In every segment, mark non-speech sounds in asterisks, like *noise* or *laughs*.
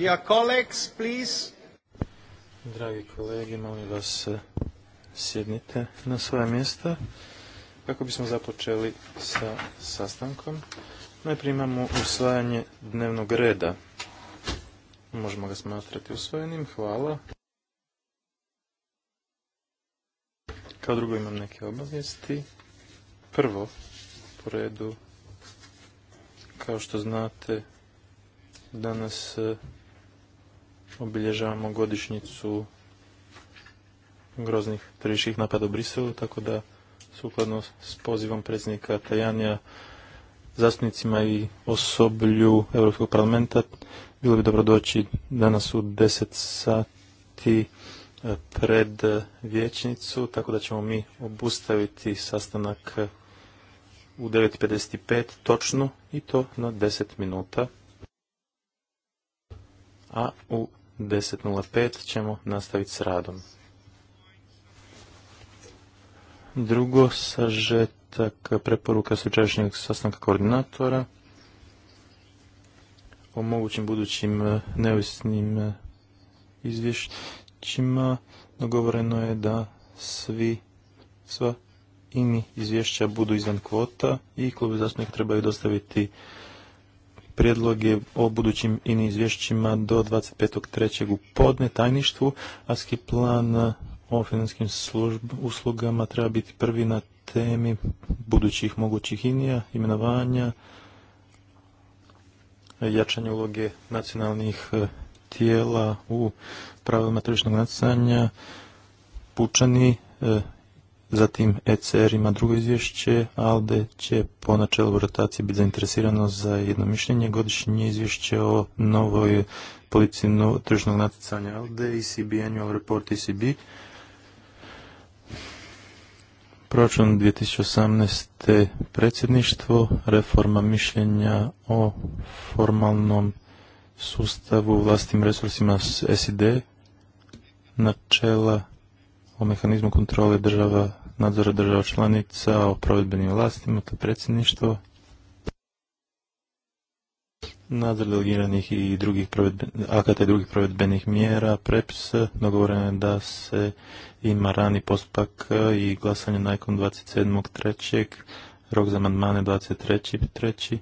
Dear colleagues, Dragi kolegi, molim vas e, sjednite na svoje mjesta kako bismo započeli sa sastankom. Najprije imamo usvajanje dnevnog reda. Možemo ga smatrati usvojenim. Hvala. Kao drugo imam neke obavijesti. Prvo, po redu, kao što znate, danas e, obilježavamo godišnjicu groznih terorističkih napada u Briselu, tako da sukladno s pozivom predsjednika Tajanija zastupnicima i osoblju Europskog parlamenta bilo bi dobro doći danas u 10 sati e, pred vječnicu, tako da ćemo mi obustaviti sastanak u 9.55 točno i to na 10 minuta. A u 10.05 ćemo nastaviti s radom. Drugo, sažetak preporuka sučerašnjeg sastanka koordinatora o mogućim budućim e, neovisnim e, izvješćima. Dogovoreno je da svi, sva ini izvješća budu izvan kvota i klubi zastupnika trebaju dostaviti prijedloge o budućim I izvješćima do 25.3. u podne tajništvu. ASKI plan o financijskim uslugama treba biti prvi na temi budućih mogućih inija, imenovanja, jačanje uloge nacionalnih e, tijela u pravilima tržišnog nacanja, pučani e, Zatim ECR ima drugo izvješće, ALDE će po načelu rotacije biti zainteresirano za jedno mišljenje, godišnje izvješće o novoj politici no, tržnog natjecanja ALDE, ECB, annual report ECB. Proračun 2018. predsjedništvo, reforma mišljenja o formalnom sustavu vlastitim resursima SID, načela o mehanizmu kontrole država nadzora država članica o provedbenim vlastima, to predsjedništvo, nadzor delegiranih i drugih akata i drugih provedbenih mjera, prepis, dogovoreno je da se ima rani postupak i glasanje nakon dvadeset 27.3. Rok za amandmane 23.3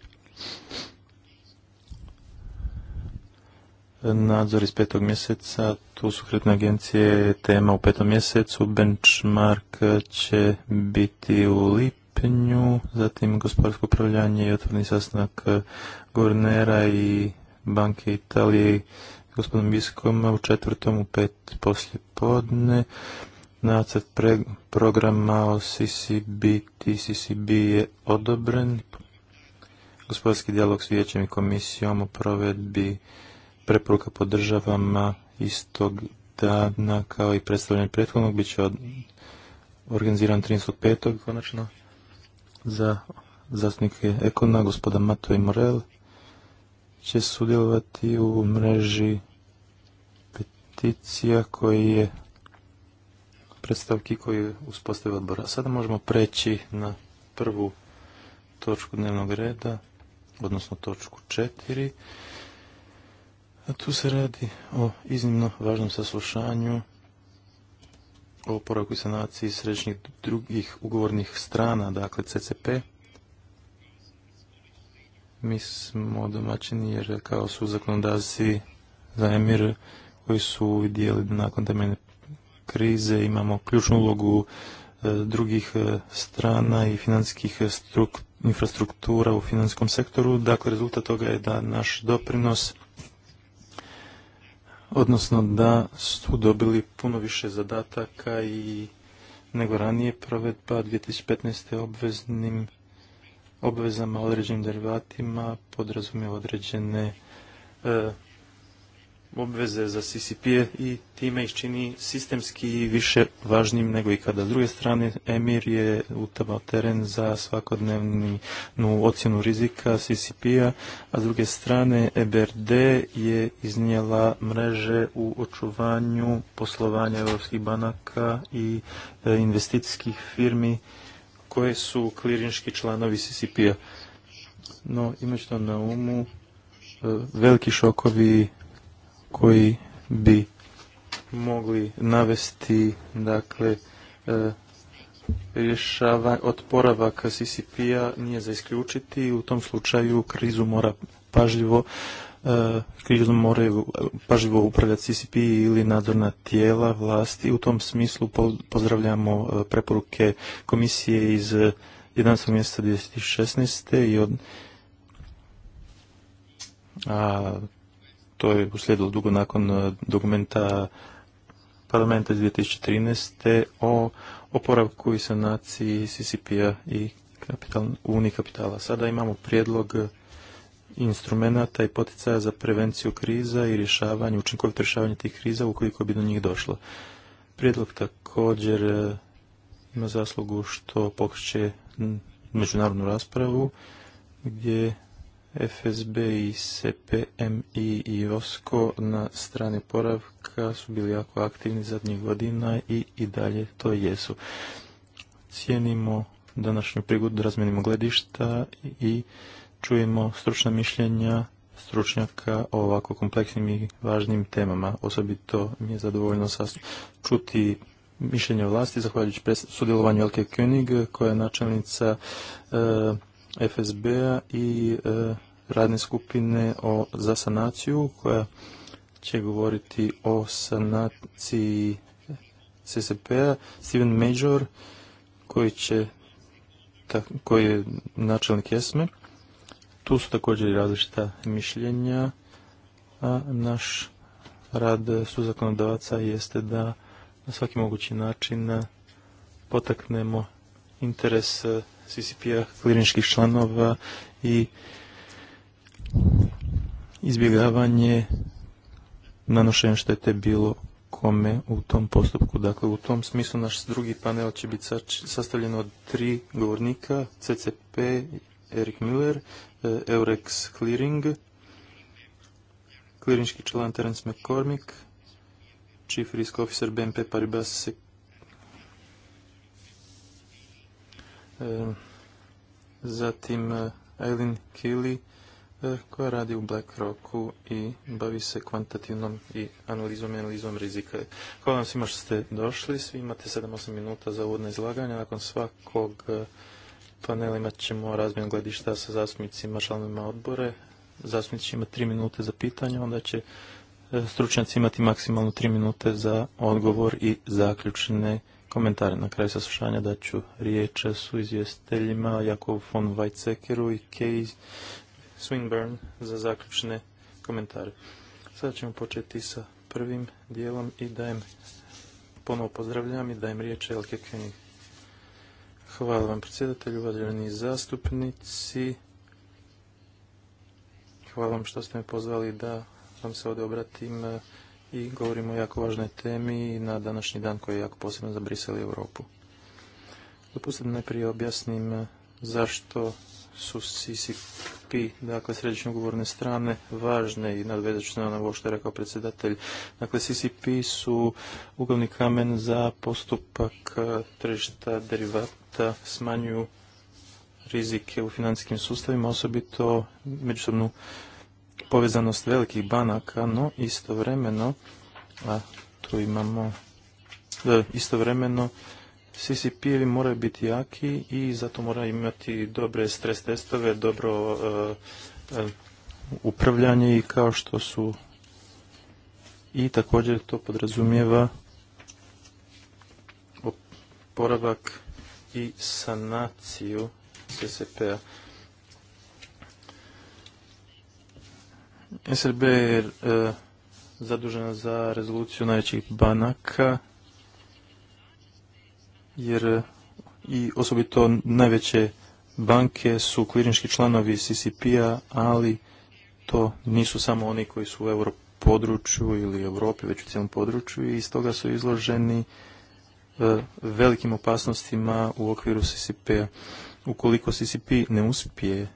nadzor iz petog mjeseca, tu su kreditne agencije tema u petom mjesecu, benchmark će biti u lipnju, zatim gospodarsko upravljanje i otvorni sastanak guvernera i banke Italije gospodinom Biskom u četvrtom u pet poslje podne. Nacrt programa o CCB, TCCB je odobren. Gospodarski dijalog s vijećem i komisijom o provedbi preporuka podržavam istog dana kao i predstavljanje prethodnog bit će organiziran 13.5. konačno za zastupnike Ekona, gospoda Mato i Morel će sudjelovati u mreži peticija koji je predstavki koji je uspostavio odbora. Sada možemo preći na prvu točku dnevnog reda, odnosno točku četiri. Tu se radi o iznimno važnom saslušanju o oporavku i sanaciji središnjih drugih ugovornih strana, dakle CCP. Mi smo domaćini jer kao su zakonodavci za emir koji su vidjeli nakon temeljne krize imamo ključnu ulogu e, drugih e, strana i financijskih infrastruktura u financijskom sektoru. Dakle, rezultat toga je da naš doprinos odnosno da su dobili puno više zadataka i nego ranije provedba 2015. obveznim obvezama određenim derivatima podrazumijeva određene e, obveze za CCP i time ih čini sistemski više važnim nego ikada. S druge strane, Emir je utabao teren za svakodnevnu ocjenu rizika CCP-a, a s druge strane EBRD je iznijela mreže u očuvanju poslovanja europskih banaka i e, investicijskih firmi koje su klirinški članovi CCP-a. No, imajući to na umu, e, veliki šokovi koji bi mogli navesti dakle e, rješava otporavak CCP-a nije za isključiti i u tom slučaju krizu mora pažljivo e, krizu moraju pažljivo upravljati CCP ili nadzorna tijela vlasti. U tom smislu pozdravljamo e, preporuke komisije iz 11. mjesta 2016. i od a to je uslijedilo dugo nakon e, dokumenta parlamenta iz 2013. o oporavku i sanaciji CCP-a i kapital, kapitala. Sada imamo prijedlog instrumenta i poticaja za prevenciju kriza i rješavanje, učinkovito rješavanje tih kriza ukoliko bi do njih došlo. Prijedlog također e, ima zaslugu što pokreće međunarodnu raspravu gdje FSB i CPMI i OSKO na strani poravka su bili jako aktivni zadnjih godina i i dalje to jesu. Cijenimo današnju prigodu da razmenimo gledišta i čujemo stručna mišljenja stručnjaka o ovako kompleksnim i važnim temama. Osobito mi je zadovoljno čuti mišljenje vlasti, zahvaljujući sudjelovanju Elke König, koja je načelnica e, FSB-a i e, radne skupine o, za sanaciju koja će govoriti o sanaciji CCP-a. Steven Major koji će koji je načelnik ESME. Tu su također različita mišljenja, a naš rad su zakonodavaca jeste da na svaki mogući način potaknemo interes eh, CCP-a kliničkih članova i izbjegavanje nanošenja štete bilo kome u tom postupku. Dakle, u tom smislu naš drugi panel će biti sastavljen od tri govornika, CCP, Erik Miller, eh, Eurex Clearing, klirinjski član Terence McCormick, Chief Risk Officer BNP Paribas eh, zatim eh, Eileen Keeley, E, koja radi u BlackRocku i bavi se kvantitativnom i analizom i analizom rizika. Hvala vam svima što ste došli. Svi imate 7-8 minuta za uvodne izlaganje Nakon svakog e, panela imat ćemo razmjenu gledišta sa zastupnicima, članovima odbore. Zastupnici će imati 3 minute za pitanje, onda će e, stručnjaci imati maksimalno 3 minute za odgovor i zaključne komentare. Na kraju saslušanja daću riječ su izvjestiteljima Jakov von Weizsäckeru i Kejs Swinburne za zaključne komentare. Sada ćemo početi sa prvim dijelom i dajem ponovo pozdravljam i dajem riječ Elke Hvala vam predsjedatelju, uvaženi zastupnici. Hvala vam što ste me pozvali da vam se ovdje obratim eh, i govorimo o jako važnoj temi na današnji dan koji je jako posebno za Brisel Europu. Dopustite najprije objasnim eh, zašto su CCP, dakle središnje ugovorne strane, važne i nadvedačno na ovo što je rekao predsjedatelj. Dakle, CCP su uglavni kamen za postupak e, tržišta derivata, smanjuju rizike u financijskim sustavima, osobito međusobnu povezanost velikih banaka, no istovremeno, a tu imamo, e, istovremeno CCP-evi moraju biti jaki i zato moraju imati dobre stres testove, dobro e, e, upravljanje i kao što su i također to podrazumijeva oporavak i sanaciju CCP-a. SRB je e, zadužena za rezoluciju najvećih banaka jer e, i osobito najveće banke su klinički članovi CCP-a, ali to nisu samo oni koji su u europodručju ili Europi, već u cijelom području i stoga su izloženi e, velikim opasnostima u okviru CCP-a. Ukoliko CCP ne uspije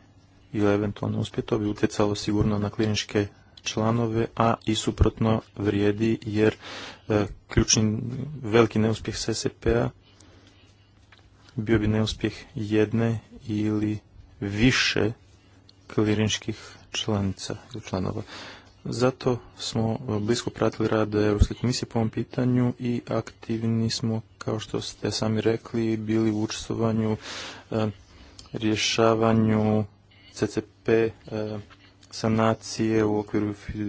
ili eventualno uspije, to bi utjecalo sigurno na kliničke članove, a i suprotno vrijedi jer e, ključni veliki neuspjeh CCP-a bio bi neuspjeh jedne ili više klirinčkih članica ili članova. Zato smo blisko pratili rad Europske komisije po ovom pitanju i aktivni smo, kao što ste sami rekli, bili u učestvovanju, e, rješavanju CCP e, sanacije u okviru e,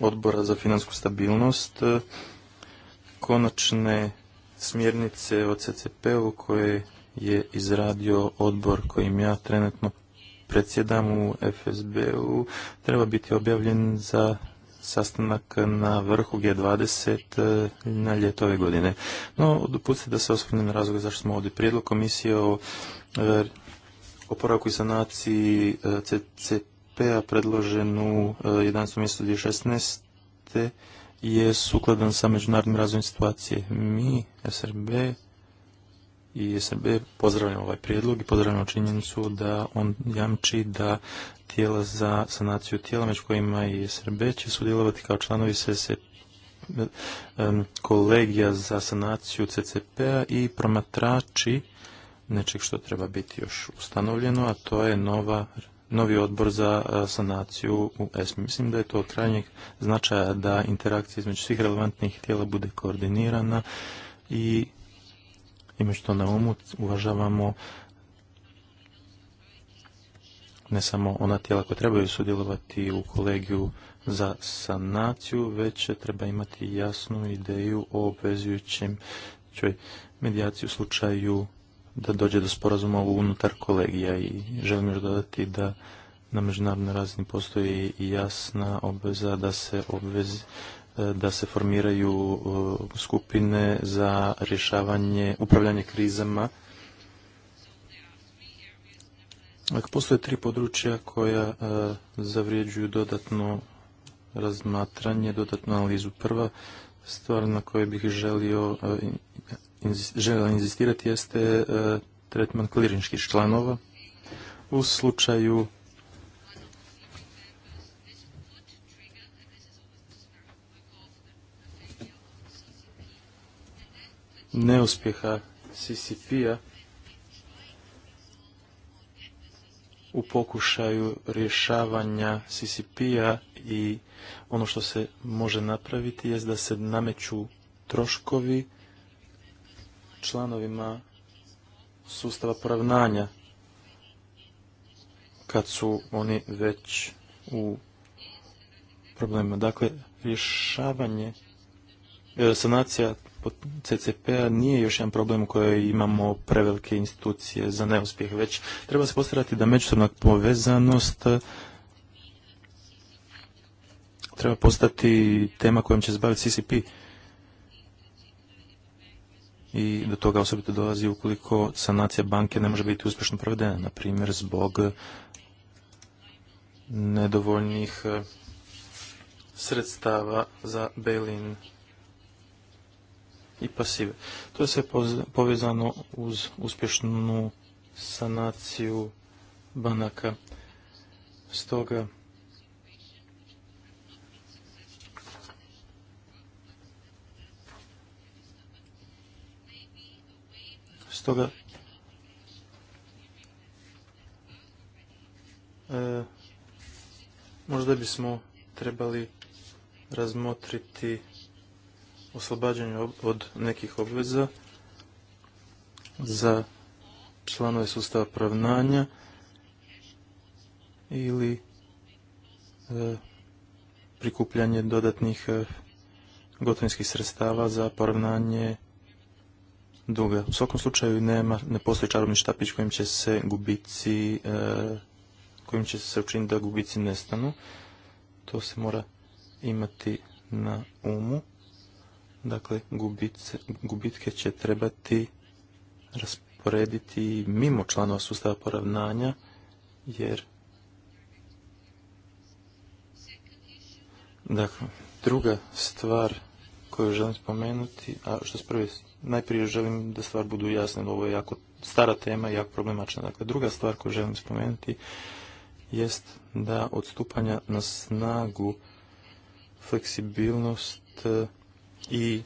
odbora za finansku stabilnost, konačne smjernice o CCP-u koje je izradio odbor kojim ja trenutno predsjedam u FSB-u treba biti objavljen za sastanak na vrhu G20 eh, na ljetove godine. No, dopustite da se osvrnem na razlog zašto smo ovdje. Prijedlog komisije o eh, oporavku i sanaciji eh, CCP-a predloženu 11. mjestu 2016 je sukladan sa međunarodnim razvojem situacije. Mi, SRB i SRB pozdravljamo ovaj prijedlog i pozdravljamo činjenicu da on jamči da tijela za sanaciju tijela, među kojima i SRB, će sudjelovati kao članovi eh, kolegija za sanaciju CCP-a i promatrači nečeg što treba biti još ustanovljeno, a to je nova novi odbor za e, sanaciju u ESMI. Mislim da je to od krajnjeg značaja da interakcija između svih relevantnih tijela bude koordinirana i ime što na umu uvažavamo ne samo ona tijela koja trebaju sudjelovati u kolegiju za sanaciju, već treba imati jasnu ideju o obvezujućem medijaciju u slučaju da dođe do sporazuma unutar kolegija i želim još dodati da na međunarodnoj razini postoji jasna obveza da se obvez e, da se formiraju e, skupine za rješavanje, upravljanje krizama. Dakle, postoje tri područja koja e, zavrijeđuju dodatno razmatranje, dodatnu analizu. Prva stvar na kojoj bih želio željela inzistirati jeste e, tretman kliničkih članova u slučaju neuspjeha CCP-a u pokušaju rješavanja CCP-a i ono što se može napraviti jest da se nameću troškovi članovima sustava poravnanja kad su oni već u problemima. Dakle, rješavanje, e, sanacija CCP-a nije još jedan problem u imamo prevelike institucije za neuspjeh, već treba se postaviti da međusobna povezanost e, treba postati tema kojom će se baviti CCP i do toga osobito dolazi ukoliko sanacija banke ne može biti uspješno provedena, na primjer zbog nedovoljnih e, sredstava za bail-in i pasive. To je sve povezano uz uspješnu sanaciju banaka. Stoga Stoga e, možda bismo trebali razmotriti oslobađanje od nekih obveza za članove sustava pravnanja ili e, prikupljanje dodatnih e, gotovinskih sredstava za poravnanje duga. U svakom slučaju nema, ne postoji čarobni štapić kojim će se gubici, e, kojim će se učiniti da gubici nestanu. To se mora imati na umu. Dakle, gubitke će trebati rasporediti mimo članova sustava poravnanja, jer Dakle, druga stvar koju želim spomenuti, a što s najprije želim da stvar budu jasne, ovo je jako stara tema i jako problemačna. Dakle, druga stvar koju želim spomenuti jest da odstupanja na snagu fleksibilnost eh, i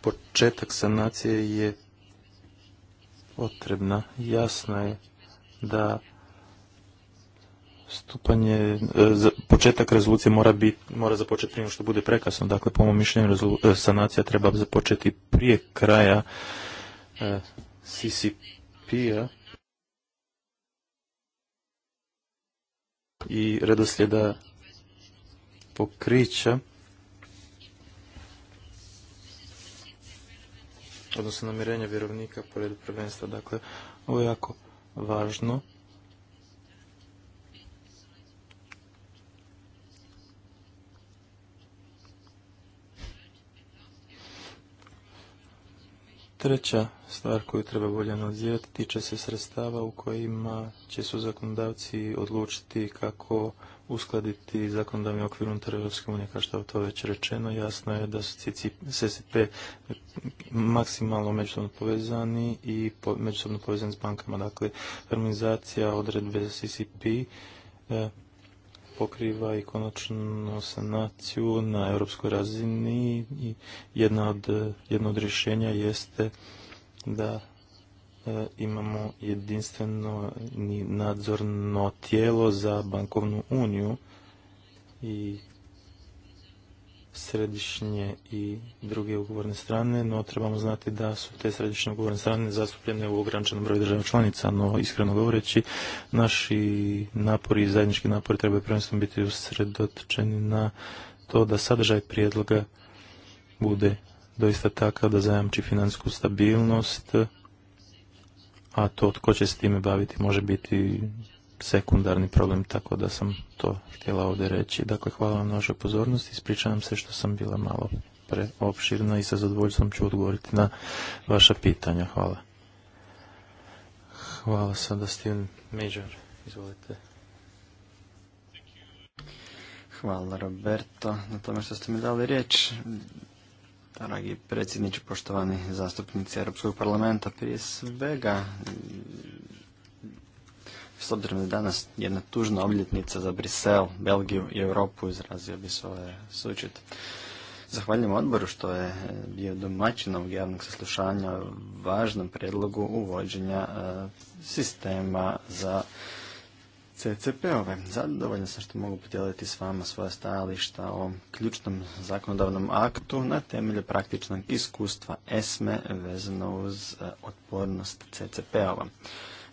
početak sanacije je potrebna. Jasno je da stupanje, e, početak rezolucije mora, biti mora započeti prije što bude prekasno. Dakle, po mom mišljenju, e, sanacija treba započeti prije kraja e, CCP-a i redoslijeda pokrića. odnosno namirenja vjerovnika pored prvenstva. Dakle, ovo je jako važno Treća stvar koju treba bolje analizirati tiče se sredstava u kojima će su zakonodavci odlučiti kako uskladiti zakonodavni okvir unutar Europske unije, kao što je to već rečeno. Jasno je da su CCP maksimalno međusobno povezani i međusobno povezani s bankama. Dakle, harmonizacija odredbe CCP e, pokriva i konačnu sanaciju na europskoj razini i jedna od, jedno od rješenja jeste da e, imamo jedinstveno nadzorno tijelo za bankovnu uniju i središnje i druge ugovorne strane, no trebamo znati da su te središnje ugovorne strane zastupljene u ograničenom broju država članica, no iskreno govoreći, naši napori i zajednički napori trebaju prvenstveno biti usredotočeni na to da sadržaj prijedloga bude doista takav da zajamči financijsku stabilnost, a to tko će se time baviti može biti sekundarni problem, tako da sam to htjela ovdje reći. Dakle, hvala vam na vašoj pozornosti, ispričavam se što sam bila malo preopširna i sa zadovoljstvom ću odgovoriti na vaša pitanja. Hvala. Hvala sada Steven Major, izvolite. Hvala Roberto na tome što ste mi dali riječ. Dragi predsjedniče, poštovani zastupnici Europskog parlamenta, prije svega s obzirom da je danas jedna tužna obljetnica za Brisel, Belgiju i Europu, izrazio bi svoje ovaj sučit. Zahvaljujem odboru što je eh, bio domaćin ovog javnog saslušanja o važnom predlogu uvođenja eh, sistema za CCP-ove. Zadovoljan sam što mogu podijeliti s vama svoje stajališta o ključnom zakonodavnom aktu na temelju praktičnog iskustva ESME vezano uz eh, otpornost CCP-ova.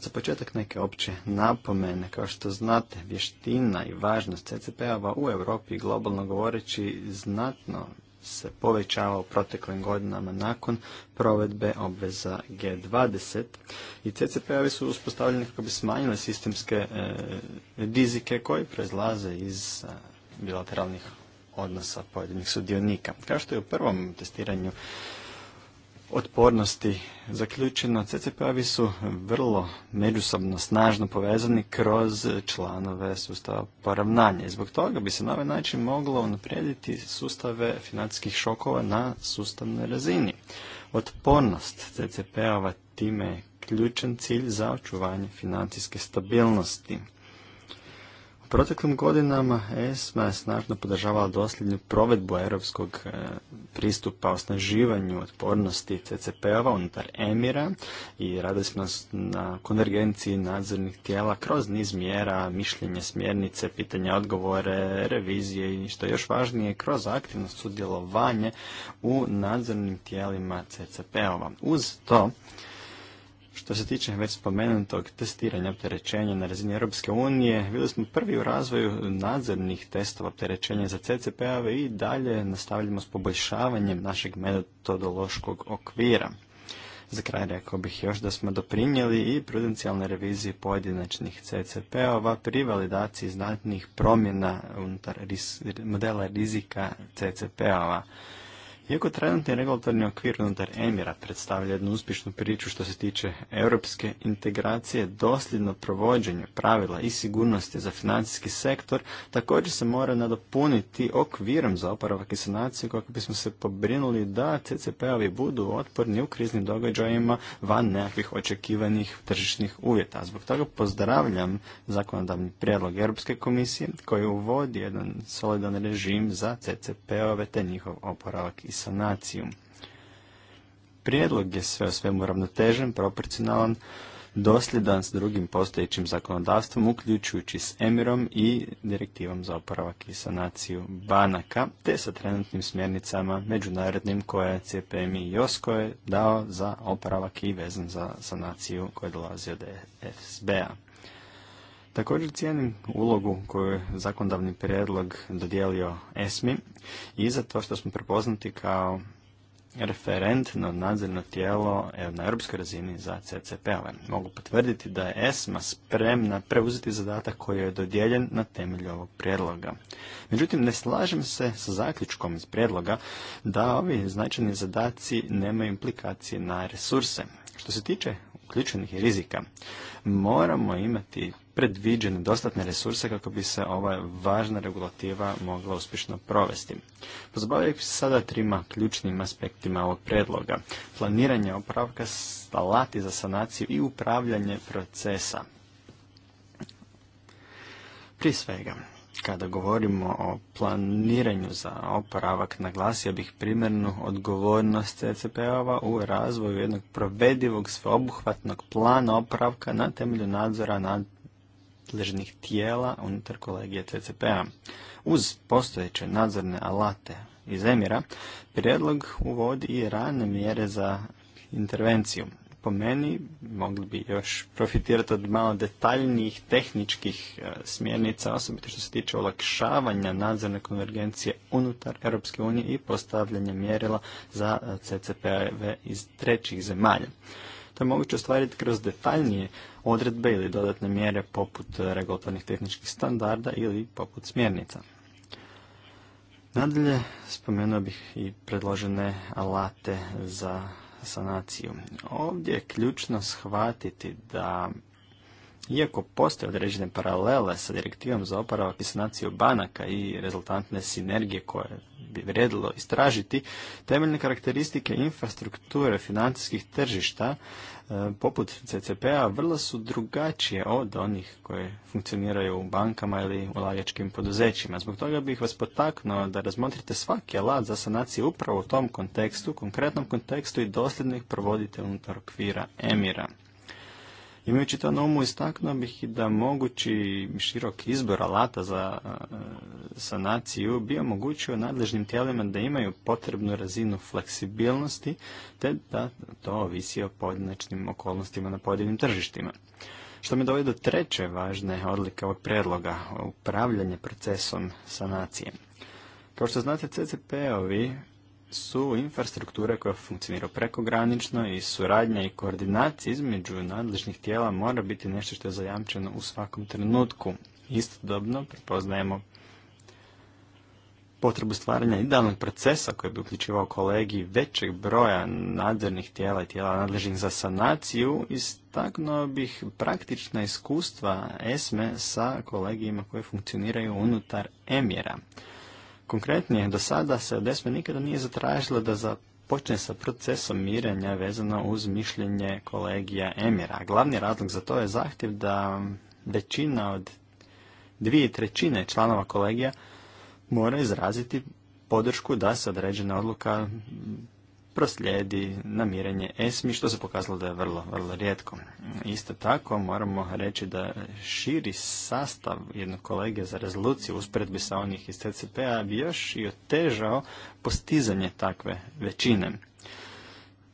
Za početak neke opće napomene, kao što znate, vještina i važnost CCP-ova u Europi globalno govoreći znatno se povećava u proteklim godinama nakon provedbe obveza G20 i CCP-ovi su uspostavljeni kako bi smanjile sistemske dizike rizike koji proizlaze iz e, bilateralnih odnosa pojedinih sudionika. Kao što je u prvom testiranju otpornosti zaključeno, CCP-ovi su vrlo međusobno snažno povezani kroz članove sustava poravnanja. I zbog toga bi se na ovaj način moglo unaprijediti sustave financijskih šokova na sustavnoj razini. Otpornost CCP-ova time je ključan cilj za očuvanje financijske stabilnosti proteklim godinama ESMA je snažno podržavala dosljednju provedbu europskog e, pristupa osnaživanju otpornosti CCP-ova unutar Emira i radili smo na konvergenciji nadzornih tijela kroz niz mjera, mišljenje, smjernice, pitanja, odgovore, revizije i što je još važnije kroz aktivno sudjelovanje u nadzornim tijelima CCP-ova. Uz to što se tiče već spomenutog testiranja opterećenja na razini Europske unije, bili smo prvi u razvoju nadzornih testova opterećenja za CCP-ave i dalje nastavljamo s poboljšavanjem našeg metodološkog okvira. Za kraj rekao bih još da smo doprinijeli i prudencijalne revizije pojedinačnih CCP-ova pri validaciji znatnih promjena unutar modela rizika CCP-ova. Iako trenutni regulatorni okvir unutar Emira predstavlja jednu uspješnu priču što se tiče europske integracije, dosljedno provođenje pravila i sigurnosti za financijski sektor također se mora nadopuniti okvirom za oporavak i sanaciju kako bismo se pobrinuli da CCP-ovi budu otporni u kriznim događajima van nekakvih očekivanih tržišnih uvjeta. Zbog toga pozdravljam zakonodavni prijedlog Europske komisije koji uvodi jedan solidan režim za CCP-ove te njihov oporavak i sanaciju. Prijedlog je sve o svemu ravnotežen, proporcionalan, dosljedan s drugim postojećim zakonodavstvom, uključujući s Emirom i direktivom za oporavak i sanaciju banaka, te sa trenutnim smjernicama međunarodnim koje je CPM i Josko je dao za oporavak i vezan za sanaciju koja dolazi od FSB-a. Također cijenim ulogu koju je zakondavni prijedlog dodijelio ESMI i za to što smo prepoznati kao referentno nadzirno tijelo na europskoj razini za CCP-ove. Mogu potvrditi da je ESMA spremna preuzeti zadatak koji je dodijeljen na temelju ovog prijedloga. Međutim, ne slažem se sa zaključkom iz prijedloga da ovi značajni zadaci nemaju implikacije na resurse. Što se tiče uključenih rizika. Moramo imati predviđene dostatne resurse kako bi se ova važna regulativa mogla uspješno provesti. Pozabavljaju se sada trima ključnim aspektima ovog predloga. Planiranje opravka, stalati za sanaciju i upravljanje procesa. Prije svega, kada govorimo o planiranju za oporavak, naglasio bih primjernu odgovornost CCP-ova u razvoju jednog provedivog sveobuhvatnog plana oporavka na temelju nadzora nadležnih tijela unutar kolegije CCP-a. Uz postojeće nadzorne alate iz Emira, prijedlog uvodi i rane mjere za intervenciju po meni mogli bi još profitirati od malo detaljnijih tehničkih e, smjernica, osobito što se tiče olakšavanja nadzorne konvergencije unutar Europske unije i postavljanja mjerila za e, CCPAV iz trećih zemalja. To je moguće ostvariti kroz detaljnije odredbe ili dodatne mjere poput e, regulatornih tehničkih standarda ili poput smjernica. Nadalje, spomenuo bih i predložene alate za sanaciju. Ovdje je ključno shvatiti da iako postoje određene paralele sa direktivom za oporavak i sanaciju banaka i rezultantne sinergije koje bi vrijedilo istražiti, temeljne karakteristike infrastrukture financijskih tržišta e, poput CCP-a vrlo su drugačije od onih koje funkcioniraju u bankama ili ulagačkim poduzećima. Zbog toga bih vas potaknuo da razmotrite svaki alat za sanaciju upravo u tom kontekstu, konkretnom kontekstu i dosljedno ih provodite unutar okvira Emira. Imajući to na umu istaknuo bih i da mogući širok izbor alata za e, sanaciju bi omogućio nadležnim tijelima da imaju potrebnu razinu fleksibilnosti te da to ovisi o pojedinačnim okolnostima na pojedinim tržištima. Što me dovodi do treće važne odlike ovog predloga, upravljanje procesom sanacije. Kao što znate, CCP-ovi su infrastrukture koja funkcionira prekogranično i suradnja i koordinacija između nadležnih tijela mora biti nešto što je zajamčeno u svakom trenutku. Istodobno prepoznajemo potrebu stvaranja idealnog procesa koji bi uključivao kolegi većeg broja nadzornih tijela i tijela nadležnih za sanaciju, istaknuo bih praktična iskustva ESME sa kolegijima koje funkcioniraju unutar emjera. Konkretnije, do sada se od ESME nikada nije zatražilo da počne sa procesom mirenja vezano uz mišljenje kolegija Emira. Glavni razlog za to je zahtjev da većina od dvije trećine članova kolegija mora izraziti podršku da se određena odluka proslijedi namirenje ESMI, što se pokazalo da je vrlo, vrlo rijetko. Isto tako moramo reći da širi sastav jednog kolege za rezoluciju usporedbi sa onih iz TCP-a bi još i otežao postizanje takve većine.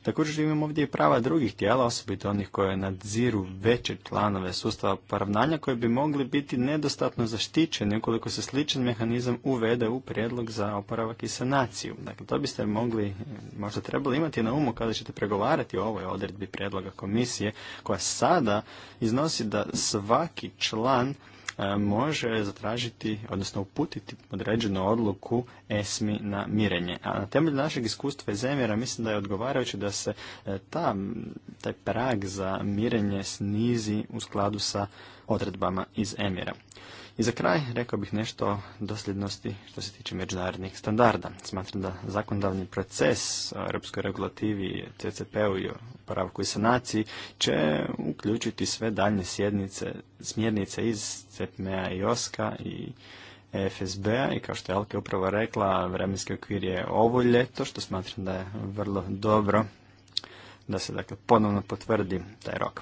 Također imamo ovdje i prava drugih tijela, osobito onih koje nadziru veće članove sustava poravnanja koji bi mogli biti nedostatno zaštićeni ukoliko se sličan mehanizam uvede u prijedlog za oporavak i sanaciju. Dakle, to biste mogli, možda trebali imati na umu kada ćete pregovarati o ovoj odredbi prijedloga komisije koja sada iznosi da svaki član E, može zatražiti, odnosno uputiti određenu odluku ESMI na mirenje. A na temelju našeg iskustva iz Emira mislim da je odgovarajuće da se e, ta, taj prag za mirenje snizi u skladu sa odredbama iz Emira. I za kraj rekao bih nešto o dosljednosti što se tiče međunarodnih standarda. Smatram da zakonodavni proces o europskoj regulativi, CCP-u i oporavku i sanaciji će uključiti sve daljne sjednice, smjernice iz CEPMEA i OSKA i FSB-a i kao što je Alke upravo rekla, vremenski okvir je ovo ljeto, što smatram da je vrlo dobro da se dakle ponovno potvrdi taj rok.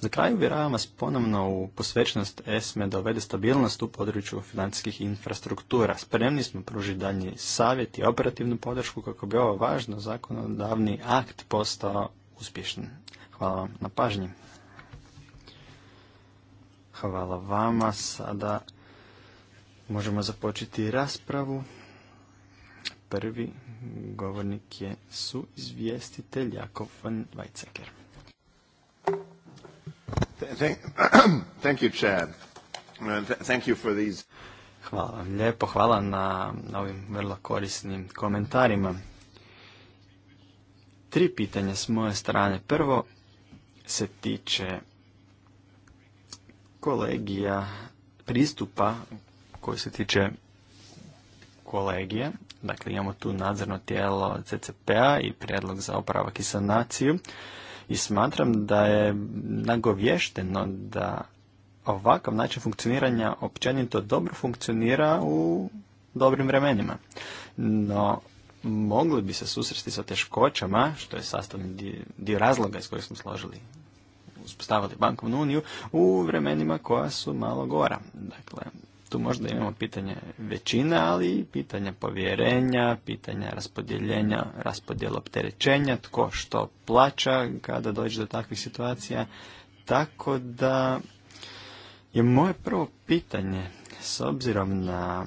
Za kraj uvjeravam vas ponovno u posvećenost ESME da uvede stabilnost u području financijskih infrastruktura. Spremni smo pružiti daljnji savjet i operativnu podršku kako bi ovo važno zakonodavni akt postao uspješan. Hvala vam na pažnji. Hvala vama. Sada možemo započeti raspravu. Prvi govornik je suizvjestitelj Jakov van Weizsäcker. *clears throat* Thank you, Chad. Uh, thank you for these. Hvala vam lijepo, hvala na, na ovim vrlo korisnim komentarima. Tri pitanja s moje strane. Prvo se tiče kolegija, pristupa koji se tiče kolegije. Dakle, imamo tu nadzorno tijelo CCP-a i prijedlog za opravak i sanaciju i smatram da je nagovješteno da ovakav način funkcioniranja općenito dobro funkcionira u dobrim vremenima. No, mogli bi se susresti sa teškoćama, što je sastavni dio, razloga iz kojeg smo složili uspostavili bankovnu uniju, u vremenima koja su malo gora. Dakle, tu možda imamo pitanje većine, ali i pitanja povjerenja, pitanja raspodjeljenja, raspodjel opterećenja, tko što plaća kada dođe do takvih situacija. Tako da je moje prvo pitanje, s obzirom na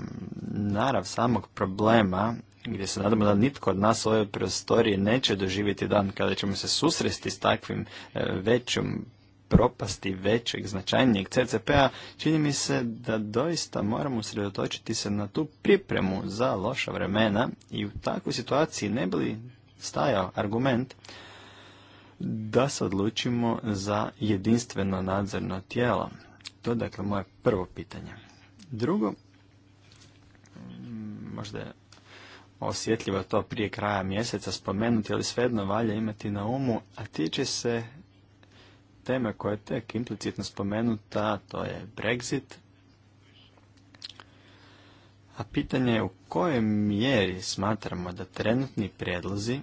narav samog problema, gdje se nadamo da nitko od nas u ovoj prostoriji neće doživjeti dan kada ćemo se susresti s takvim e, većom propasti većeg, značajnijeg CCP-a, čini mi se da doista moramo sredotočiti se na tu pripremu za loša vremena i u takvoj situaciji ne bi li stajao argument da se odlučimo za jedinstveno nadzorno tijelo. To je dakle moje prvo pitanje. Drugo, mm, možda je osjetljivo to prije kraja mjeseca spomenuti, ali svejedno valja imati na umu, a tiče se tema koja je tek implicitno spomenuta, to je Brexit. A pitanje je u kojoj mjeri smatramo da trenutni prijedlozi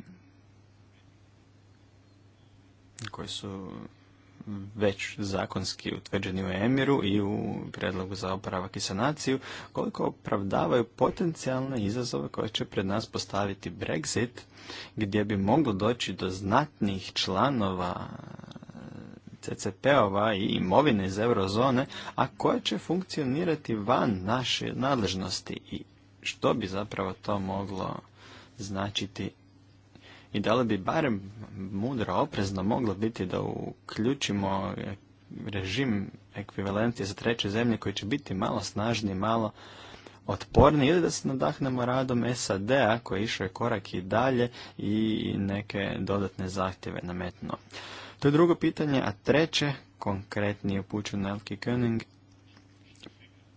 koji su već zakonski utvrđeni u Emiru i u predlogu za oporavak i sanaciju, koliko opravdavaju potencijalne izazove koje će pred nas postaviti Brexit, gdje bi moglo doći do znatnih članova CCP-ova i imovine iz eurozone, a koje će funkcionirati van naše nadležnosti i što bi zapravo to moglo značiti i da li bi barem mudro oprezno moglo biti da uključimo režim ekvivalencije za treće zemlje koji će biti malo snažniji, malo otporni ili da se nadahnemo radom SAD-a koji je išao korak i dalje i neke dodatne zahtjeve nametno. To je drugo pitanje, a treće, konkretnije upućeno Elke König,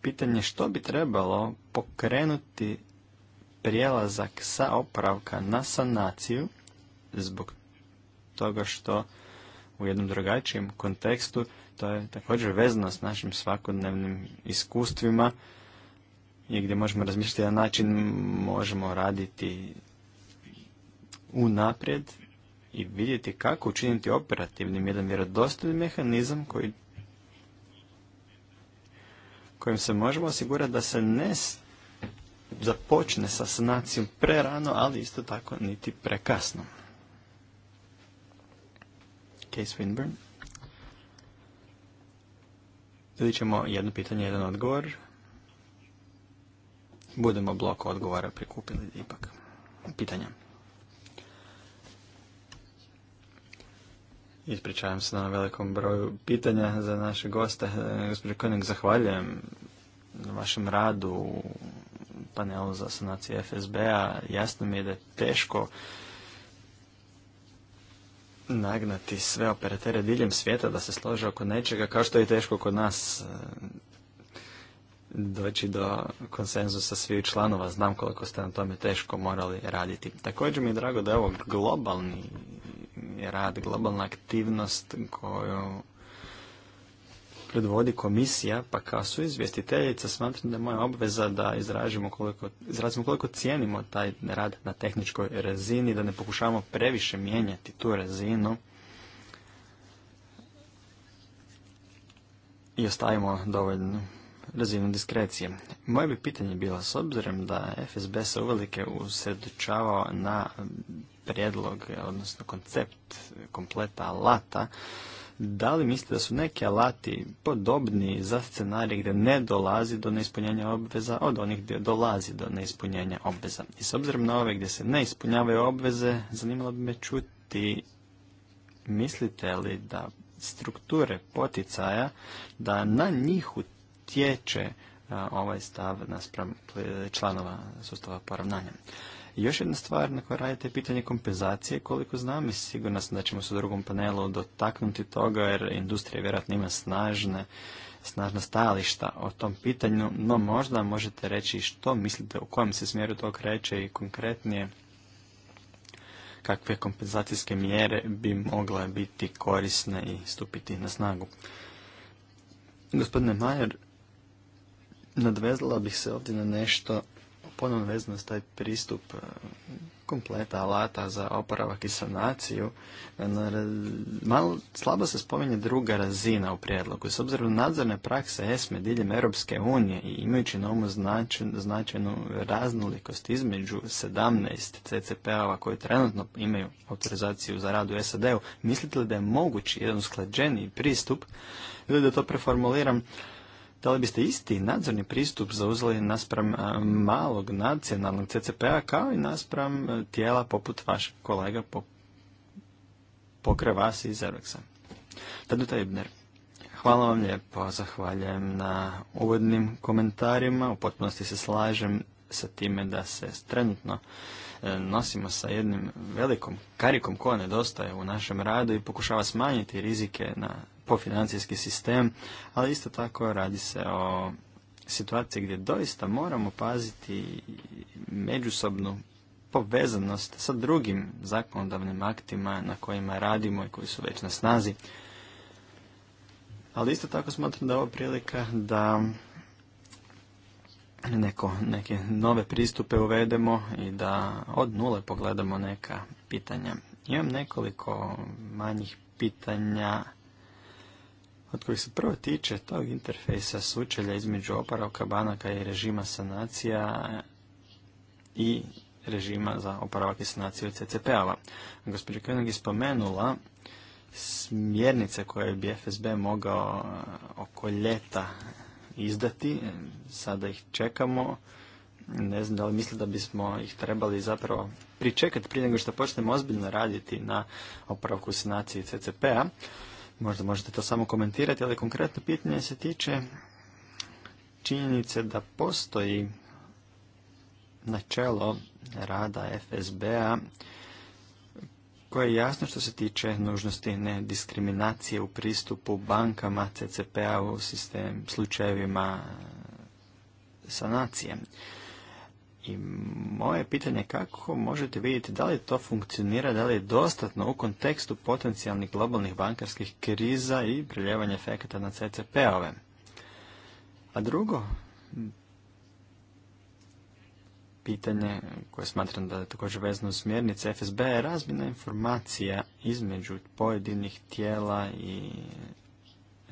pitanje što bi trebalo pokrenuti prijelazak sa opravka na sanaciju zbog toga što u jednom drugačijem kontekstu to je također vezano s našim svakodnevnim iskustvima i gdje možemo razmišljati na način možemo raditi unaprijed i vidjeti kako učiniti operativnim jedan vjerodostojni mehanizam koji kojim se možemo osigurati da se ne započne sa sanacijom prerano, ali isto tako niti prekasno. Case Winburn. Ili ćemo jedno pitanje, jedan odgovor. Budemo blok odgovora prikupili ipak pitanja. Ispričavam se na velikom broju pitanja za naše goste. E, Gospodin Koenig, zahvaljujem na vašem radu u panelu za sanaciju FSB-a. Jasno mi je da je teško nagnati sve operatere diljem svijeta da se slože oko nečega, kao što je teško kod nas e, doći do konsenzusa svih članova. Znam koliko ste na tome teško morali raditi. Također mi je drago da je ovo globalni je rad globalna aktivnost koju predvodi komisija, pa kao su izvjestiteljica smatram da je moja obveza da izražimo koliko, izrazimo koliko cijenimo taj rad na tehničkoj razini, da ne pokušavamo previše mijenjati tu razinu i ostavimo dovoljnu razinu diskrecije. Moje bi pitanje bilo, s obzirom da FSB se uvelike usredočavao na prijedlog, eh, odnosno koncept eh, kompleta alata, da li mislite da su neki alati podobni za scenarij gdje ne dolazi do neispunjenja obveza od onih gdje dolazi do neispunjenja obveza? I s obzirom na ove gdje se ne ispunjavaju obveze, zanimalo bi me čuti mislite li da strukture poticaja, da na njih utječe eh, ovaj stav naspram članova sustava poravnanja još jedna stvar na kojoj radite je pitanje kompenzacije. Koliko znam i sigurno sam da ćemo se u drugom panelu dotaknuti toga jer industrija vjerojatno ima snažne snažna stajališta o tom pitanju, no možda možete reći što mislite, u kojem se smjeru to kreće i konkretnije kakve kompenzacijske mjere bi mogle biti korisne i stupiti na snagu. Gospodine Majer, nadvezala bih se ovdje na nešto ponovno vezano s taj pristup e, kompleta alata za oporavak i sanaciju, e, malo slabo se spominje druga razina u prijedlogu. S obzirom na nadzorne prakse ESME diljem Europske unije i imajući na umu značajnu raznolikost između 17 CCP-ova koji trenutno imaju autorizaciju za rad u SAD-u, mislite li da je mogući jedan usklađeniji pristup ili da to preformuliram, da li biste isti nadzorni pristup zauzeli naspram e, malog nacionalnog CCP-a kao i naspram e, tijela poput vašeg kolega po, vas iz Erveksa? Taduta Ibner. Hvala vam lijepo, zahvaljujem na uvodnim komentarima, u potpunosti se slažem sa time da se trenutno e, nosimo sa jednim velikom karikom koja nedostaje u našem radu i pokušava smanjiti rizike na po financijski sistem, ali isto tako radi se o situaciji gdje doista moramo paziti međusobnu povezanost sa drugim zakonodavnim aktima na kojima radimo i koji su već na snazi. Ali isto tako smatram da je ovo prilika da neko, neke nove pristupe uvedemo i da od nule pogledamo neka pitanja. Imam nekoliko manjih pitanja od kojih se prvo tiče tog interfejsa sučelja između oporavka banaka i režima sanacija i režima za oporavak i sanaciju CCP-ava. Gospođa Kvenog je spomenula smjernice koje bi FSB mogao eh, oko ljeta izdati. Sada ih čekamo. Ne znam da li misli da bismo ih trebali zapravo pričekati prije nego što počnemo ozbiljno raditi na oporavku sanaciji CCP-a. Možda možete to samo komentirati, ali konkretno pitanje se tiče činjenice da postoji načelo rada FSB-a koje je jasno što se tiče nužnosti nediskriminacije u pristupu bankama CCP-a u sistem, slučajevima sanacije. I moje pitanje je kako možete vidjeti da li to funkcionira, da li je dostatno u kontekstu potencijalnih globalnih bankarskih kriza i priljevanja efekata na CCP-ove. A drugo, pitanje koje smatram da je također vezano u smjernice FSB je razmjena informacija između pojedinih tijela i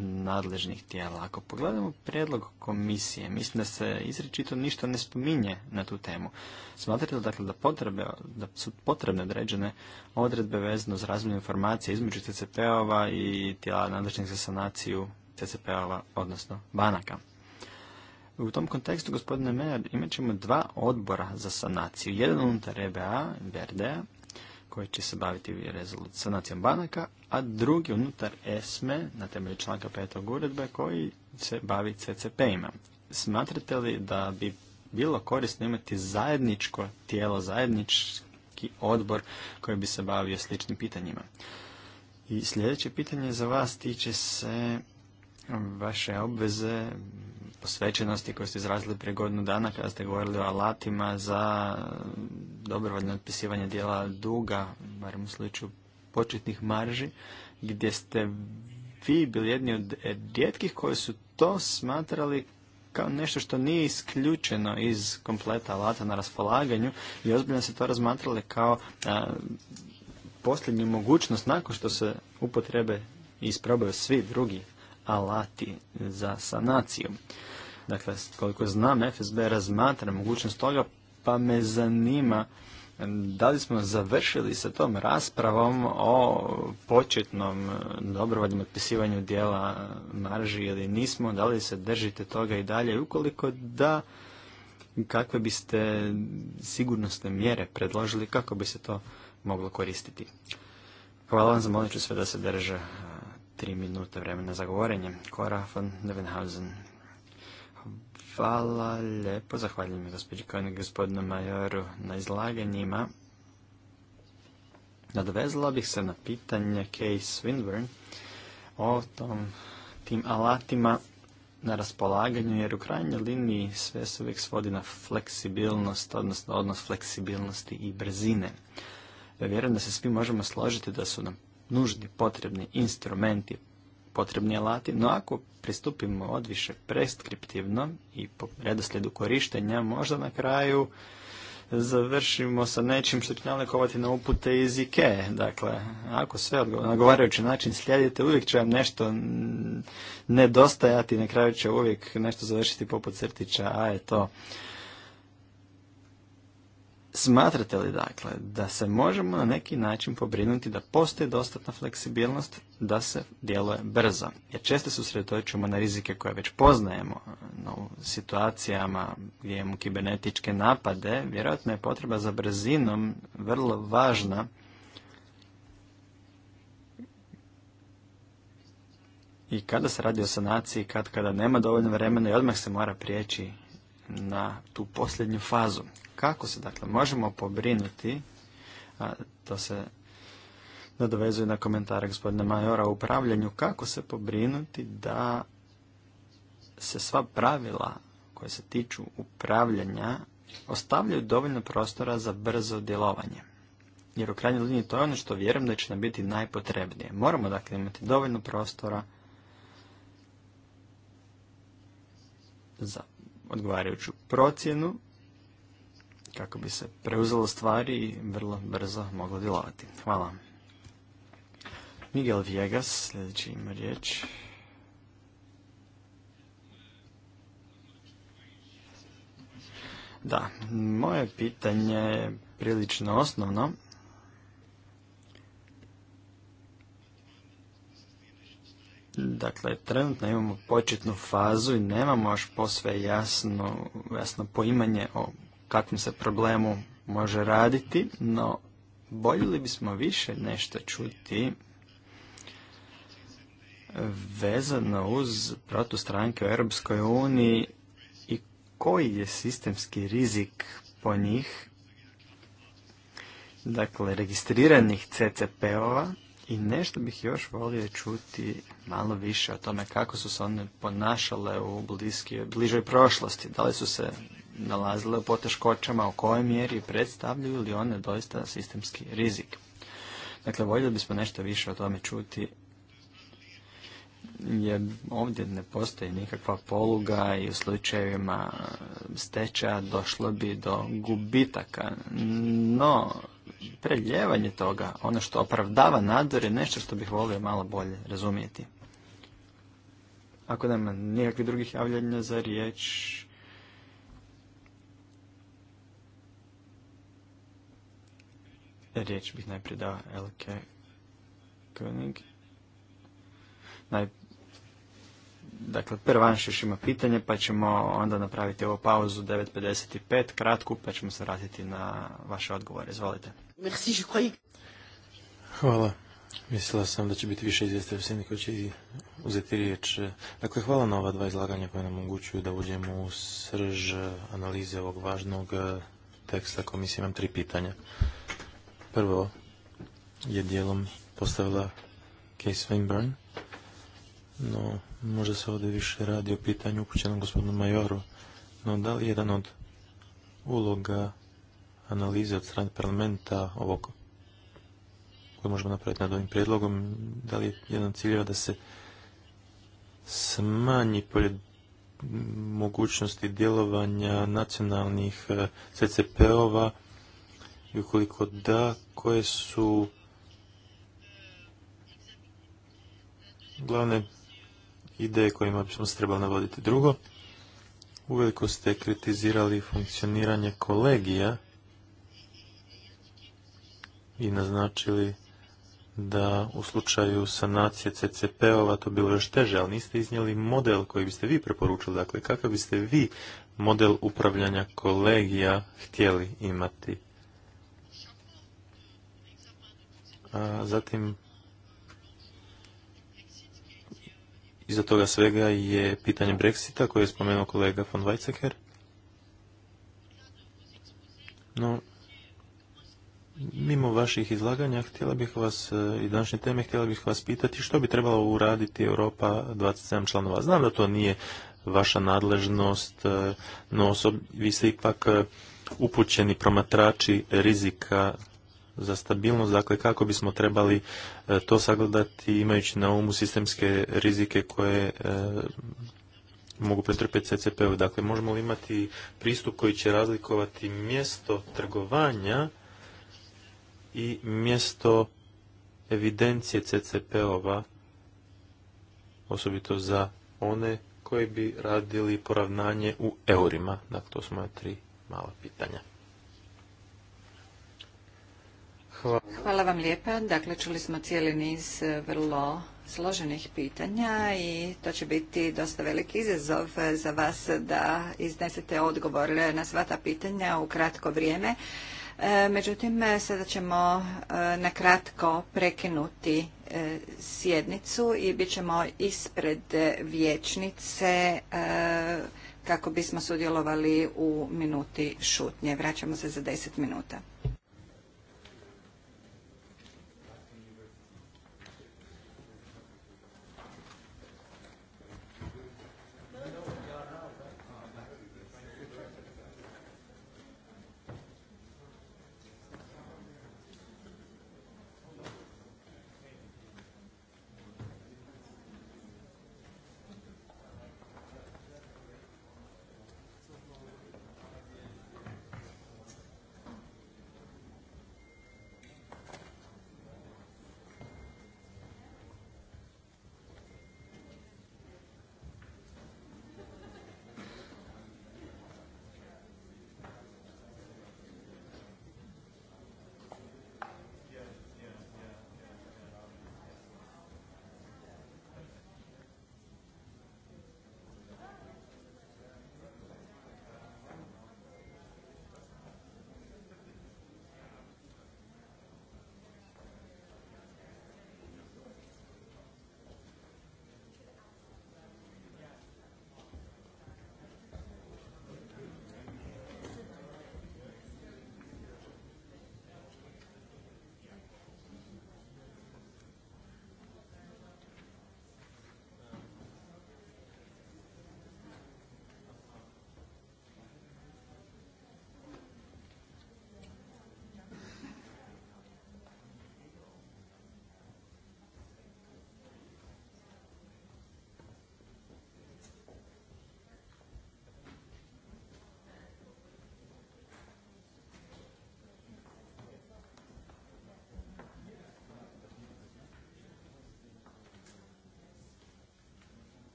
nadležnih tijela. Ako pogledamo prijedlog komisije, mislim da se izrečito ništa ne spominje na tu temu. Smatrate dakle da, potrebe, da su potrebne određene odredbe vezano s razmjenu informacije između CCP-ova i tijela nadležnih za sanaciju CCP-ova, odnosno banaka. U tom kontekstu, gospodine Mejer, imat ćemo dva odbora za sanaciju. Jedan unutar EBA, Verdea, koji će se baviti sanacijom banaka, a drugi unutar ESME na temelju članka petog uredbe koji se bavi CCP-ima. Smatrate li da bi bilo korisno imati zajedničko tijelo, zajednički odbor koji bi se bavio sličnim pitanjima? I sljedeće pitanje za vas tiče se vaše obveze posvećenosti koju ste izrazili prije godinu dana kada ste govorili o alatima za dobrovoljno otpisivanje dijela duga, barem u slučaju početnih marži, gdje ste vi bili jedni od rijetkih koji su to smatrali kao nešto što nije isključeno iz kompleta alata na raspolaganju i ozbiljno se to razmatrali kao posljednju mogućnost nakon što se upotrebe i isprobaju svi drugi alati za sanaciju. Dakle, koliko znam, FSB razmatra mogućnost toga, pa me zanima da li smo završili sa tom raspravom o početnom e, dobrovoljnom otpisivanju dijela marži ili nismo, da li se držite toga i dalje, ukoliko da, kakve biste sigurnosne mjere predložili kako bi se to moglo koristiti. Hvala vam, zamolit ću sve da se drže e, tri minute vremena za govorenje. Kora von Nevenhausen. Hvala lijepo, zahvaljujem gospođi Kojne i gospodinu Majoru na izlaganjima. nadvezala bih se na pitanje Kay Swinburne o tom, tim alatima na raspolaganju, jer u krajnjoj liniji sve se uvijek svodi na fleksibilnost, odnosno odnos fleksibilnosti i brzine. vjerujem da se svi možemo složiti da su nam nužni, potrebni instrumenti, potrebni alati, no ako pristupimo odviše preskriptivno i po redoslijedu korištenja, možda na kraju završimo sa nečim što će nalekovati na upute iz Ike. Dakle, ako sve odgovarajući način slijedite, uvijek će vam nešto nedostajati, na kraju će uvijek nešto završiti poput crtića, a je to Smatrate li dakle da se možemo na neki način pobrinuti da postoji dostatna fleksibilnost da se djeluje brzo? Jer često se usredotočujemo na rizike koje već poznajemo no, u situacijama gdje imamo kibernetičke napade. Vjerojatno je potreba za brzinom vrlo važna i kada se radi o sanaciji, kad kada nema dovoljno vremena i odmah se mora prijeći na tu posljednju fazu. Kako se dakle možemo pobrinuti, a to se nadovezuje na komentare gospodina Majora o upravljanju, kako se pobrinuti da se sva pravila koje se tiču upravljanja ostavljaju dovoljno prostora za brzo djelovanje. Jer u krajnjoj liniji to je ono što vjerujem da će nam biti najpotrebnije. Moramo dakle imati dovoljno prostora za odgovarajuću procjenu kako bi se preuzelo stvari i vrlo brzo moglo djelovati. Hvala. Miguel Viegas, sljedeći ima riječ. Da, moje pitanje je prilično osnovno. Dakle, trenutno imamo početnu fazu i nemamo još posve jasno, jasno poimanje o kakvom se problemu može raditi, no boljili bismo više nešto čuti vezano uz protustranke u Europskoj uniji i koji je sistemski rizik po njih, dakle registriranih CCP-ova i nešto bih još volio čuti malo više o tome kako su se one ponašale u bliskoj, bližoj prošlosti. Da li su se nalazile u poteškoćama, u kojoj mjeri predstavljaju li one doista sistemski rizik. Dakle, voljeli bismo nešto više o tome čuti, jer ovdje ne postoji nikakva poluga i u slučajevima stečaja došlo bi do gubitaka. No, preljevanje toga, ono što opravdava nadzor je nešto što bih volio malo bolje razumijeti. Ako nema nikakvih drugih javljanja za riječ, Riječ bih najprije dao Elke König. Naj... Dakle, prvanš još ima pitanje, pa ćemo onda napraviti ovu pauzu 9.55, kratku, pa ćemo se vratiti na vaše odgovore. Izvolite. Hvala. Mislila sam da će biti više izvjestitelj koji će uzeti riječ. Dakle, hvala na ova dva izlaganja koje nam omogućuju da uđemo u srž eh, analize ovog važnog eh, teksta komisije. Imam tri pitanja. Prvo je dijelom postavila Case Swinburne, no možda se ovdje više radi o pitanju upućenom gospodinu Majoru, no da li jedan od uloga analize od strane parlamenta ovog koju možemo napraviti nad ovim prijedlogom, da li je jedan ciljeva da se smanji mogućnosti djelovanja nacionalnih eh, CCP-ova i ukoliko da, koje su glavne ideje kojima bismo se trebali navoditi. Drugo, uveliko ste kritizirali funkcioniranje kolegija i naznačili da u slučaju sanacije CCP-ova to bilo još teže, ali niste iznijeli model koji biste vi preporučili. Dakle, kakav biste vi model upravljanja kolegija htjeli imati? Zatim, iza toga svega je pitanje Brexita koje je spomenuo kolega von Weizsäcker. No, mimo vaših izlaganja, htjela bih vas, e, i današnje teme, htjela bih vas pitati što bi trebalo uraditi Europa 27 članova. Znam da to nije vaša nadležnost, e, no vi ste ipak e, upućeni promatrači rizika za stabilnost, dakle kako bismo trebali e, to sagledati imajući na umu sistemske rizike koje e, mogu pretrpjeti CCP-u. Dakle, možemo li imati pristup koji će razlikovati mjesto trgovanja i mjesto evidencije CCP-ova, osobito za one koji bi radili poravnanje u eurima. Dakle, to su tri mala pitanja. Hvala. vam lijepa. Dakle, čuli smo cijeli niz e, vrlo složenih pitanja i to će biti dosta veliki izazov za vas da iznesete odgovor na sva ta pitanja u kratko vrijeme. E, međutim, sada ćemo e, na kratko prekinuti sjednicu i bit ćemo ispred vječnice kako bismo sudjelovali u minuti šutnje. Vraćamo se za 10 minuta.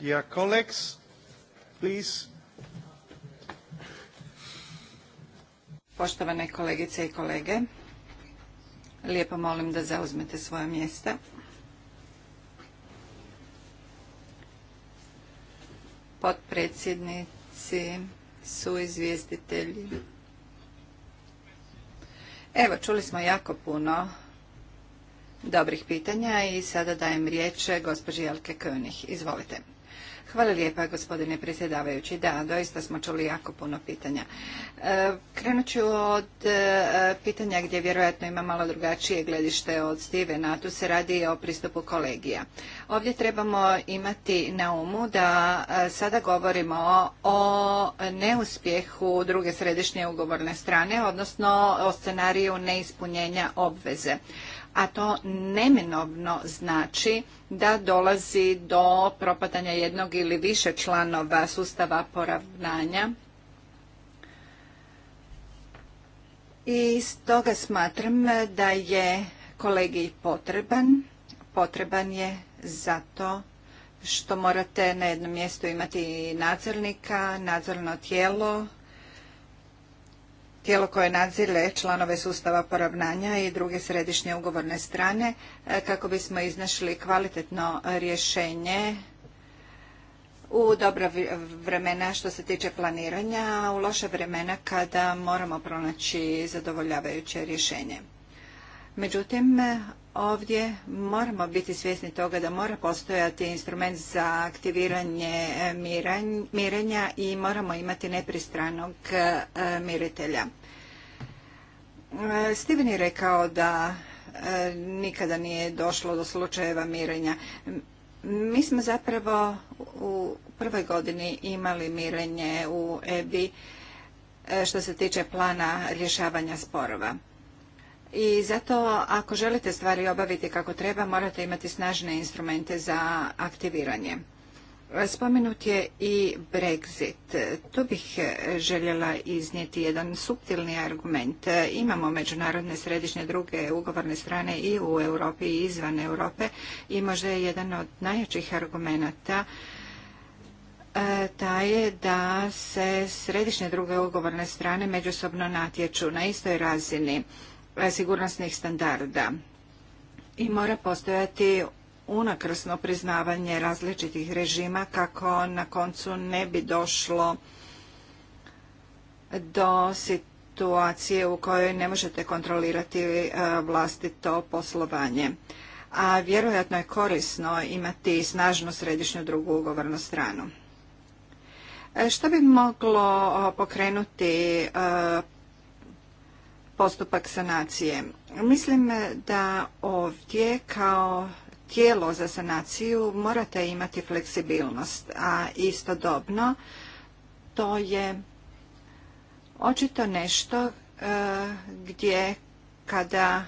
Dear Poštovane kolegice i kolege, lijepo molim da zauzmete svoja mjesta. Potpredsjednici su Evo, čuli smo jako puno dobrih pitanja i sada dajem riječ gospođi Jelke König. Izvolite. Hvala lijepa gospodine predsjedavajući. Da, doista smo čuli jako puno pitanja. E, krenut ću od e, pitanja gdje vjerojatno ima malo drugačije gledište od Stevena, tu se radi o pristupu kolegija. Ovdje trebamo imati na umu da e, sada govorimo o neuspjehu druge središnje ugovorne strane, odnosno o scenariju neispunjenja obveze a to neminovno znači da dolazi do propadanja jednog ili više članova sustava poravnanja. I stoga smatram da je kolegi potreban. Potreban je zato što morate na jednom mjestu imati nadzornika, nadzorno tijelo, tijelo koje nadzire članove sustava poravnanja i druge središnje ugovorne strane e, kako bismo iznašli kvalitetno rješenje u dobra vremena što se tiče planiranja, a u loša vremena kada moramo pronaći zadovoljavajuće rješenje. Međutim, ovdje moramo biti svjesni toga da mora postojati instrument za aktiviranje e, mirenja i moramo imati nepristranog e, miritelja. E, Steven je rekao da e, nikada nije došlo do slučajeva mirenja. Mi smo zapravo u prvoj godini imali mirenje u EBI e, što se tiče plana rješavanja sporova. I zato ako želite stvari obaviti kako treba, morate imati snažne instrumente za aktiviranje. Spomenut je i Brexit. Tu bih željela iznijeti jedan suptilni argument. Imamo međunarodne središnje druge ugovorne strane i u Europi i izvan Europe i možda je jedan od najjačih argumenata e, ta je da se središnje druge ugovorne strane međusobno natječu na istoj razini e, sigurnosnih standarda i mora postojati unakrsno priznavanje različitih režima kako na koncu ne bi došlo do situacije u kojoj ne možete kontrolirati e, vlastito poslovanje. A vjerojatno je korisno imati snažnu središnju drugu ugovornu stranu. E, što bi moglo pokrenuti e, postupak sanacije? Mislim da ovdje kao tijelo za sanaciju morate imati fleksibilnost, a istodobno to je očito nešto e, gdje kada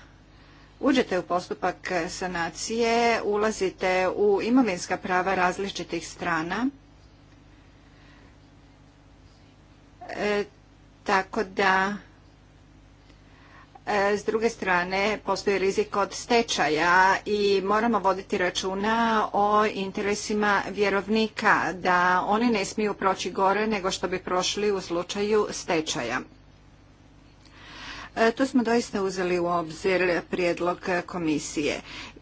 uđete u postupak sanacije, ulazite u imovinska prava različitih strana, e, tako da E, s druge strane, postoji rizik od stečaja i moramo voditi računa o interesima vjerovnika, da oni ne smiju proći gore nego što bi prošli u slučaju stečaja. E, tu smo doista uzeli u obzir prijedlog komisije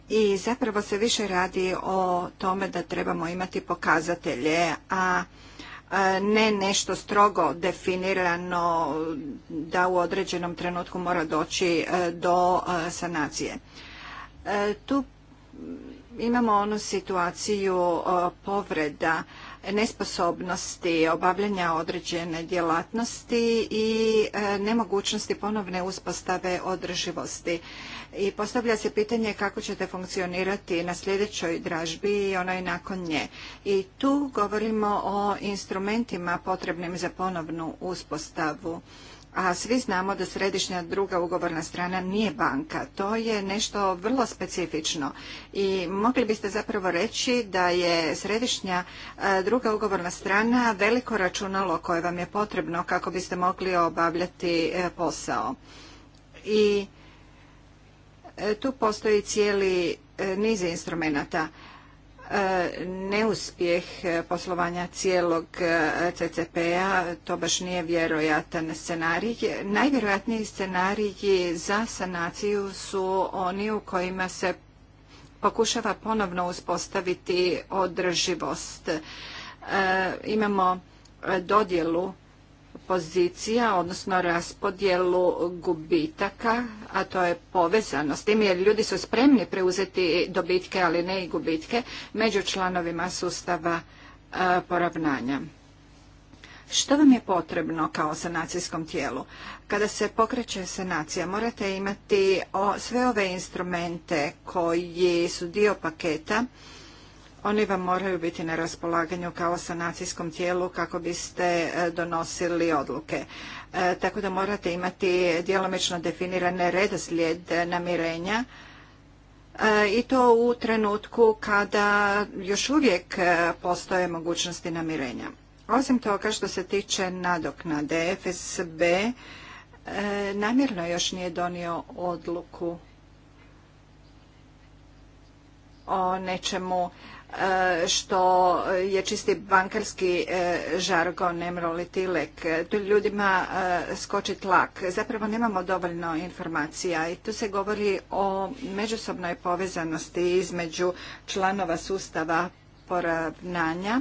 i zapravo se više radi o tome da trebamo imati pokazatelje, a ne nešto strogo definirano da u određenom trenutku mora doći e, do e, sanacije. E, tu imamo onu situaciju povreda nesposobnosti obavljanja određene djelatnosti i nemogućnosti ponovne uspostave održivosti i postavlja se pitanje kako ćete funkcionirati na sljedećoj dražbi i onaj nakon nje. I tu govorimo o instrumentima potrebnim za ponovnu uspostavu a svi znamo da središnja druga ugovorna strana nije banka. To je nešto vrlo specifično i mogli biste zapravo reći da je središnja e, druga ugovorna strana veliko računalo koje vam je potrebno kako biste mogli obavljati e, posao. I E, tu postoji cijeli e, niz instrumenata. E, neuspjeh poslovanja cijelog CCP-a, to baš nije vjerojatan scenarij. Najvjerojatniji scenariji za sanaciju su oni u kojima se pokušava ponovno uspostaviti održivost. Imamo dodjelu pozicija, odnosno raspodjelu gubitaka, a to je povezano s tim jer ljudi su spremni preuzeti dobitke, ali ne i gubitke, među članovima sustava e, poravnanja. Što vam je potrebno kao sanacijskom tijelu? Kada se pokreće sanacija, morate imati sve ove instrumente koji su dio paketa oni vam moraju biti na raspolaganju kao sanacijskom tijelu kako biste e, donosili odluke. E, tako da morate imati djelomično definirane redoslijed namirenja e, i to u trenutku kada još uvijek postoje mogućnosti namirenja. Osim toga što se tiče nadoknade, FSB namjerno još nije donio odluku o nečemu što je čisti bankarski e, žargon emroliti tilek. Tu ljudima e, skoči tlak. Zapravo nemamo dovoljno informacija i tu se govori o međusobnoj povezanosti između članova sustava poravnanja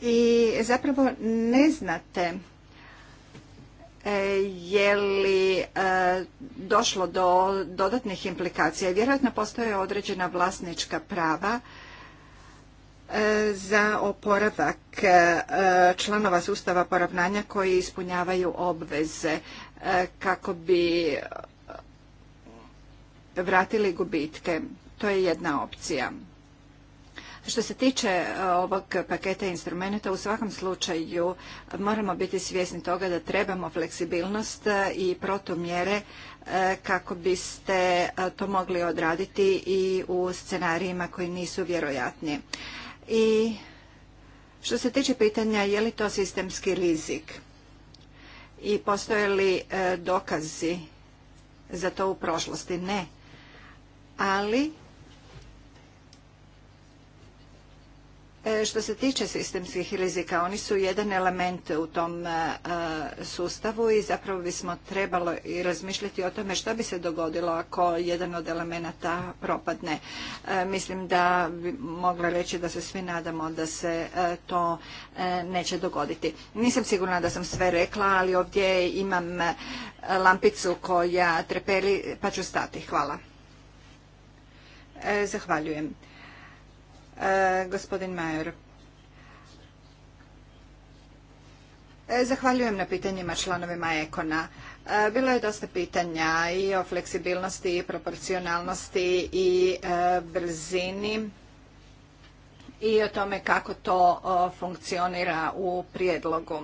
i zapravo ne znate E, je li e, došlo do dodatnih implikacija. Vjerojatno postoje određena vlasnička prava e, za oporavak članova sustava poravnanja koji ispunjavaju obveze kako bi vratili gubitke. To je jedna opcija. Što se tiče e, ovog paketa instrumenta, u svakom slučaju moramo biti svjesni toga da trebamo fleksibilnost e, i protumjere e, kako biste to mogli odraditi i u scenarijima koji nisu vjerojatni. I što se tiče pitanja je li to sistemski rizik i postoje li dokazi za to u prošlosti? Ne. Ali E, što se tiče sistemskih rizika, oni su jedan element u tom e, sustavu i zapravo bismo trebalo i razmišljati o tome što bi se dogodilo ako jedan od elemenata propadne. E, mislim da bi mogla reći da se svi nadamo da se to neće dogoditi. Nisam sigurna da sam sve rekla, ali ovdje imam lampicu koja trepeli, pa ću stati. Hvala. Zahvaljujem. E, gospodin Major. E, zahvaljujem na pitanjima članovima Ekona. E, bilo je dosta pitanja i o fleksibilnosti i proporcionalnosti i brzini i o tome kako to funkcionira u prijedlogu.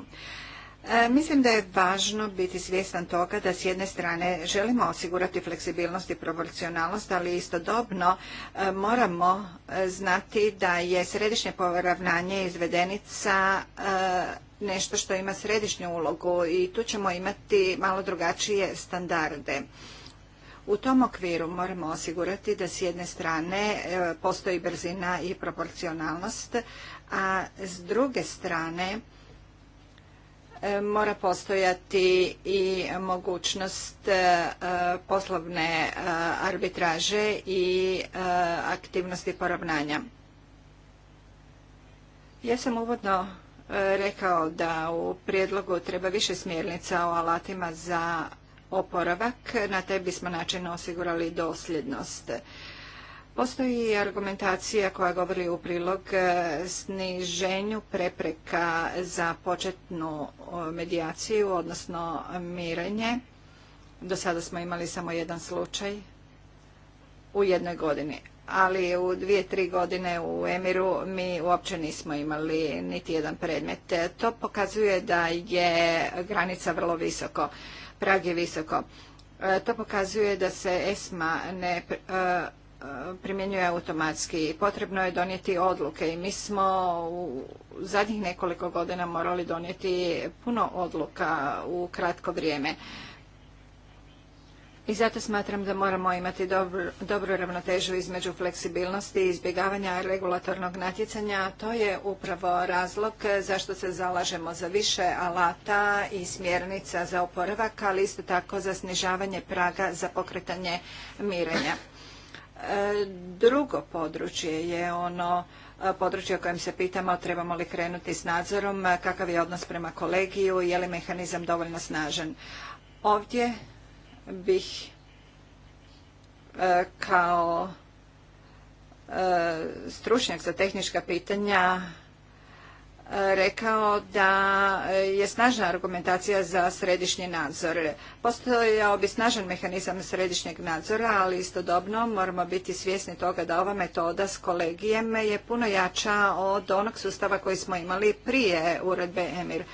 E, mislim da je važno biti svjestan toga da s jedne strane želimo osigurati fleksibilnost i proporcionalnost, ali istodobno e, moramo e, znati da je središnje poravnanje izvedenica nešto što ima središnju ulogu i tu ćemo imati malo drugačije standarde. U tom okviru moramo osigurati da s jedne strane postoji brzina i proporcionalnost, a s druge strane E, mora postojati i mogućnost e, poslovne e, arbitraže i aktivnosti poravnanja. Ja sam uvodno rekao da u prijedlogu treba više smjernica o alatima za oporavak. Na taj bismo način osigurali dosljednost. Postoji argumentacija koja govori u prilog e, sniženju prepreka za početnu medijaciju, odnosno mirenje. Do sada smo imali samo jedan slučaj u jednoj godini. Ali u dvije, tri godine u Emiru mi uopće nismo imali niti jedan predmet. E, to pokazuje da je granica vrlo visoko, prag je visoko. E, to pokazuje da se ESMA ne primjenjuje automatski i potrebno je donijeti odluke i mi smo u zadnjih nekoliko godina morali donijeti puno odluka u kratko vrijeme. I zato smatram da moramo imati dobru, dobru ravnotežu između fleksibilnosti i izbjegavanja regulatornog natjecanja. To je upravo razlog zašto se zalažemo za više alata i smjernica za oporavak, ali isto tako za snižavanje praga za pokretanje mirenja. E, drugo područje je ono e, područje o kojem se pitamo trebamo li krenuti s nadzorom, e, kakav je odnos prema kolegiju, je li mehanizam dovoljno snažan. Ovdje bih kao stručnjak za tehnička pitanja rekao da je snažna argumentacija za središnji nadzor. Postojao bi snažan mehanizam središnjeg nadzora, ali istodobno moramo biti svjesni toga da ova metoda s kolegijem je puno jača od onog sustava koji smo imali prije uredbe EMIR.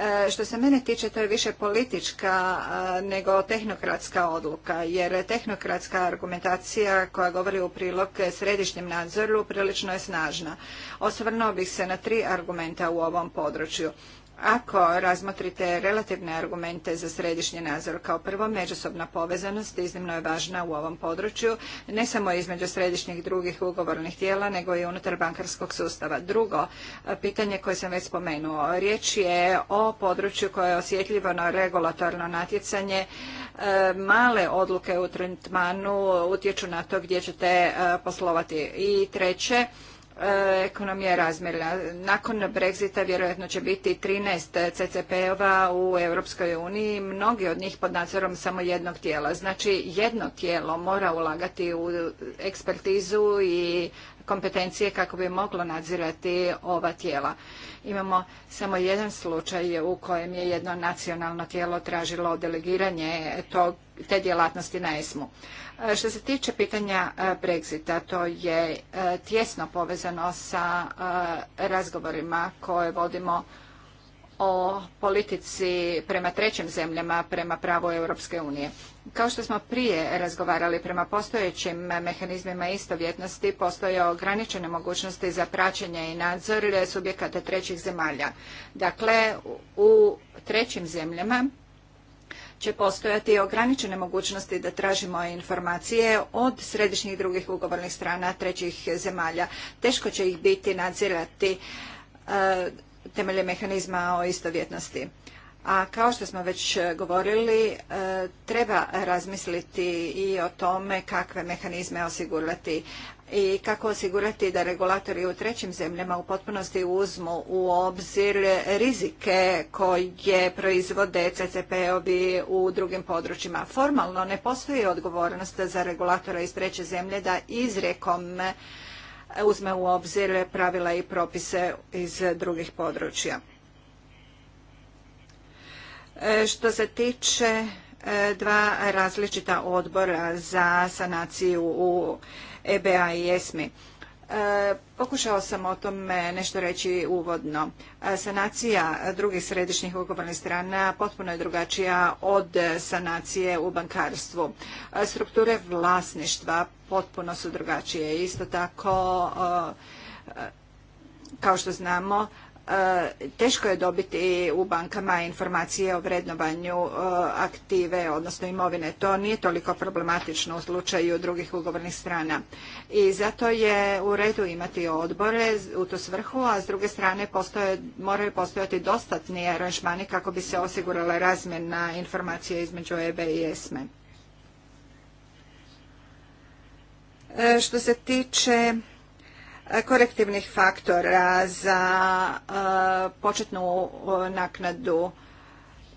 E, što se mene tiče, to je više politička e, nego tehnokratska odluka, jer tehnokratska argumentacija koja govori u prilog središnjem nadzoru prilično je snažna. Osvrnuo bih se na tri argumenta u ovom području. Ako razmotrite relativne argumente za središnji nadzor, kao prvo međusobna povezanost iznimno je važna u ovom području, ne samo između središnjih drugih ugovornih tijela, nego i unutar bankarskog sustava. Drugo, pitanje koje sam već spomenuo, riječ je o području koje je osjetljivo na regulatorno natjecanje, e, male odluke u tretmanu utječu na to gdje ćete e, poslovati. I treće, E, ekonomija razmjerna. Nakon Brexita vjerojatno će biti 13 CCP-ova u Europskoj uniji, mnogi od njih pod nadzorom samo jednog tijela. Znači jedno tijelo mora ulagati u ekspertizu i kompetencije kako bi moglo nadzirati ova tijela. Imamo samo jedan slučaj u kojem je jedno nacionalno tijelo tražilo delegiranje te djelatnosti na ESMU. Što se tiče pitanja e, Brexita, to je e, tjesno povezano sa e, razgovorima koje vodimo o politici prema trećim zemljama, prema pravu Europske unije. Kao što smo prije razgovarali prema postojećim mehanizmima istovjetnosti, postoje ograničene mogućnosti za praćenje i nadzor subjekata trećih zemalja. Dakle, u trećim zemljama će postojati ograničene mogućnosti da tražimo informacije od središnjih drugih ugovornih strana trećih zemalja. Teško će ih biti nadzirati e, temelje mehanizma o istovjetnosti. A kao što smo već govorili, e, treba razmisliti i o tome kakve mehanizme osigurati i kako osigurati da regulatori u trećim zemljama u potpunosti uzmu u obzir rizike koje proizvode CCP-ovi u drugim područjima. Formalno ne postoji odgovornost za regulatora iz treće zemlje da izrekom e, uzme u obzir pravila i propise iz drugih područja. E, što se tiče e, dva različita odbora za sanaciju u EBA i ESMI. E, pokušao sam o tome nešto reći uvodno. E, sanacija drugih središnjih ugovornih strana potpuno je drugačija od sanacije u bankarstvu. E, strukture vlasništva potpuno su drugačije. Isto tako, kao što znamo, E, teško je dobiti u bankama informacije o vrednovanju e, aktive, odnosno imovine. To nije toliko problematično u slučaju drugih ugovornih strana. I zato je u redu imati odbore u tu svrhu, a s druge strane postoje, moraju postojati dostatni aranžmani kako bi se osigurala razmjena informacije između EBE i ESME. E, što se tiče korektivnih faktora za e, početnu naknadu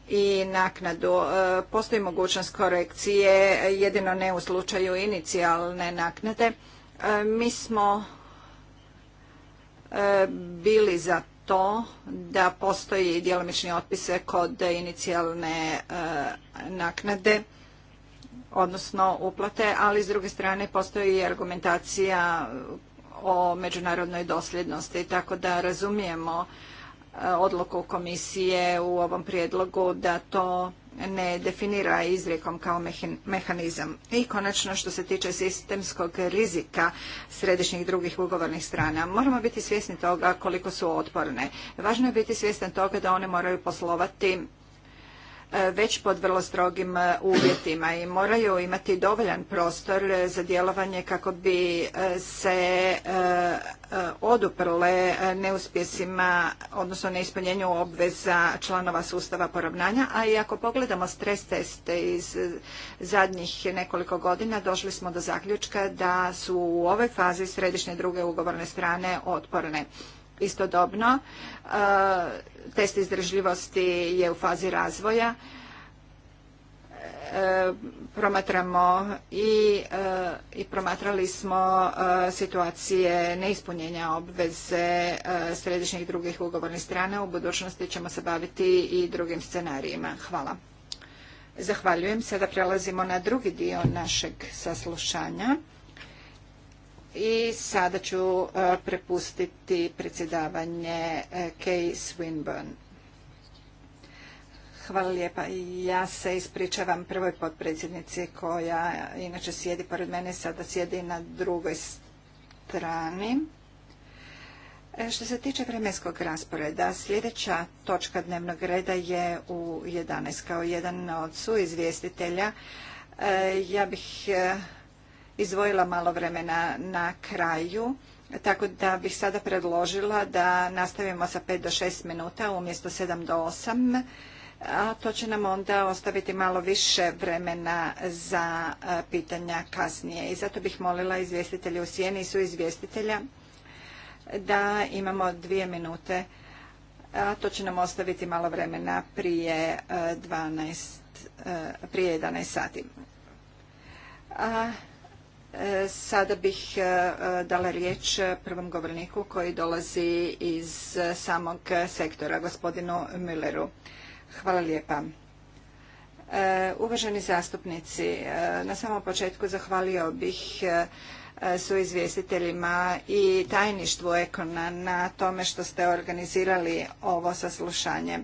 i naknadu. E, postoji mogućnost korekcije, jedino ne u slučaju inicijalne naknade. E, mi smo bili za to da postoji djelomični otpise kod inicijalne naknade odnosno uplate, ali s druge strane postoji i argumentacija o međunarodnoj dosljednosti, tako da razumijemo e, odluku komisije u ovom prijedlogu da to ne definira izrijekom kao mehanizam. I konačno što se tiče sistemskog rizika središnjih drugih ugovornih strana, moramo biti svjesni toga koliko su otporne. Važno je biti svjestan toga da one moraju poslovati već pod vrlo strogim e, uvjetima i moraju imati dovoljan prostor e, za djelovanje kako bi e, se oduprle neuspjesima, odnosno neispunjenju obveza članova sustava poravnanja, a i ako pogledamo stres teste iz zadnjih nekoliko godina, došli smo do zaključka da su u ovoj fazi središnje druge ugovorne strane otporne Istodobno, e, test izdržljivosti je u fazi razvoja. E, promatramo i, e, i promatrali smo situacije neispunjenja obveze središnjih drugih ugovornih strana. U budućnosti ćemo se baviti i drugim scenarijima. Hvala. Zahvaljujem. Sada prelazimo na drugi dio našeg saslušanja. I sada ću e, prepustiti predsjedavanje e, Kay Swinburne. Hvala lijepa. Ja se ispričavam prvoj potpredsjednici koja inače sjedi pored mene, sada sjedi na drugoj strani. E, što se tiče vremenskog rasporeda, sljedeća točka dnevnog reda je u 11. kao jedan od suizvjestitelja. Ja bih izdvojila malo vremena na kraju, tako da bih sada predložila da nastavimo sa 5 do 6 minuta umjesto 7 do 8 a to će nam onda ostaviti malo više vremena za e, pitanja kasnije. I zato bih molila izvjestitelje u sjeni i su izvjestitelja da imamo dvije minute, a to će nam ostaviti malo vremena prije, 12, e, e, prije 11 sati. A Sada bih e, dala riječ prvom govorniku koji dolazi iz samog sektora, gospodinu Mülleru. Hvala lijepa. E, uvaženi zastupnici, e, na samom početku zahvalio bih su izvjestiteljima i tajništvu Ekona na tome što ste organizirali ovo saslušanje.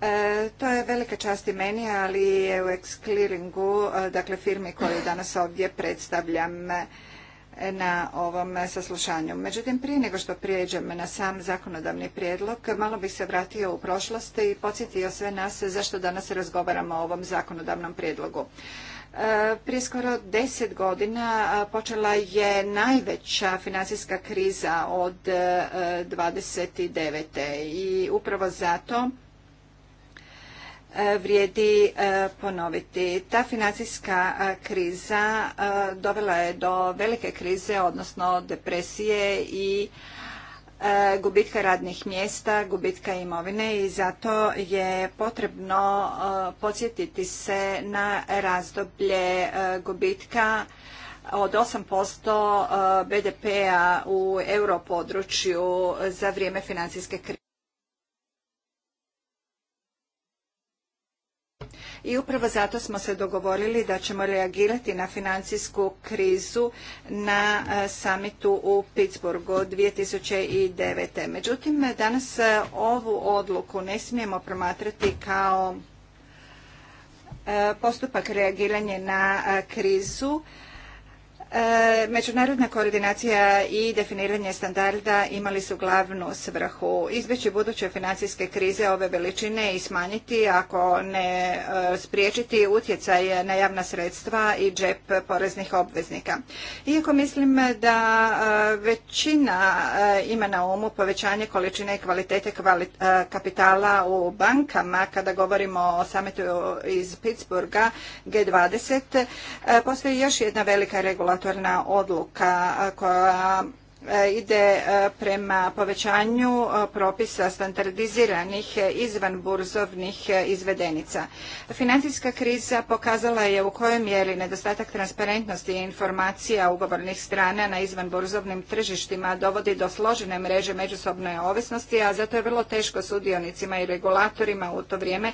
E, to je velika čast i meni, ali i u Clearingu, e, dakle firmi koju danas ovdje predstavljam e, na ovom saslušanju. Međutim, prije nego što prijeđem na sam zakonodavni prijedlog, malo bih se vratio u prošlost i podsjetio sve nas zašto danas razgovaramo o ovom zakonodavnom prijedlogu. Prije skoro deset godina počela je najveća financijska kriza od 29. i upravo zato E, vrijedi e, ponoviti. Ta financijska e, kriza dovela je do velike krize, odnosno depresije i gubitka radnih mjesta, gubitka imovine i zato je potrebno podsjetiti se na razdoblje gubitka od 8% BDP-a u europodručju za vrijeme financijske krize. i upravo zato smo se dogovorili da ćemo reagirati na financijsku krizu na e, samitu u Pittsburghu 2009. Međutim, danas e, ovu odluku ne smijemo promatrati kao e, postupak reagiranja na krizu E, međunarodna koordinacija i definiranje standarda imali su glavnu svrhu izbjeći buduće financijske krize ove veličine i smanjiti, ako ne e, spriječiti utjecaj na javna sredstva i džep poreznih obveznika. Iako mislim da e, većina ima na umu povećanje količine i kvalitete kapitala u bankama, kada govorimo o samitu iz Pittsburgha G20, postoji još jedna velika regulatorna regulatorna odluka koja E, ide e, prema povećanju e, propisa standardiziranih izvanburzovnih izvedenica. Financijska kriza pokazala je u kojoj mjeri nedostatak transparentnosti i informacija ugovornih strana na izvanburzovnim tržištima dovodi do složene mreže međusobne ovisnosti, a zato je vrlo teško sudionicima i regulatorima u to vrijeme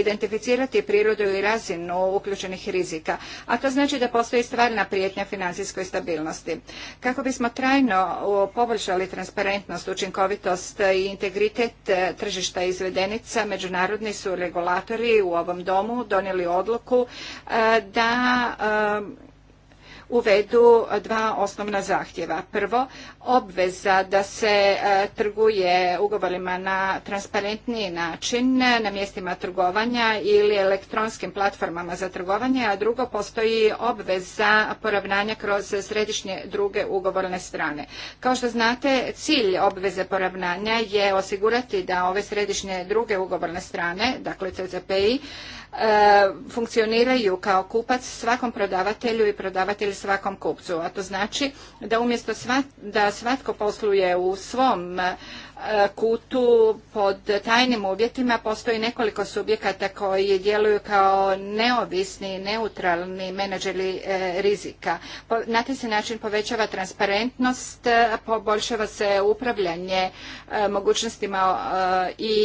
identificirati prirodu i razinu uključenih rizika, a to znači da postoji stvarna prijetnja financijskoj stabilnosti. Kako bismo trajali trajno poboljšali transparentnost, učinkovitost i integritet e, tržišta izvedenica, međunarodni su regulatori u ovom domu donijeli odluku e, da e, uvedu dva osnovna zahtjeva. Prvo, obveza da se e, trguje ugovorima na transparentniji način na mjestima trgovanja ili elektronskim platformama za trgovanje, a drugo postoji obveza poravnanja kroz središnje druge ugovorne strane. Kao što znate, cilj obveze poravnanja je osigurati da ove središnje druge ugovorne strane, dakle CCPI, e, funkcioniraju kao kupac svakom prodavatelju i prodavatelj svakom kupcu, a to znači da umjesto sva, da svatko posluje u svom e, kutu pod tajnim uvjetima postoji nekoliko subjekata koji djeluju kao neovisni i neutralni menadžeri e, rizika. Na taj se način povećava transparentnost, e, poboljšava se upravljanje mogućnostima i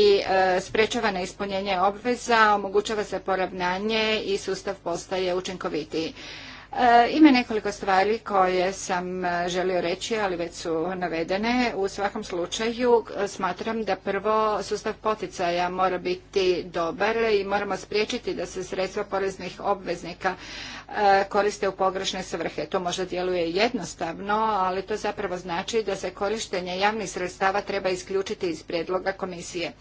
sprečava ispunjenje obveza, omogućava se poravnanje i sustav postaje učinkovitiji. E, ima nekoliko stvari koje sam e, želio reći, ali već su navedene. U svakom slučaju smatram da prvo sustav poticaja mora biti dobar i moramo spriječiti da se sredstva poreznih obveznika E, koriste u pogrešne svrhe. To možda djeluje jednostavno, ali to zapravo znači da se korištenje javnih sredstava treba isključiti iz prijedloga komisije.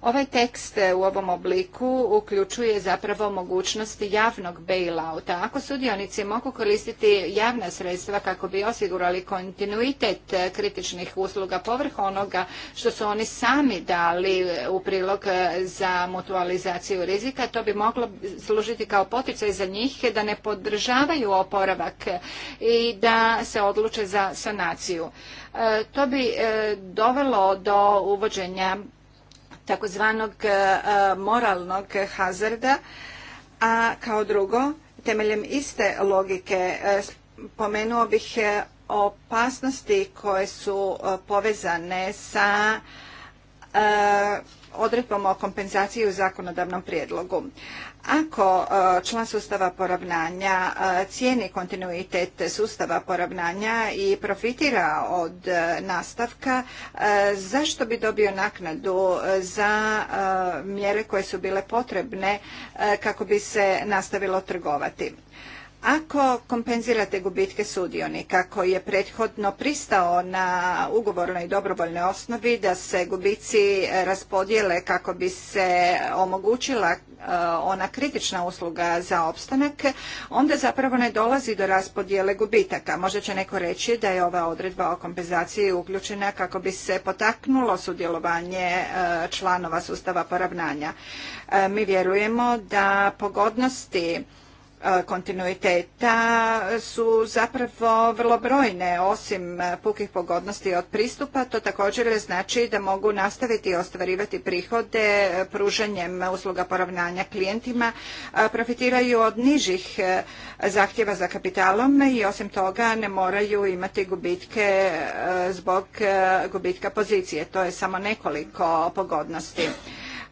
Ovaj tekst e, u ovom obliku uključuje zapravo mogućnosti javnog bailouta. Ako sudionici mogu koristiti javna sredstva kako bi osigurali kontinuitet e, kritičnih usluga povrh onoga što su oni sami dali u prilog za mutualizaciju rizika, to bi moglo služiti kao poticaj za njih da ne podržavaju oporavak i da se odluče za sanaciju. E, to bi e, dovelo do uvođenja takozvanog e, moralnog hazarda, a kao drugo, temeljem iste logike pomenuo bih opasnosti koje su povezane sa odredbom o kompenzaciji u zakonodavnom prijedlogu. Ako e, član sustava poravnanja e, cijeni kontinuitet sustava poravnanja i profitira od e, nastavka, zašto bi dobio naknadu za mjere koje su bile potrebne kako bi se nastavilo trgovati? Ako kompenzirate gubitke sudionika koji je prethodno pristao na ugovornoj i dobrovoljnoj osnovi da se gubici e, raspodijele kako bi se omogućila e, ona kritična usluga za opstanak, onda zapravo ne dolazi do raspodjele gubitaka. Možda će neko reći da je ova odredba o kompenzaciji uključena kako bi se potaknulo sudjelovanje e, članova sustava poravnanja. Mi vjerujemo da pogodnosti E, kontinuiteta su zapravo vrlo brojne, osim e, pukih pogodnosti od pristupa. To također znači da mogu nastaviti ostvarivati prihode e, pružanjem usluga poravnanja klijentima, profitiraju od nižih zahtjeva za kapitalom i osim toga ne moraju imati gubitke zbog gubitka pozicije. To je samo nekoliko pogodnosti.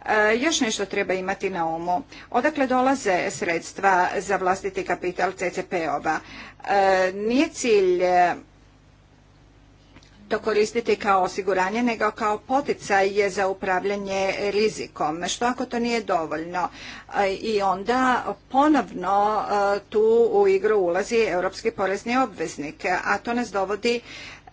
E, još nešto treba imati na umu. Odakle dolaze sredstva za vlastiti kapital CCP-ova? E, nije cilj e, to koristiti kao osiguranje, nego kao poticaj za upravljanje rizikom. Što ako to nije dovoljno? I onda ponovno tu u igru ulazi europski porezni obveznik, a to nas dovodi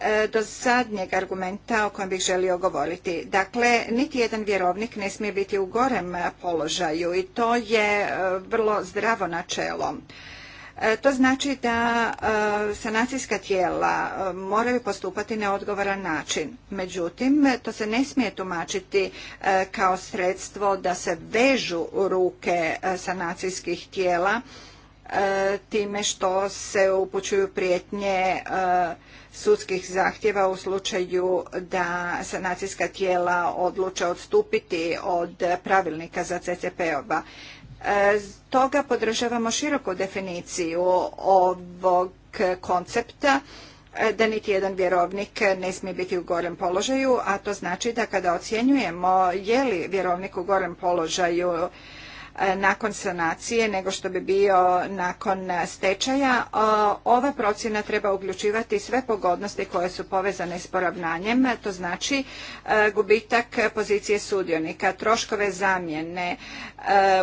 E, do zadnjeg argumenta o kojem bih želio govoriti. Dakle, niti jedan vjerovnik ne smije biti u gorem položaju i to je e, vrlo zdravo načelo. E, to znači da sanacijska tijela moraju postupati na odgovoran način. Međutim, to se ne smije tumačiti kao sredstvo da se vežu ruke sanacijskih tijela E, time što se upućuju prijetnje e, sudskih zahtjeva u slučaju da sanacijska tijela odluče odstupiti od pravilnika za CCP-ova. E, toga podržavamo široku definiciju ovog koncepta da niti jedan vjerovnik ne smije biti u gorem položaju, a to znači da kada ocjenjujemo je li vjerovnik u gorem položaju E, nakon sanacije nego što bi bio nakon stečaja. E, ova procjena treba uključivati sve pogodnosti koje su povezane s poravnanjem, to znači e, gubitak pozicije sudionika, troškove zamjene,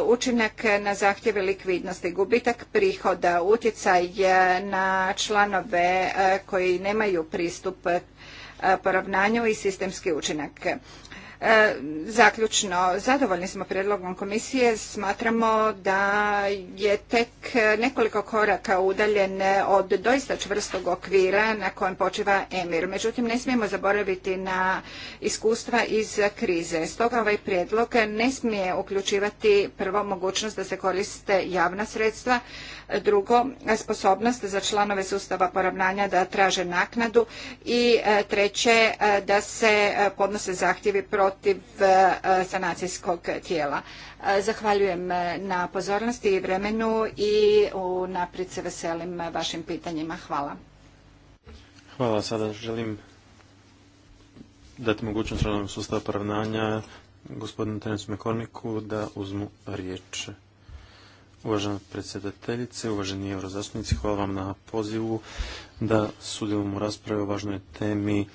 učinak na zahtjeve likvidnosti, gubitak prihoda, utjecaj na članove koji nemaju pristup poravnanju i sistemski učinak. E, zaključno, zadovoljni smo predlogom komisije, smatramo da je tek nekoliko koraka udaljen od doista čvrstog okvira na kojem počiva Emir. Međutim, ne smijemo zaboraviti na iskustva iz krize. Stoga ovaj prijedlog ne smije uključivati prvo mogućnost da se koriste javna sredstva, drugo sposobnost za članove sustava poravnanja da traže naknadu i e, treće e, da se podnose zahtjevi protiv protiv e, sanacijskog tijela. E, zahvaljujem e, na pozornosti i vremenu i naprijed se veselim vašim pitanjima. Hvala. Hvala. Sada želim dati mogućnost članom sustava poravnanja gospodinu Terencu Mekorniku da uzmu riječ. Uvažena predsjedateljice, uvaženi eurozastupnici, hvala vam na pozivu da sudjelujemo u raspravi o važnoj temi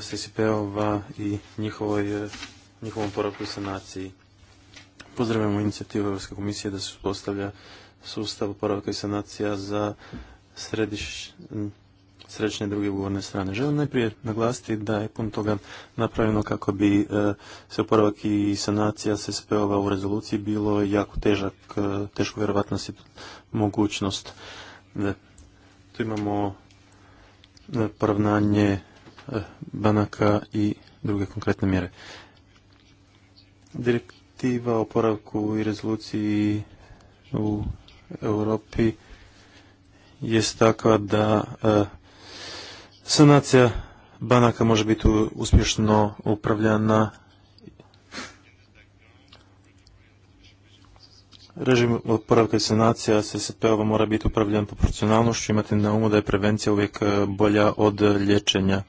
ssp ova i e, njihovom poravku i sanaciji. Pozdravljamo inicijativu Europske komisije da se uspostavlja sustav oporavka i sanacija za središ, središnje druge ugovorne strane. Želim najprije naglasiti da je pun toga napravljeno kako bi e, se oporavak i sanacija SSP-ova u rezoluciji bilo jako težak, e, teško vjerovatna mogućnost. Tu imamo poravnanje banaka i druge konkretne mjere. Direktiva o poravku i rezoluciji u Europi je takva da e, sanacija banaka može biti uspješno upravljana Režim oporavka i sanacija SSP-ova mora biti upravljan po proporcionalnošću, imati na umu da je prevencija uvijek e, bolja od liječenja.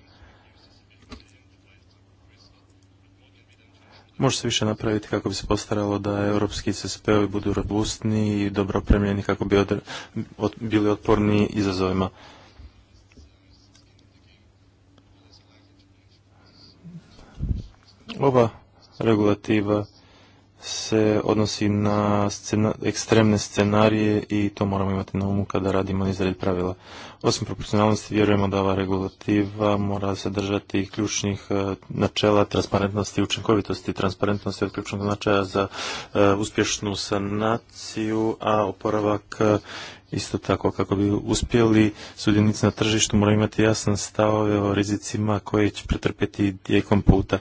Može se više napraviti kako bi se postaralo da europski CSP-ovi budu robustni i dobro opremljeni kako bi od, bili otporni izazovima. Ova regulativa se odnosi na ekstremne scenarije i to moramo imati na umu kada radimo izred pravila. Osim proporcionalnosti vjerujemo da ova regulativa mora sadržati ključnih e, načela transparentnosti i učinkovitosti. Transparentnost je od ključnog značaja za e, uspješnu sanaciju, a oporavak e, Isto tako, kako bi uspjeli sudionici na tržištu moraju imati jasan stavove o rizicima koje će pretrpjeti tijekom puta.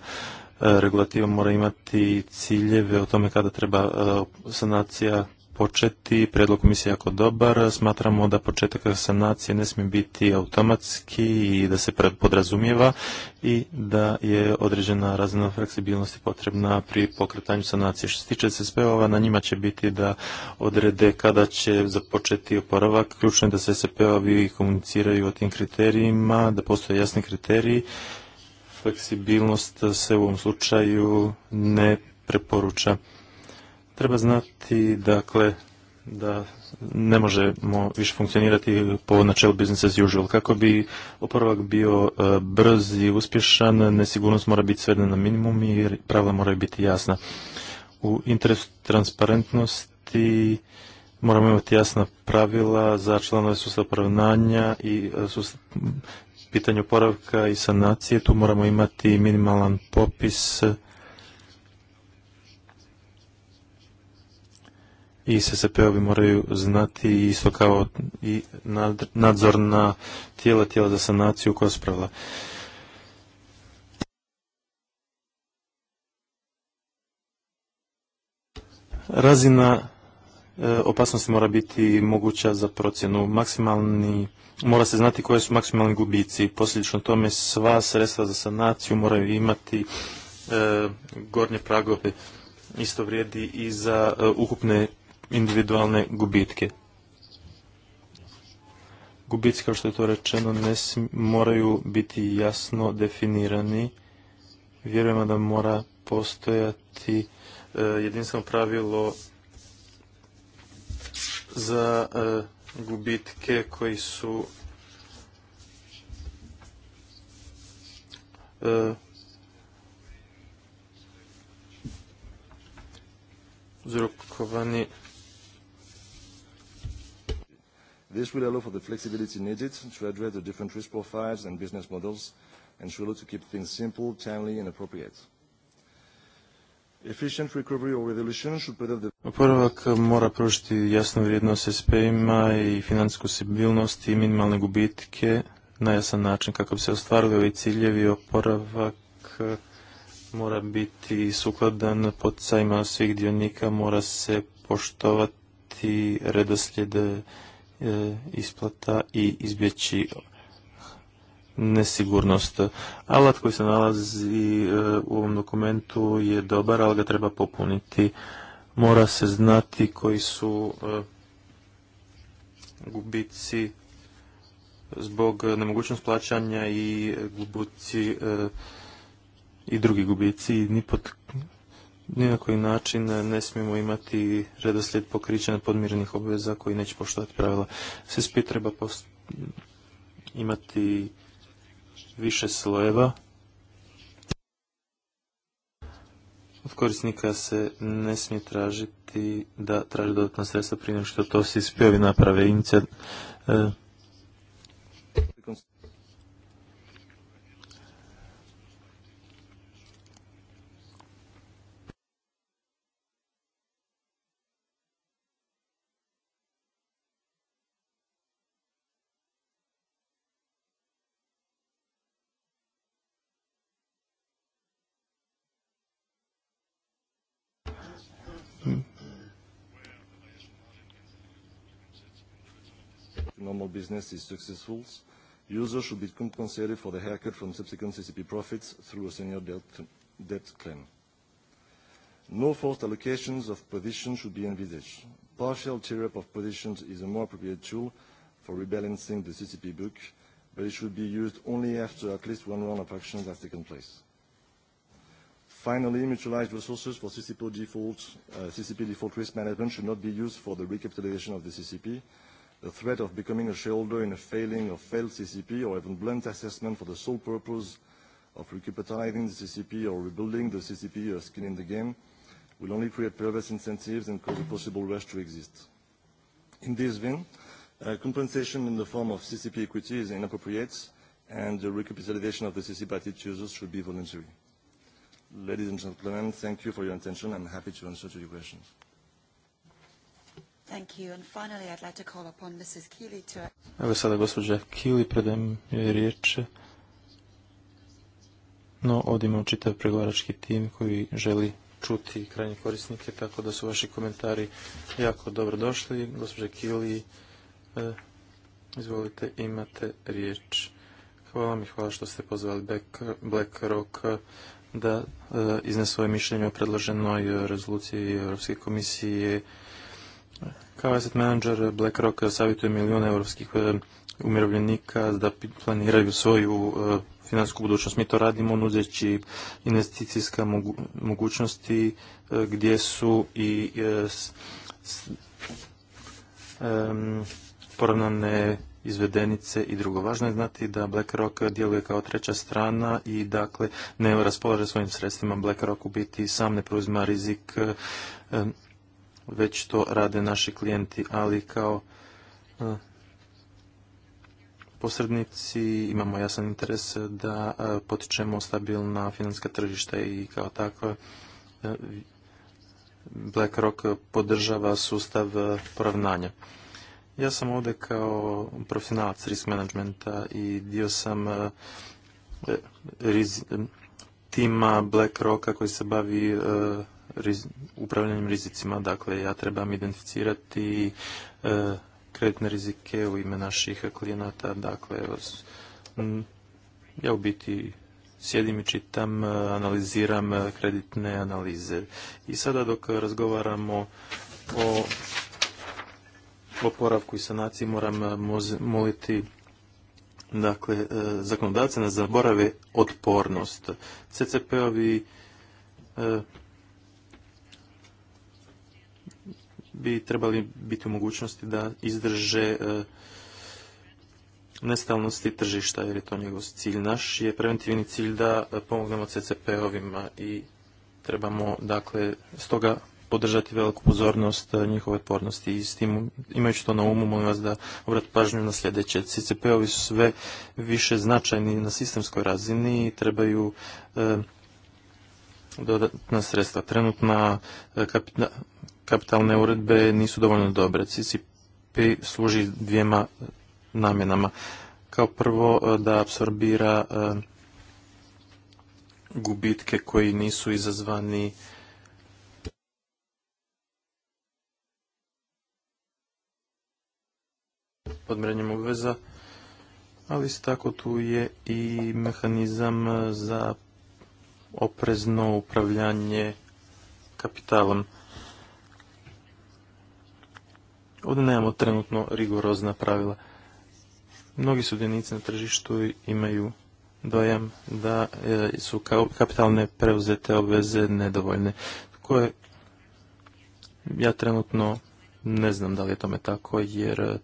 E, regulativa mora imati ciljeve o tome kada treba e, sanacija početi. Predlog komisije je jako dobar. Smatramo da početak sanacije ne smije biti automatski i da se podrazumijeva i da je određena razina fleksibilnosti potrebna pri pokretanju sanacije. Što se tiče SSP-ova, na njima će biti da odrede kada će započeti oporavak. Ključno je da se SSP-ovi komuniciraju o tim kriterijima, da postoje jasni kriteriji fleksibilnost se u ovom slučaju ne preporuča. Treba znati, dakle, da ne možemo više funkcionirati po načelu business as usual. Kako bi oporavak bio e, brz i uspješan, nesigurnost mora biti svedena na minimum i pravila moraju biti jasna. U interesu transparentnosti moramo imati jasna pravila za članove sustava poravnanja i e, pitanju poravka i sanacije, tu moramo imati minimalan popis i SSP-ovi moraju znati isto kao i nadzor na tijela, tijela za sanaciju koja su pravila. Razina e, opasnosti mora biti moguća za procjenu. Maksimalni mora se znati koje su maksimalni gubici. Posljedično tome sva sredstva za sanaciju moraju imati e, gornje pragove. Isto vrijedi i za e, ukupne individualne gubitke. Gubici, kao što je to rečeno, ne moraju biti jasno definirani. Vjerujemo da mora postojati e, jedinstveno pravilo za e, gubitke koji su e, uzrokovani This will allow for the flexibility needed to address the different risk profiles and business models and should allow to keep things simple, timely and appropriate. Oporavak mora pružiti jasnu vrijednost SP-ima i financijsku stabilnost i minimalne gubitke na jasan način. Kako bi se ostvarili ovi ciljevi, oporavak eh, mora biti sukladan poticajima svih dionika, mora se poštovati redoslijed eh, isplata i izbjeći nesigurnost. Alat koji se nalazi eh, u ovom dokumentu je dobar, ali ga treba popuniti. Mora se znati koji su eh, gubici zbog nemogućnost plaćanja i gubici eh, i drugi gubici ni pod ni na koji način ne smijemo imati redoslijed pokrića podmirenih obveza koji neće poštovati pravila. spi treba imati više slojeva. Od korisnika se ne smije tražiti da traži dodatna sredstva prije što to se ispiovi naprave. inicijativno. normal business is successful, users should be compensated for the haircut from subsequent CCP profits through a senior debt, debt claim. No forced allocations of positions should be envisaged. Partial tear up of positions is a more appropriate tool for rebalancing the CCP book, but it should be used only after at least one round of actions has taken place. Finally, mutualized resources for CCP default, uh, CCP default risk management should not be used for the recapitalization of the CCP, the threat of becoming a shareholder in a failing or failed CCP or even blunt assessment for the sole purpose of recapitalizing the CCP or rebuilding the CCP or skin in the game will only create perverse incentives and cause a possible rush to exist. In this vein, uh, compensation in the form of CCP equity is inappropriate and the recapitalization of the CCP at its users should be voluntary. Ladies and gentlemen, thank you for your attention. I'm happy to answer to your questions. Thank you. Evo sada gospođa Kili predajem joj riječ. No, ovdje imamo čitav pregovarački tim koji želi čuti krajnje korisnike, tako da su vaši komentari jako dobro došli. Gospođa Kili, e, izvolite, imate riječ. Hvala mi, hvala što ste pozvali BlackRock da e, iznesu svoje mišljenje o predloženoj rezoluciji Europske komisije kao asset manager BlackRock savjetuje milijune europskih e, umirovljenika da planiraju svoju e, financijsku budućnost. Mi to radimo nudeći investicijska mogućnosti e, gdje su i izvedenice i drugo. Važno je znati da BlackRock djeluje kao treća strana i dakle ne raspolaže svojim sredstvima. BlackRock u biti sam ne preuzima rizik već to rade naši klijenti, ali kao e, posrednici imamo jasan interes da e, potičemo stabilna financijska tržišta i kao takva e, BlackRock podržava sustav poravnanja. Ja sam ovdje kao profesionalac risk managementa i dio sam tima BlackRocka koji se bavi upravljanjem rizicima. Dakle, ja trebam identificirati e, kreditne rizike u ime naših klijenata. Dakle, ja u biti sjedim i čitam, e, analiziram e, kreditne analize. I sada dok razgovaramo o oporavku i sanaciji moram moliti dakle, zakonodavce na zaborave otpornost. CCP-ovi bi trebali biti u mogućnosti da izdrže e, nestalnosti tržišta, jer je to njegov cilj. Naš je preventivni cilj da e, pomognemo CCP-ovima i trebamo, dakle, stoga podržati veliku pozornost e, njihove otpornosti i s tim imajući to na umu molim vas da obrati pažnju na sljedeće. CCP-ovi su sve više značajni na sistemskoj razini i trebaju dodatna sredstva. Trenutna kapitalne uredbe nisu dovoljno dobre. CCP služi dvijema namjenama. Kao prvo e, da apsorbira e, gubitke koji nisu izazvani podmirenjem obveza, ali isto tako tu je i mehanizam e, za oprezno upravljanje kapitalom. Ovdje nemamo trenutno rigorozna pravila. Mnogi sudionici na tržištu imaju dojam da e, su kapitalne preuzete obveze nedovoljne. Koje ja trenutno ne znam da li je tome tako, jer e,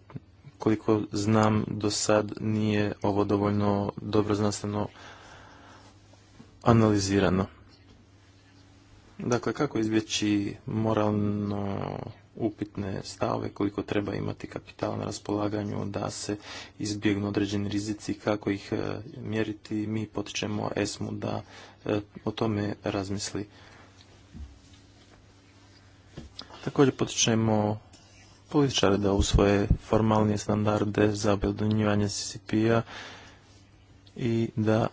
koliko znam do sad nije ovo dovoljno dobro znanstveno analizirano. Dakle, kako izbjeći moralno upitne stave koliko treba imati kapital na raspolaganju da se izbjegnu određeni rizici, kako ih e, mjeriti. Mi potičemo ESMU da e, o tome razmisli. Također potičemo političare da usvoje formalnije standarde za objedinjivanje CCP-a i da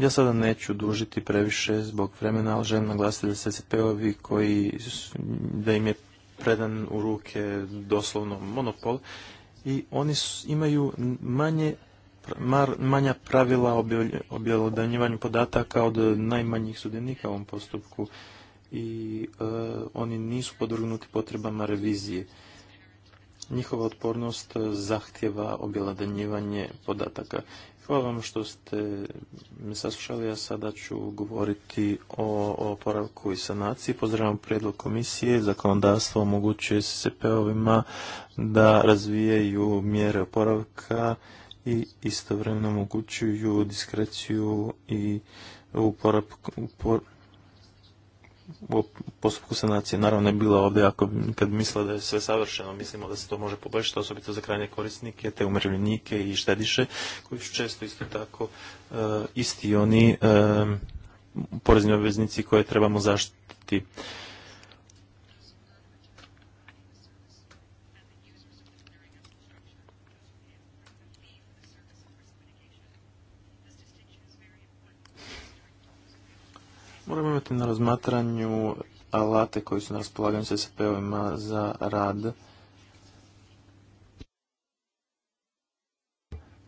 ja sada neću dužiti previše zbog vremena, ali želim naglasiti da SCP-ovi koji, da im je predan u ruke doslovno monopol i oni imaju manje manja pravila objelodanjivanju podataka od najmanjih sudionika u ovom postupku i e, oni nisu podvrgnuti potrebama revizije. Njihova otpornost zahtjeva objelodanjivanje podataka Hvala vam što ste me saslušali, Ja sada ću govoriti o oporavku i sanaciji. Pozdravljam prijedlog komisije, zakonodavstvo omogućuje SCP-ovima da razvijaju mjere oporavka i istovremeno omogućuju diskreciju i uporavku u postupku sanacije. Naravno ne bila ovdje ako, kad mislila da je sve savršeno, mislimo da se to može poboljšati, osobito za krajnje korisnike, te umirovljenike i štediše, koji su često isto tako eh, isti oni eh, porezni obveznici koje trebamo zaštiti. Moramo imati na razmatranju alate koji su na raspolaganju SSP-ovima za rad.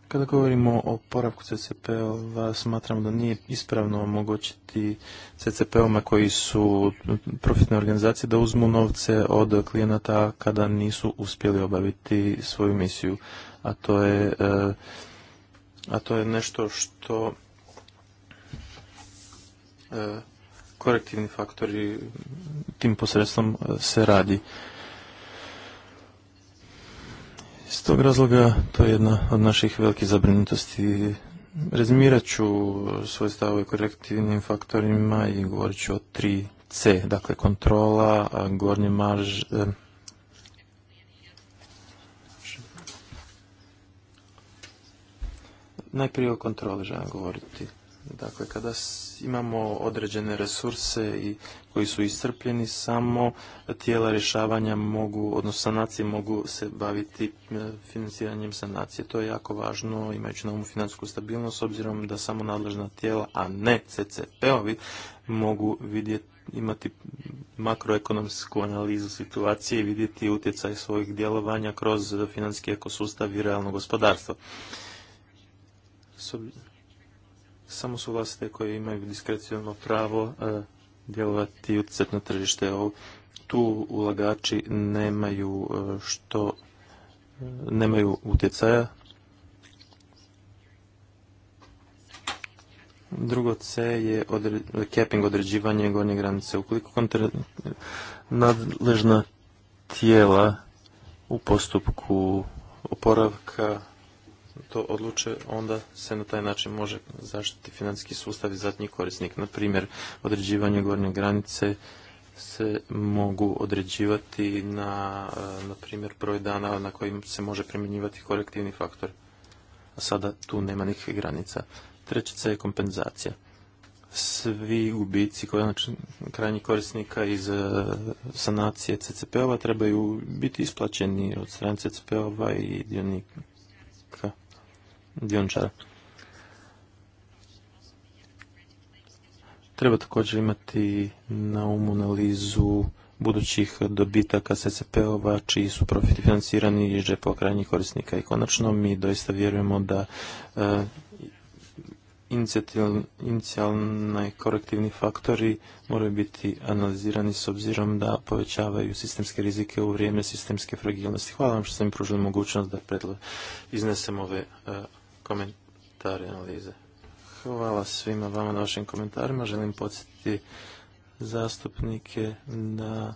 Kada govorimo o poravku CCP-ova, smatramo da nije ispravno omogućiti CCP-ovima koji su profitne organizacije da uzmu novce od klijenata kada nisu uspjeli obaviti svoju misiju. A to e, a to je nešto što E, korektivni faktori tim posredstvom e, se radi. Iz tog razloga to je jedna od naših velikih zabrinutosti. Rezimirat ću svoje stavove korektivnim faktorima i govorit ću o 3C, dakle kontrola, gornje marž, e, najprije o kontroli želim govoriti. Dakle, kada imamo određene resurse i koji su iscrpljeni, samo tijela rješavanja mogu, odnosno sanacije mogu se baviti e, financiranjem sanacije. To je jako važno, imajući na umu financijsku stabilnost, s obzirom da samo nadležna tijela, a ne CCP-ovi, mogu vidjeti imati makroekonomsku analizu situacije i vidjeti utjecaj svojih djelovanja kroz financijski ekosustav i realno gospodarstvo samo su vlastite koje imaju diskreciono pravo e, djelovati i utjecati na tržište. Tu ulagači nemaju e, što e, nemaju utjecaja. Drugo C je odre, capping određivanje gornje granice. Ukoliko kontra, nadležna tijela u postupku oporavka to odluče, onda se na taj način može zaštiti financijski sustav i zadnji korisnik. Na primjer, određivanje gornje granice se mogu određivati na, e, na primjer, broj dana na kojim se može primjenjivati korektivni faktor. A sada tu nema nikakvih granica. Trećica je kompenzacija. Svi gubici znači, krajnji korisnika iz e, sanacije CCP-ova trebaju biti isplaćeni od strane CCP-ova i dionika dioničar Treba također imati na umu analizu budućih dobitaka SCP-ova čiji su profiti financirani iz džepova krajnjih korisnika. I konačno mi doista vjerujemo da e, inicijalni korektivni faktori moraju biti analizirani s obzirom da povećavaju sistemske rizike u vrijeme sistemske fragilnosti. Hvala vam što ste mi pružili mogućnost da iznesem ove e, komentare analize. Hvala svima vama na vašim komentarima. Želim podsjetiti zastupnike da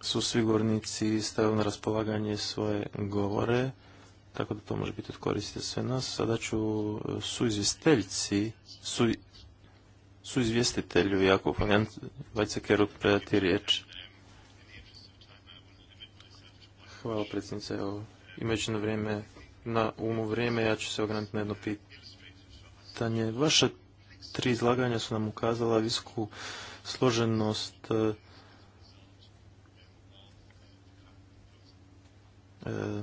su svi govornici stavili na raspolaganje svoje govore, tako da to može biti od koristi sve nas. Sada ću e, suizvjesteljci, su, jako Jakov Vajcekeru predati riječ. Hvala predsjednice, evo Imajući na vrijeme, na umu vrijeme, ja ću se ograniti na jedno pitanje. Vaša tri izlaganja su nam ukazala visku složenost e, e,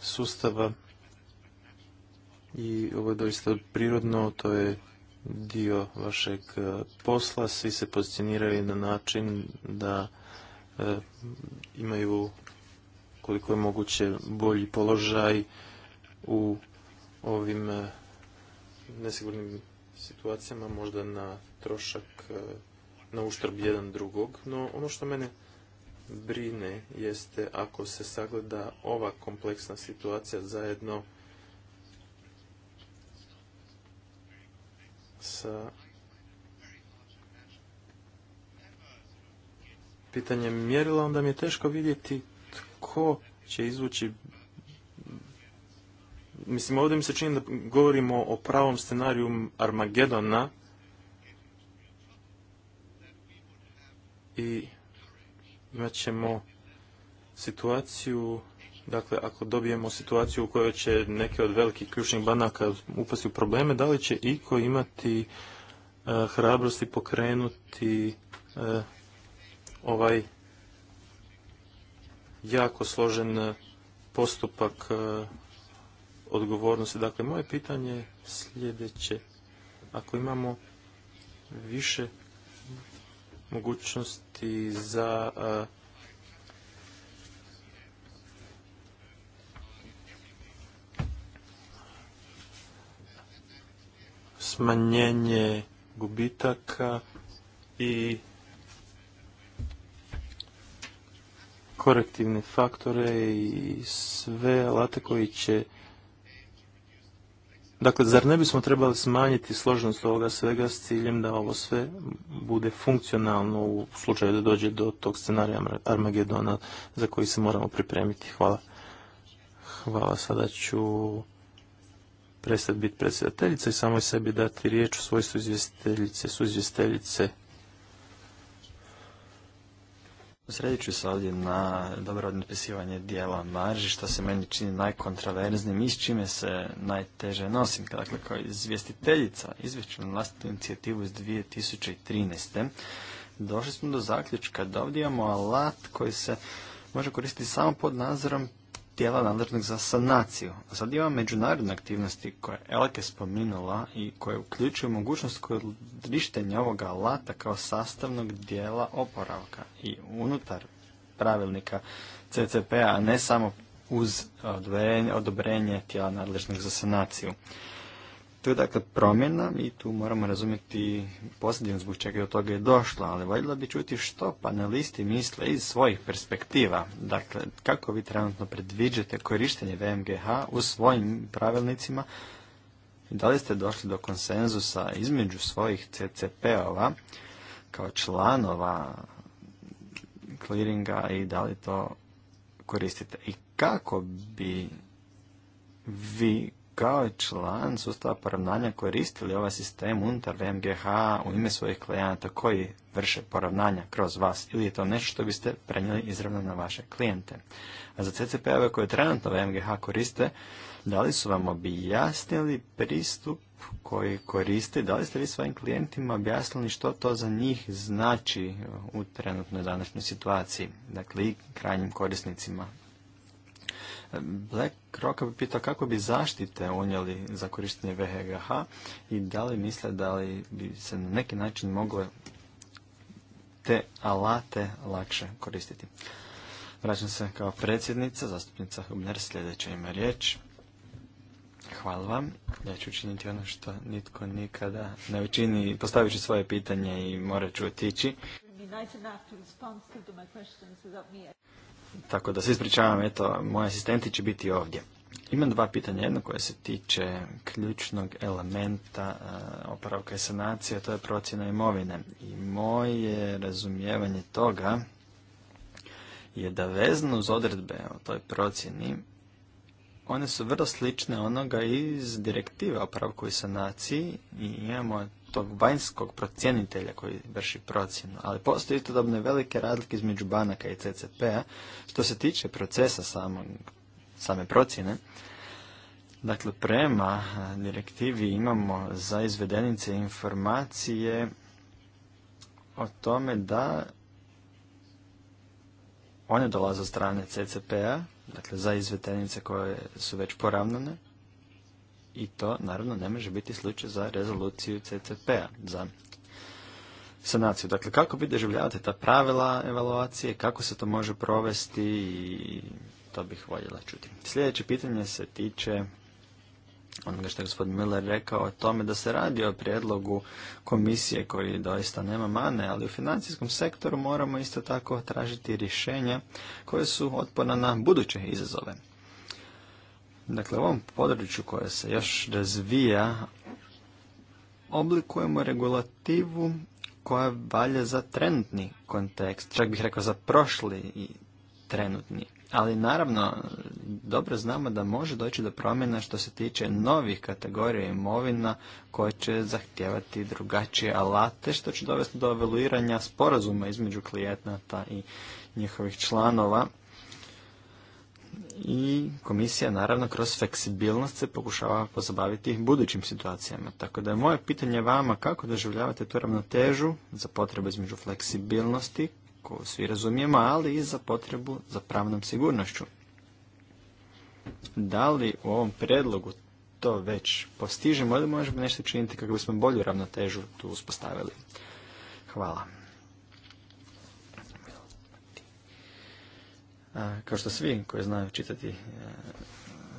sustava i ovo je doista prirodno, to je dio vašeg e, posla, svi se pozicioniraju na način da imaju koliko je moguće bolji položaj u ovim eh, nesigurnim situacijama, možda na trošak, eh, na uštrb jedan drugog. No ono što mene brine jeste ako se sagleda ova kompleksna situacija zajedno sa pitanjem mjerila, onda mi je teško vidjeti ko će izvući mislim ovdje mi se čini da govorimo o pravom scenariju Armagedona i imat ćemo situaciju dakle ako dobijemo situaciju u kojoj će neke od velikih ključnih banaka upasti u probleme, da li će iko imati eh, hrabrosti pokrenuti eh, ovaj jako složen eh, postupak eh, odgovornosti. Dakle, moje pitanje je sljedeće. Ako imamo više mogućnosti za eh, smanjenje gubitaka i korektivne faktore i sve alate koji će Dakle, zar ne bismo trebali smanjiti složenost ovoga svega s ciljem da ovo sve bude funkcionalno u slučaju da dođe do tog scenarija Armagedona za koji se moramo pripremiti? Hvala. Hvala, sada ću prestati biti predsjedateljica i samo sebi dati riječ u svojstvu izvjestiteljice, su izvjestiteljice Sredit ću se ovdje na dobro odpisivanje dijela marži, što se meni čini najkontraverznim i s čime se najteže nosim. Dakle, kao izvjestiteljica izvješću na vlastitu inicijativu iz 2013. Došli smo do zaključka da ovdje imamo alat koji se može koristiti samo pod nadzorom tijela nadležnog za sanaciju. Sad ima međunarodne aktivnosti koje je Elke spominula i koje uključuju mogućnost korištenja ovoga alata kao sastavnog dijela oporavka i unutar pravilnika CCP-a, a ne samo uz odobrenje tijela nadležnog za sanaciju. To je dakle promjena i tu moramo razumjeti posljedinu zbog čega je od toga je došlo, ali voljela bi čuti što panelisti misle iz svojih perspektiva. Dakle, kako vi trenutno predviđate korištenje VMGH u svojim pravilnicima da li ste došli do konsenzusa između svojih CCP-ova kao članova clearinga i da li to koristite? I kako bi vi kao član sustava poravnanja koristili ovaj sistem unutar VMGH u ime svojih klijenata koji vrše poravnanja kroz vas ili je to nešto što biste prenijeli izravno na vaše klijente. A za CCP-ove koje trenutno VMGH koriste, da li su vam objasnili pristup koji koriste, da li ste vi svojim klijentima objasnili što to za njih znači u trenutnoj današnjoj situaciji, dakle i krajnjim korisnicima Black Rocka bi pitao kako bi zaštite unijeli za korištenje VHGH i da li misle da li bi se na neki način mogle te alate lakše koristiti. Vraćam se kao predsjednica, zastupnica Hubner, sljedeća ima riječ. Hvala vam. Ja ću učiniti ono što nitko nikada ne učini, postavit ću svoje pitanje i morat ću otići. Tako da se ispričavam, eto, moji asistenti će biti ovdje. Imam dva pitanja, jedno koje se tiče ključnog elementa e, oporavka i sanacije, to je procjena imovine. I moje razumijevanje toga je da vezano uz odredbe o toj procjeni, one su vrlo slične onoga iz direktive o pravku i sanaciji i imamo tog vanjskog procjenitelja koji vrši procjenu, ali postoje istodobne velike razlike između banaka i CCP-a što se tiče procesa samog, same procjene. Dakle, prema direktivi imamo za izvedenice informacije o tome da one dolaze od strane CCP-a, dakle za izvedenice koje su već poravnane, i to naravno ne može biti slučaj za rezoluciju CCP-a, za sanaciju. Dakle, kako vi doživljavate ta pravila evaluacije, kako se to može provesti i to bih voljela čuti. Sljedeće pitanje se tiče onoga što je gospodin Miller rekao o tome da se radi o prijedlogu komisije koji doista nema mane, ali u financijskom sektoru moramo isto tako tražiti rješenja koje su otporna na buduće izazove. Dakle, u ovom području koje se još razvija, oblikujemo regulativu koja valja za trenutni kontekst, čak bih rekao za prošli i trenutni. Ali naravno, dobro znamo da može doći do promjena što se tiče novih kategorija imovina koje će zahtijevati drugačije alate, što će dovesti do evaluiranja sporazuma između klijenata i njihovih članova i komisija naravno kroz fleksibilnost se pokušava pozabaviti budućim situacijama. Tako da je moje pitanje vama kako doživljavate tu ravnotežu za potrebu između fleksibilnosti koju svi razumijemo, ali i za potrebu za pravnom sigurnošću. Da li u ovom predlogu to već postižemo ili možemo nešto činiti kako bismo bolju ravnotežu tu uspostavili? Hvala. Kao što svi koji znaju čitati e,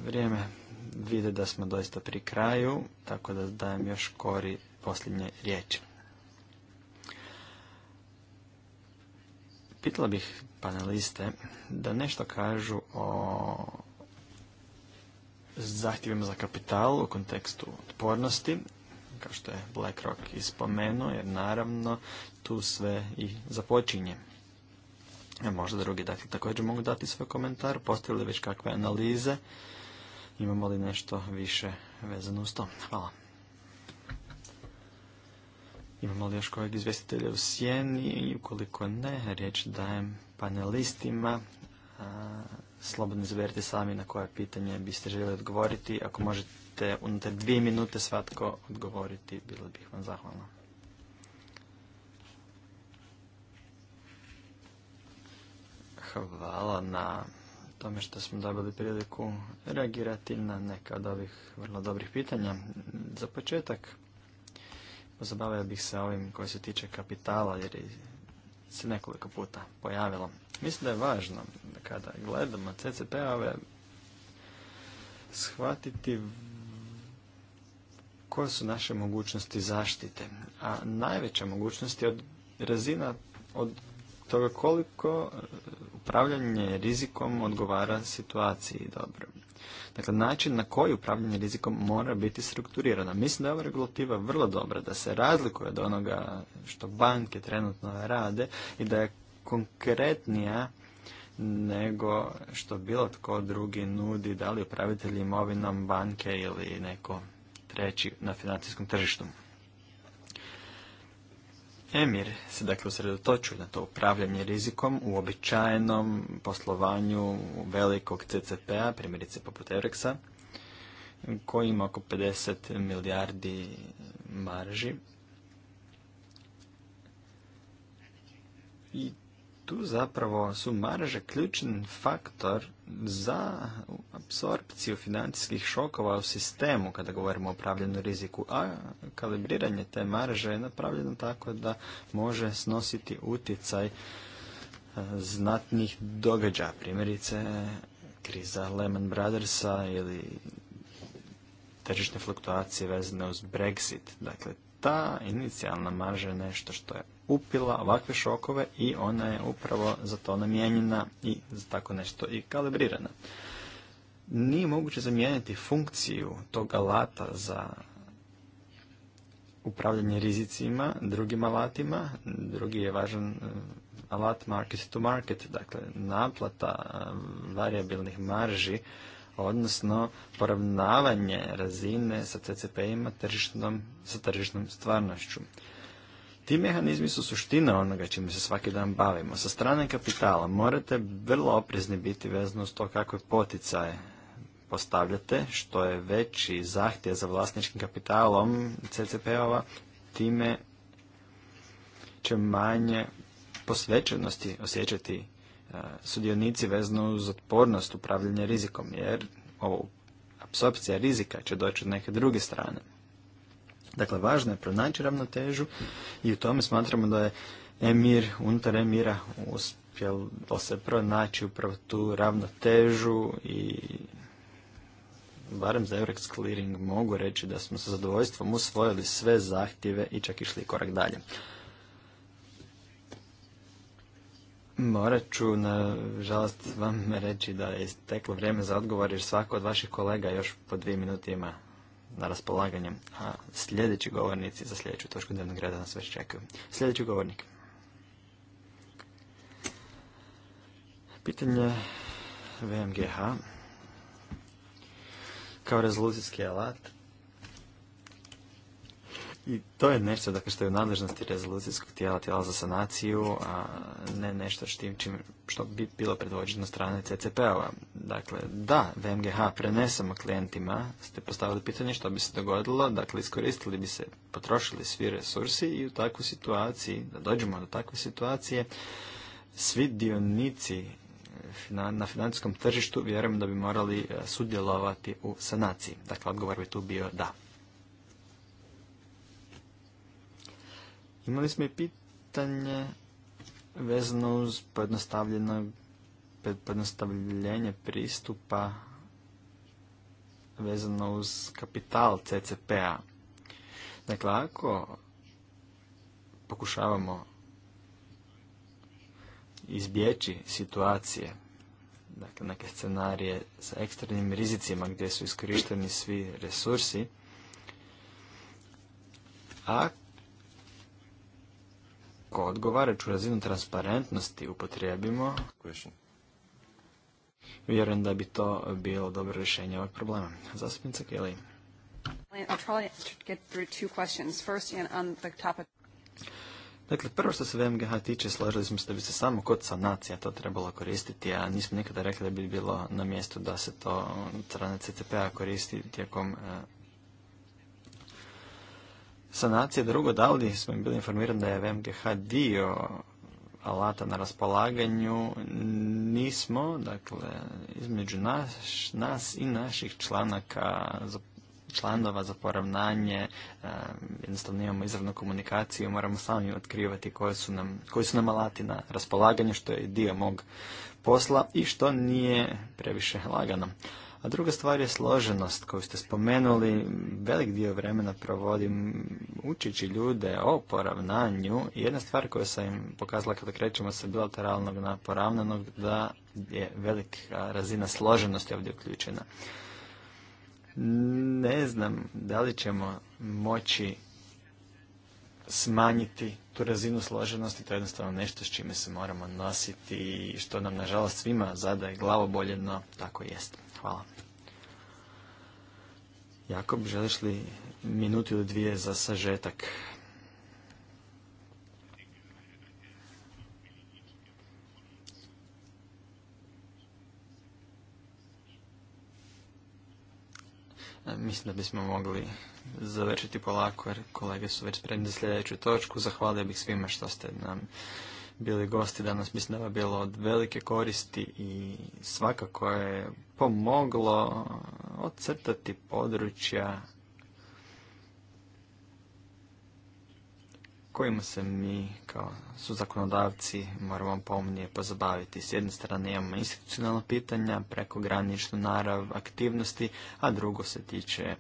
vrijeme vide da smo doista pri kraju, tako da dajem još kori posljednje riječi. Pitala bih paneliste da nešto kažu o zahtjevima za kapital u kontekstu otpornosti, kao što je BlackRock ispomenuo, jer naravno tu sve i započinje. E, možda drugi dakle, također mogu dati svoj komentar. Postavili već kakve analize? Imamo li nešto više vezano uz to? Hvala. Imamo li još kojeg izvjestitelja u sjeni i ukoliko ne, riječ dajem panelistima. slobodno izverite sami na koje pitanje biste želi odgovoriti. Ako možete unutar dvije minute svatko odgovoriti, bilo bih vam zahvalno. hvala na tome što smo dobili priliku reagirati na neka od ovih vrlo dobrih pitanja. Za početak pozabavio bih se ovim koji se tiče kapitala jer se nekoliko puta pojavilo. Mislim da je važno da kada gledamo CCP-ove shvatiti koje su naše mogućnosti zaštite. A najveća mogućnosti je od razina od toga koliko upravljanje rizikom odgovara situaciji dobro. Dakle, način na koji upravljanje rizikom mora biti strukturirano. Mislim da je ova regulativa vrlo dobra, da se razlikuje od onoga što banke trenutno rade i da je konkretnija nego što bilo tko drugi nudi, da li upravitelji imovinom banke ili neko treći na financijskom tržištu. Emir se dakle usredotočuje na to upravljanje rizikom u običajnom poslovanju velikog CCP-a, primjerice poput Eurexa, koji ima oko 50 milijardi marži. I tu zapravo su marže ključni faktor za apsorpciju financijskih šokova u sistemu kada govorimo o upravljanju riziku, a kalibriranje te marže je napravljeno tako da može snositi utjecaj e, znatnih događaja, primjerice kriza Lehman Brothersa ili tržišne fluktuacije vezane uz Brexit. Dakle, ta inicijalna marža je nešto što je upila ovakve šokove i ona je upravo za to namijenjena i za tako nešto i kalibrirana. Nije moguće zamijeniti funkciju tog alata za upravljanje rizicima drugim alatima. Drugi je važan e, alat market to market, dakle naplata e, variabilnih marži, odnosno poravnavanje razine sa CCP-ima tržišnom, sa tržišnom stvarnošću. Ti mehanizmi su suština onoga čime se svaki dan bavimo. Sa strane kapitala morate vrlo oprezni biti vezano s to kakve poticaje postavljate, što je veći zahtjev za vlasničkim kapitalom CCP-ova, time će manje posvećenosti osjećati e, sudionici vezano uz otpornost upravljanja rizikom, jer ovo apsorpcija rizika će doći od neke druge strane. Dakle, važno je pronaći ravnotežu i u tome smatramo da je Emir unutar Emira da se pronaći upravo tu ravnotežu i barem za Eurex Clearing mogu reći da smo sa zadovoljstvom usvojili sve zahtjeve i čak išli korak dalje. Morat ću, žalost, vam reći da je isteklo vrijeme za odgovor jer svako od vaših kolega još po dvije minute ima na raspolaganje. A sljedeći govornici za sljedeću točku dnevnog reda nas već čekaju. Sljedeći govornik. Pitanje VMGH kao rezolucijski alat i to je nešto dakle, što je u nadležnosti rezolucijskog tijela, tijela za sanaciju, a ne nešto štim, čim, što bi bilo predvođeno strane CCP-ova. Dakle, da, VMGH prenesemo klijentima, ste postavili pitanje što bi se dogodilo, dakle, iskoristili bi se, potrošili svi resursi i u takvu situaciji, da dođemo do takve situacije, svi dionici eh, na financijskom tržištu vjerujem da bi morali eh, sudjelovati u sanaciji. Dakle, odgovor bi tu bio da. Imali smo i pitanje vezano uz pojednostavljenje pristupa vezano uz kapital CCP-a. Dakle, ako pokušavamo izbjeći situacije, dakle neke scenarije sa ekstremnim rizicima gdje su iskorišteni svi resursi, ako ako odgovarajuću razinu transparentnosti upotrijebimo, vjerujem da bi to bilo dobro rješenje ovog problema. Zastupnica Kelly. Dakle, prvo što se VMGH tiče, složili smo se da bi se samo kod sanacija to trebalo koristiti, a nismo nikada rekli da bi bilo na mjestu da se to od strane p-a koristi tijekom eh, sanacije. Drugo, da li smo bili informirani da je VMGH dio alata na raspolaganju? Nismo, dakle, između nas, nas i naših članaka članova za poravnanje, jednostavno imamo izravnu komunikaciju, moramo sami otkrivati koje su nam, koji su nam alati na raspolaganju, što je dio mog posla i što nije previše lagano. A druga stvar je složenost koju ste spomenuli. Velik dio vremena provodim učići ljude o poravnanju. Jedna stvar koja sam im pokazala kada krećemo sa bilateralnog na poravnanog da je velika razina složenosti ovdje uključena. Ne znam da li ćemo moći smanjiti tu razinu složenosti, to je jednostavno nešto s čime se moramo nositi i što nam nažalost svima zadaje glavo bolje, no tako jest. Hvala. Jakob, želiš li minutu ili dvije za sažetak? E, mislim da bismo mogli završiti polako jer kolege su već spremni za sljedeću točku. Zahvalio bih svima što ste nam bili gosti danas. Mislim da je bilo od velike koristi i svakako je pomoglo ocrtati područja kojima se mi kao suzakonodavci moramo pomnije pozabaviti. S jedne strane imamo institucionalna pitanja, prekograničnu narav aktivnosti, a drugo se tiče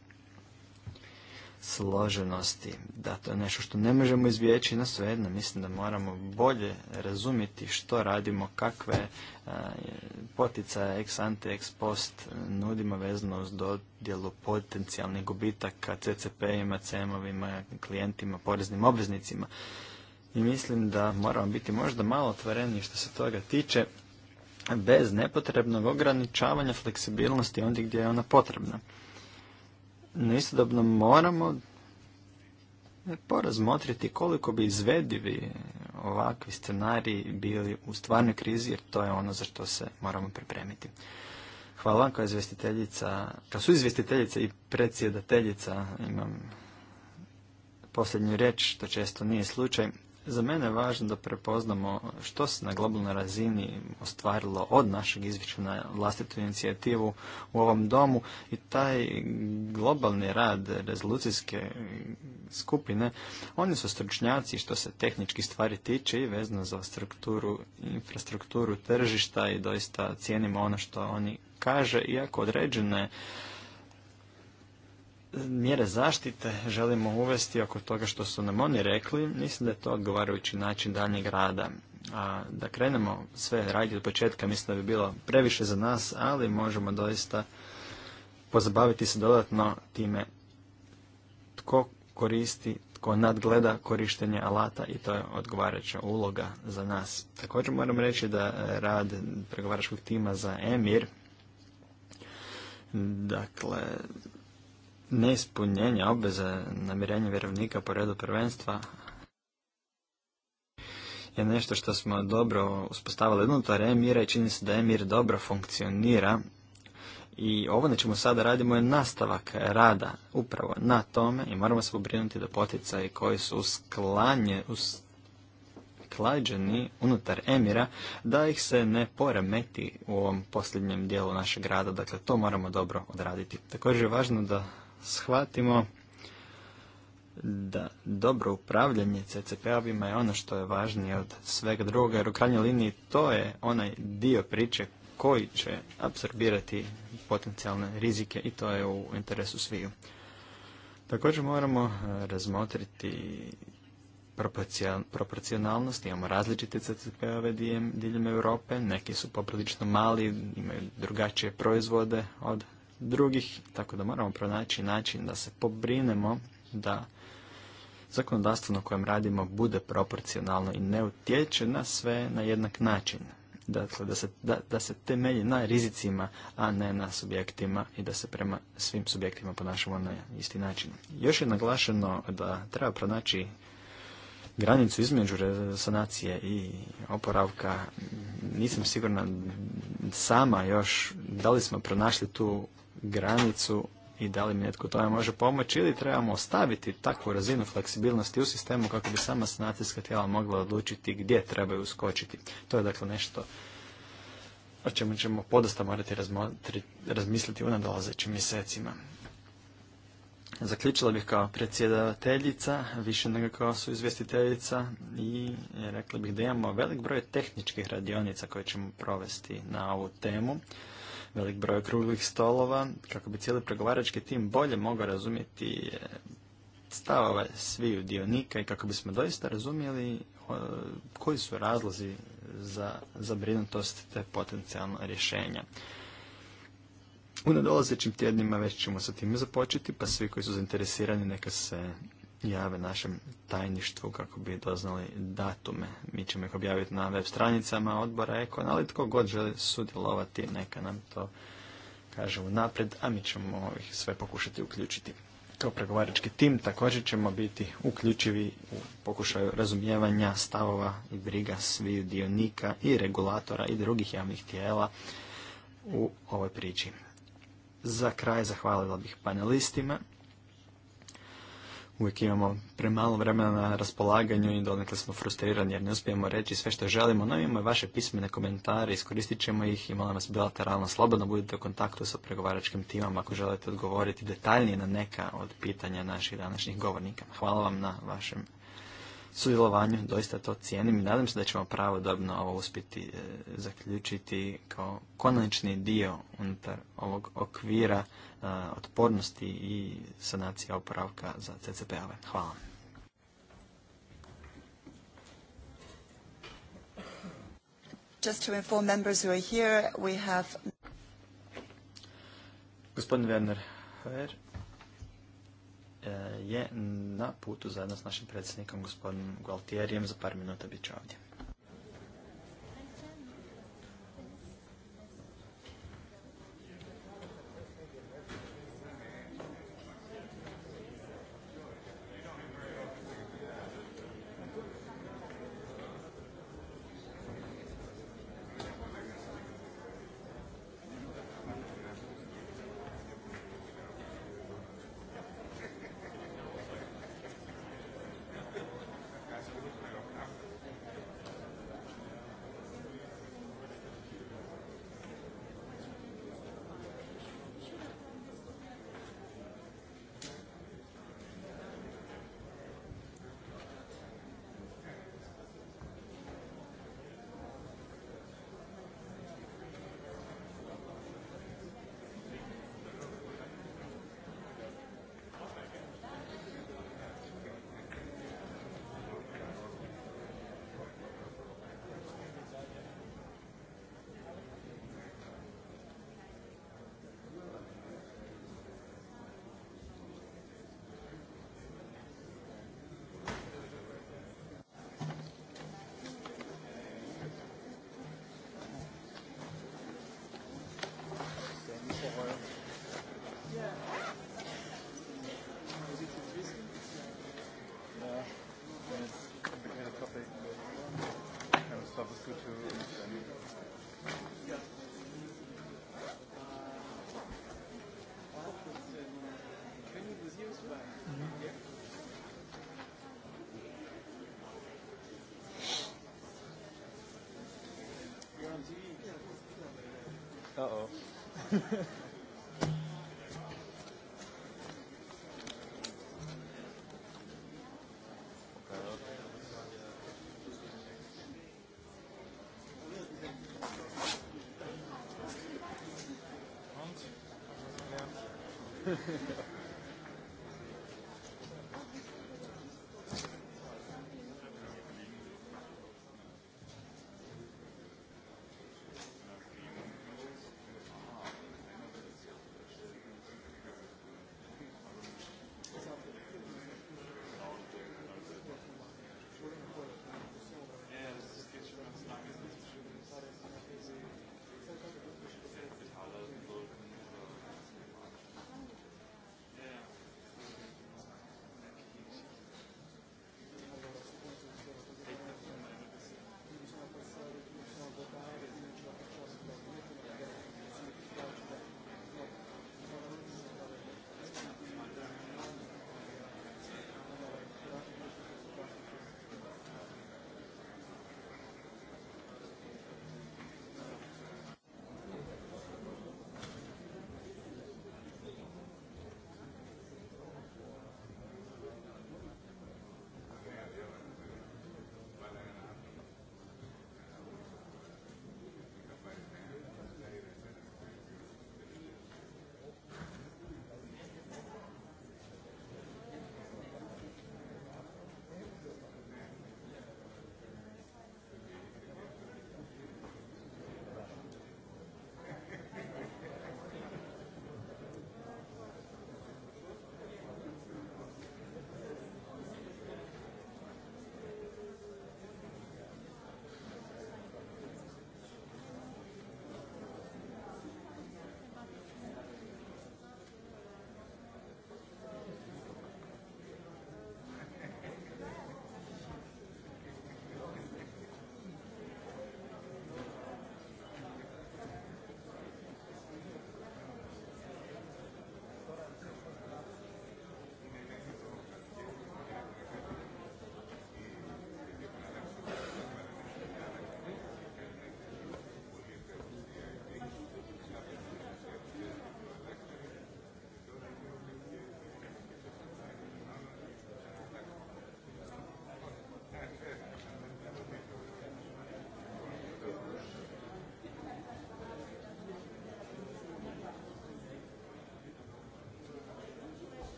složenosti, da to je nešto što ne možemo izbjeći, na svejedno mislim da moramo bolje razumjeti što radimo, kakve e, poticaje ex ante, ex post nudimo vezano uz dodjelu potencijalnih gubitaka CCP-ima, CM-ovima, klijentima, poreznim obveznicima. I mislim da moramo biti možda malo otvoreni što se toga tiče, bez nepotrebnog ograničavanja fleksibilnosti ondje gdje je ona potrebna no istodobno moramo porazmotriti koliko bi izvedivi ovakvi scenariji bili u stvarnoj krizi, jer to je ono za što se moramo pripremiti. Hvala vam kao izvjestiteljica, kao su izvjestiteljica i predsjedateljica imam posljednju reč što često nije slučaj. Za mene je važno da prepoznamo što se na globalnoj razini ostvarilo od našeg izvješća na vlastitu inicijativu u ovom domu i taj globalni rad rezolucijske skupine, oni su stručnjaci što se tehnički stvari tiče i vezano za strukturu, infrastrukturu tržišta i doista cijenimo ono što oni kaže, iako određene mjere zaštite želimo uvesti oko toga što su nam oni rekli, mislim da je to odgovarajući način daljnjeg rada. A da krenemo sve raditi od početka mislim da bi bilo previše za nas, ali možemo doista pozabaviti se dodatno time tko koristi, tko nadgleda korištenje alata i to je odgovarajuća uloga za nas. Također moram reći da rad pregovaračkog tima za EMIR, dakle, neispunjenja obveze namirenja vjerovnika po redu prvenstva je nešto što smo dobro uspostavili unutar Emira i čini se da Emir dobro funkcionira i ovo na čemu sada radimo je nastavak rada upravo na tome i moramo se pobrinuti da poticaji koji su usklanje, usklađeni unutar Emira, da ih se ne poremeti u ovom posljednjem dijelu našeg rada. Dakle, to moramo dobro odraditi. Također je važno da shvatimo da dobro upravljanje CCP-ovima je ono što je važnije od svega drugoga, jer u krajnjoj liniji to je onaj dio priče koji će apsorbirati potencijalne rizike i to je u interesu sviju. Također moramo e, razmotriti proporcionalnost, imamo različite CCP-ove diljem Europe, neki su poprilično mali, imaju drugačije proizvode od drugih, tako da moramo pronaći način da se pobrinemo da zakonodavstvo na kojem radimo bude proporcionalno i ne utječe na sve na jednak način. Dakle, da se, da, da se temelji na rizicima, a ne na subjektima i da se prema svim subjektima ponašamo na isti način. Još je naglašeno da treba pronaći granicu između sanacije i oporavka. Nisam sigurna sama još da li smo pronašli tu granicu i da li mi netko tome može pomoći ili trebamo ostaviti takvu razinu fleksibilnosti u sistemu kako bi sama sanacijska tijela mogla odlučiti gdje trebaju uskočiti. To je dakle nešto o čemu ćemo podosta morati razmisliti u nadolazećim mjesecima. Zaključila bih kao predsjedateljica, više nego kao su izvjestiteljica i rekla bih da imamo velik broj tehničkih radionica koje ćemo provesti na ovu temu velik broj okruglih stolova kako bi cijeli pregovarački tim bolje mogao razumjeti eh, stavove sviju dionika i kako bismo doista razumjeli koji su razlozi za zabrinutost te potencijalno rješenja. U nadolazećim tjednima već ćemo sa time započeti, pa svi koji su zainteresirani neka se jave našem tajništvu kako bi doznali datume. Mi ćemo ih objaviti na web stranicama odbora Ekon, ali tko god želi sudjelovati, neka nam to kaže napred, a mi ćemo ih sve pokušati uključiti. Kao pregovarački tim također ćemo biti uključivi u pokušaju razumijevanja stavova i briga svih dionika i regulatora i drugih javnih tijela u ovoj priči. Za kraj zahvalila bih panelistima Uvijek imamo premalo vremena na raspolaganju i donekle smo frustrirani jer ne uspijemo reći sve što želimo, no imamo i vaše pismene komentare, iskoristit ćemo ih i molim vas bilateralno slobodno budite u kontaktu sa pregovaračkim timom ako želite odgovoriti detaljnije na neka od pitanja naših današnjih govornika. Hvala vam na vašem sudjelovanju, doista to cijenim i nadam se da ćemo pravodobno ovo uspjeti e, zaključiti kao konačni dio unutar ovog okvira otpornosti i sanacija oporavka za CCP-ove. Hvala. Gospodin Werner Hoer e, je na putu zajedno s našim predsjednikom gospodinom Gualtierijem. Za par minuta bit će ovdje. Uh-oh. *laughs*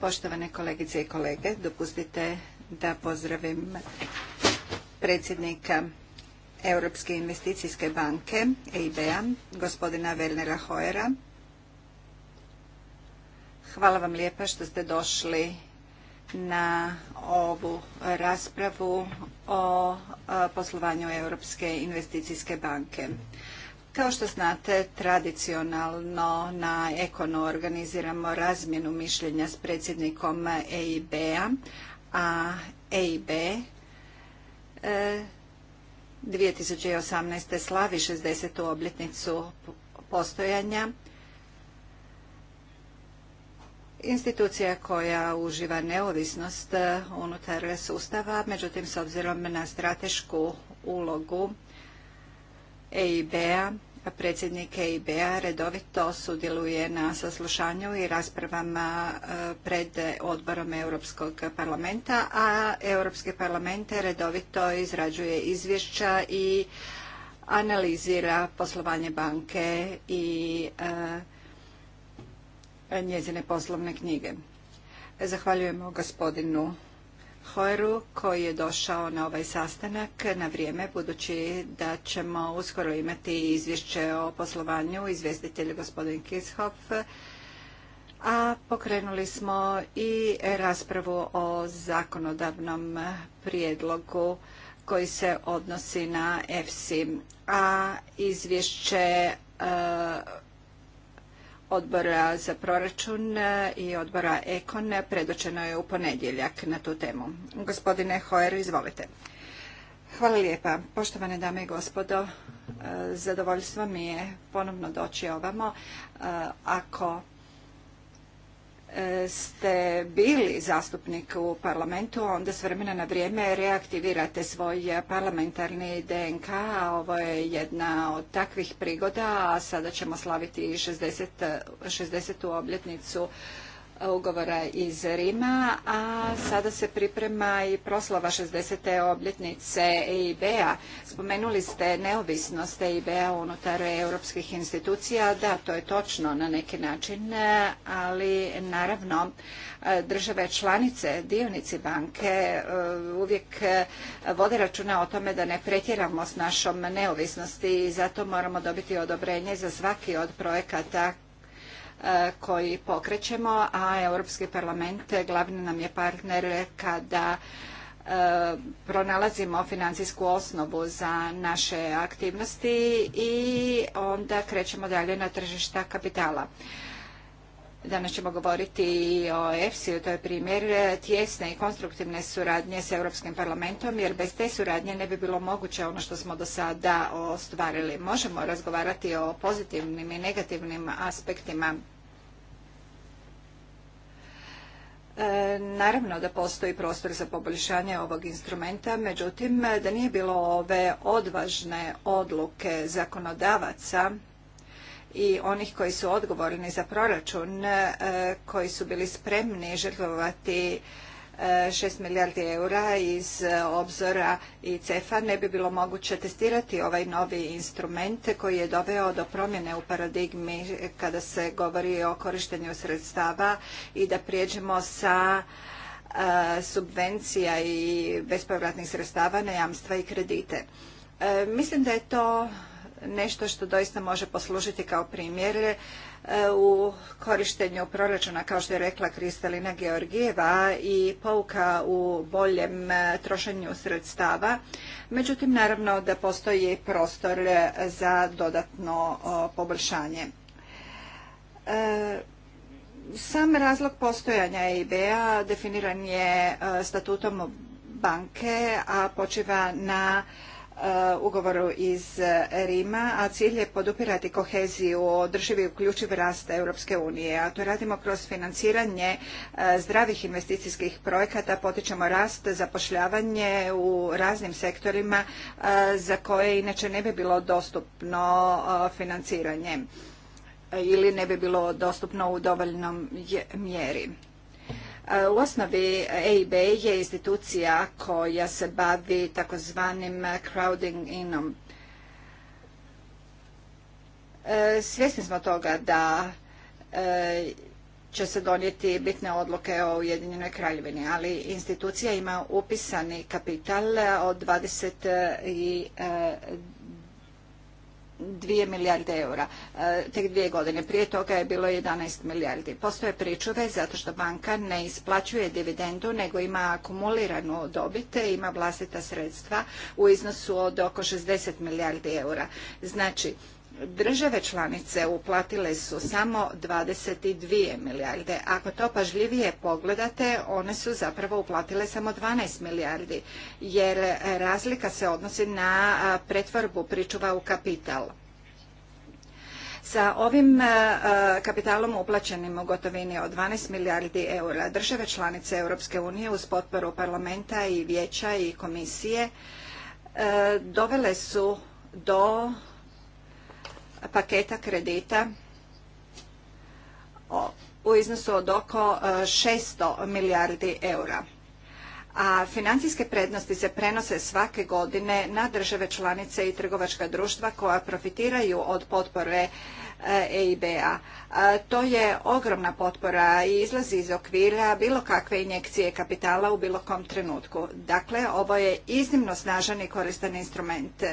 Poštovane kolegice i kolege, dopustite da pozdravim predsjednika Europske investicijske banke, EIB-a, gospodina Wernera Hoera. Hvala vam lijepa što ste došli na ovu raspravu o poslovanju Europske investicijske banke. Kao što znate, tradicionalno na ekonu organiziramo razmjenu mišljenja s predsjednikom EIB-a, a EIB 2018. E, slavi 60. obljetnicu postojanja. Institucija koja uživa neovisnost unutar sustava, međutim s obzirom na stratešku ulogu EIB-a predsjednik EIB-a redovito sudjeluje na saslušanju i raspravama e, pred odborom Europskog parlamenta, a Europski parlament redovito izrađuje izvješća i analizira poslovanje banke i e, njezine poslovne knjige. Zahvaljujemo gospodinu Hoeru koji je došao na ovaj sastanak na vrijeme budući da ćemo uskoro imati izvješće o poslovanju izvjestitelja gospodin Kishoff a pokrenuli smo i raspravu o zakonodavnom prijedlogu koji se odnosi na EFSI, a izvješće e, odbora za proračun i odbora Ekon predočeno je u ponedjeljak na tu temu. Gospodine Hoer, izvolite. Hvala lijepa. Poštovane dame i gospodo, e, zadovoljstvo mi je ponovno doći ovamo. E, ako E, ste bili zastupnik u parlamentu, onda s vremena na vrijeme reaktivirate svoj parlamentarni DNK. Ovo je jedna od takvih prigoda, a sada ćemo slaviti 60. 60. obljetnicu ugovora iz Rima, a sada se priprema i proslava 60. obljetnice EIB-a. Spomenuli ste neovisnost EIB-a unutar europskih institucija. Da, to je točno na neki način, ali naravno države članice, dionici banke eh, uvijek eh, vode računa o tome da ne pretjeramo s našom neovisnosti i zato moramo dobiti odobrenje za svaki od projekata E, koji pokrećemo, a Europski parlament glavni nam je partner kada e, pronalazimo financijsku osnovu za naše aktivnosti i onda krećemo dalje na tržišta kapitala. Danas ćemo govoriti i o EFSI-u, to je primjer tjesne i konstruktivne suradnje s Europskim parlamentom, jer bez te suradnje ne bi bilo moguće ono što smo do sada ostvarili. Možemo razgovarati o pozitivnim i negativnim aspektima e, Naravno da postoji prostor za poboljšanje ovog instrumenta, međutim da nije bilo ove odvažne odluke zakonodavaca i onih koji su odgovorni za proračun, e, koji su bili spremni žrtvovati 6 e, milijardi eura iz obzora i cefa ne bi bilo moguće testirati ovaj novi instrument koji je doveo do promjene u paradigmi kada se govori o korištenju sredstava i da prijeđemo sa e, subvencija i bespovratnih sredstava na jamstva i kredite. Mislim da je to nešto što doista može poslužiti kao primjer e, u korištenju proračuna, kao što je rekla Kristalina Georgijeva, i pouka u boljem e, trošenju sredstava. Međutim, naravno da postoji prostor za dodatno poboljšanje. E, sam razlog postojanja EIB-a definiran je statutom banke, a počiva na Uh, ugovoru iz uh, Rima, a cilj je podupirati koheziju, i uključiv rast Europske unije. A to radimo kroz financiranje uh, zdravih investicijskih projekata, potičemo rast, zapošljavanje u raznim sektorima za koje inače ne bi bilo dostupno financiranje ili ne bi bilo dostupno u dovoljnom mjeri. U osnovi EIB je institucija koja se bavi takozvanim crowding inom. E, svjesni smo toga da e, će se donijeti bitne odluke o Ujedinjenoj kraljevini, ali institucija ima upisani kapital od 22 2 milijarde eura e, tek dvije godine. Prije toga je bilo 11 milijardi. Postoje pričuve zato što banka ne isplaćuje dividendu nego ima akumuliranu dobit, ima vlastita sredstva u iznosu od oko 60 milijardi eura. Znači, Države članice uplatile su samo 22 milijarde. Ako to pažljivije pogledate, one su zapravo uplatile samo 12 milijardi, jer razlika se odnosi na pretvorbu pričuva u kapital. Sa ovim kapitalom uplaćenim u gotovini od 12 milijardi eura, države članice Europske unije uz potporu parlamenta i vijeća i komisije e, dovele su do paketa kredita u iznosu od oko 600 e, milijardi eura. A financijske prednosti se prenose svake godine na države članice i trgovačka društva koja profitiraju od potpore EIB-a. E to je ogromna potpora i izlazi iz okvira bilo kakve injekcije kapitala u bilo kom trenutku. Dakle, ovo je iznimno snažan i koristan instrument.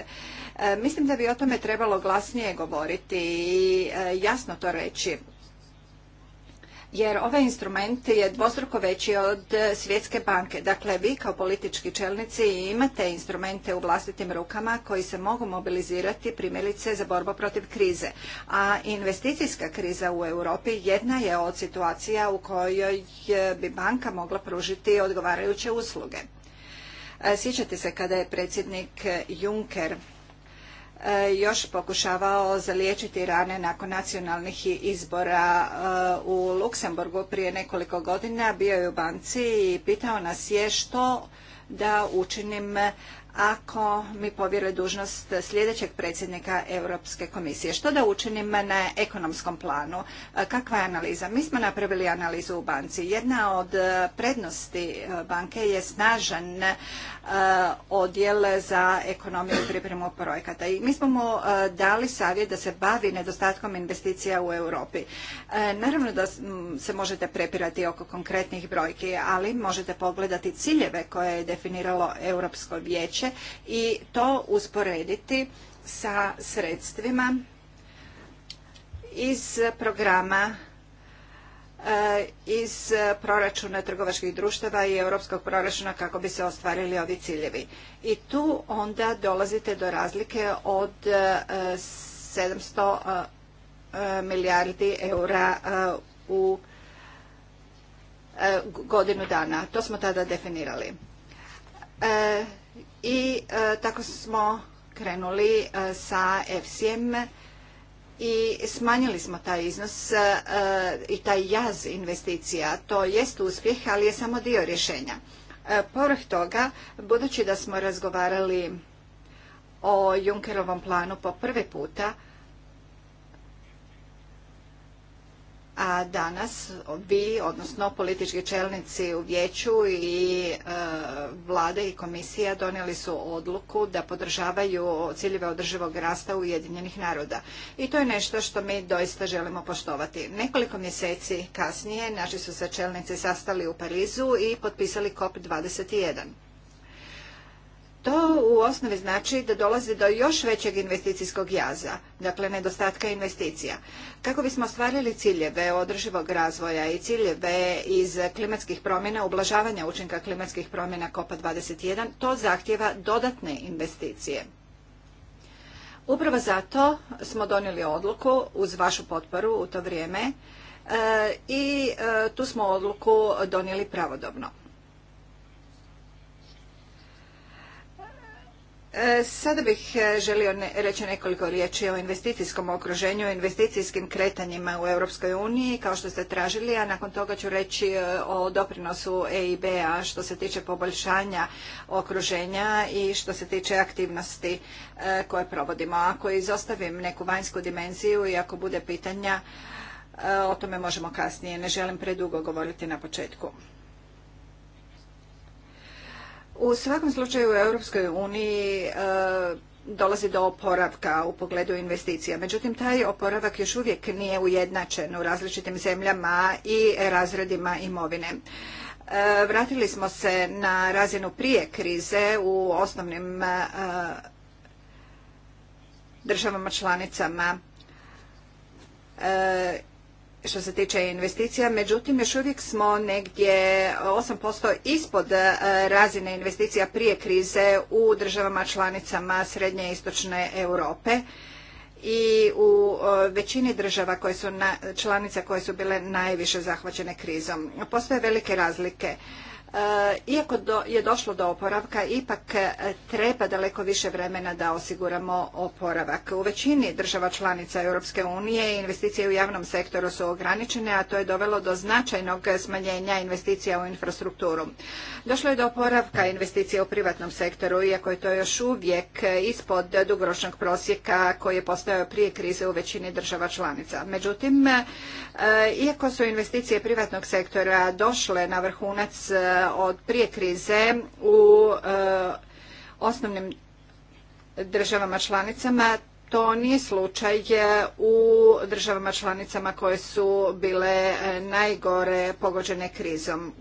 E, mislim da bi o tome trebalo glasnije govoriti i e, jasno to reći jer ovaj instrument je dvostruko veći od Svjetske banke. Dakle, vi kao politički čelnici imate instrumente u vlastitim rukama koji se mogu mobilizirati primjerice za borbu protiv krize. A investicijska kriza u Europi jedna je od situacija u kojoj e, bi banka mogla pružiti odgovarajuće usluge. Sjećate se kada je predsjednik Juncker E, još pokušavao zaliječiti rane nakon nacionalnih izbora e, u Luksemburgu prije nekoliko godina. Bio je u banci i pitao nas je što da učinim ako mi povjeruje dužnost sljedećeg predsjednika Europske komisije. Što da učinim na ekonomskom planu? E, kakva je analiza? Mi smo napravili analizu u banci. Jedna od e, prednosti e, banke je snažan odjel za ekonomiju i pripremu projekata. I mi smo mu dali savjet da se bavi nedostatkom investicija u Europi. Naravno da se možete prepirati oko konkretnih brojki, ali možete pogledati ciljeve koje je definiralo Europsko vijeće i to usporediti sa sredstvima iz programa eh, iz proračuna trgovačkih društava i europskog proračuna kako bi se ostvarili ovi ciljevi. I tu onda dolazite do razlike od 700 eh, eh, milijardi eura u godinu dana. To smo tada definirali i e, tako smo krenuli e, sa FCM i smanjili smo taj iznos e, i taj jaz investicija. To jest uspjeh, ali je samo dio rješenja. Povrh toga, budući da smo razgovarali o Junkerovom planu po prvi puta, a danas vi, odnosno politički čelnici u vijeću i e, vlade i komisija donijeli su odluku da podržavaju ciljeve održivog rasta Ujedinjenih naroda. I to je nešto što mi doista želimo poštovati. Nekoliko mjeseci kasnije naši su se čelnici sastali u Parizu i potpisali COP21. To u osnovi znači da dolazi do još većeg investicijskog jaza, dakle nedostatka investicija. Kako bismo ostvarili ciljeve održivog razvoja i ciljeve iz klimatskih promjena, ublažavanja učinka klimatskih promjena COP21, to zahtjeva dodatne investicije. Upravo zato smo donijeli odluku uz vašu potporu u to vrijeme e, i e, tu smo odluku donijeli pravodobno. E, sada bih e, želio reći nekoliko riječi o investicijskom okruženju, o investicijskim kretanjima u Europskoj uniji, kao što ste tražili, a nakon toga ću reći e, o doprinosu EIB-a što se tiče poboljšanja okruženja i što se tiče aktivnosti koje provodimo. Ako izostavim neku vanjsku dimenziju i ako bude pitanja, o tome možemo kasnije. Ne želim predugo govoriti na početku. U svakom slučaju u Europskoj uniji e, dolazi do oporavka u pogledu investicija. Međutim, taj oporavak još uvijek nije ujednačen u različitim zemljama i razredima imovine. E, vratili smo se na razinu prije krize u osnovnim e, državama članicama što se tiče investicija, međutim još uvijek smo negdje 8% ispod e, razine investicija prije krize u državama članicama Srednje i Istočne Europe i u e, većini država koje su članica koje su bile najviše zahvaćene krizom. Postoje velike razlike. Eh, iako je došlo do oporavka, ipak eh, treba daleko više vremena da osiguramo oporavak. U većini država članica Europske unije investicije u javnom sektoru su ograničene, a to je dovelo do značajnog smanjenja investicija u infrastrukturu. Došlo je do oporavka investicija u privatnom sektoru, iako je to još uvijek ispod dugoročnog prosjeka koji je postojao prije krize u većini država članica. Međutim, eh, iako su investicije privatnog sektora došle na vrhunac Eh, od prije krize u eh, osnovnim državama članicama. To nije slučaj u državama članicama koje su bile eh, najgore pogođene krizom.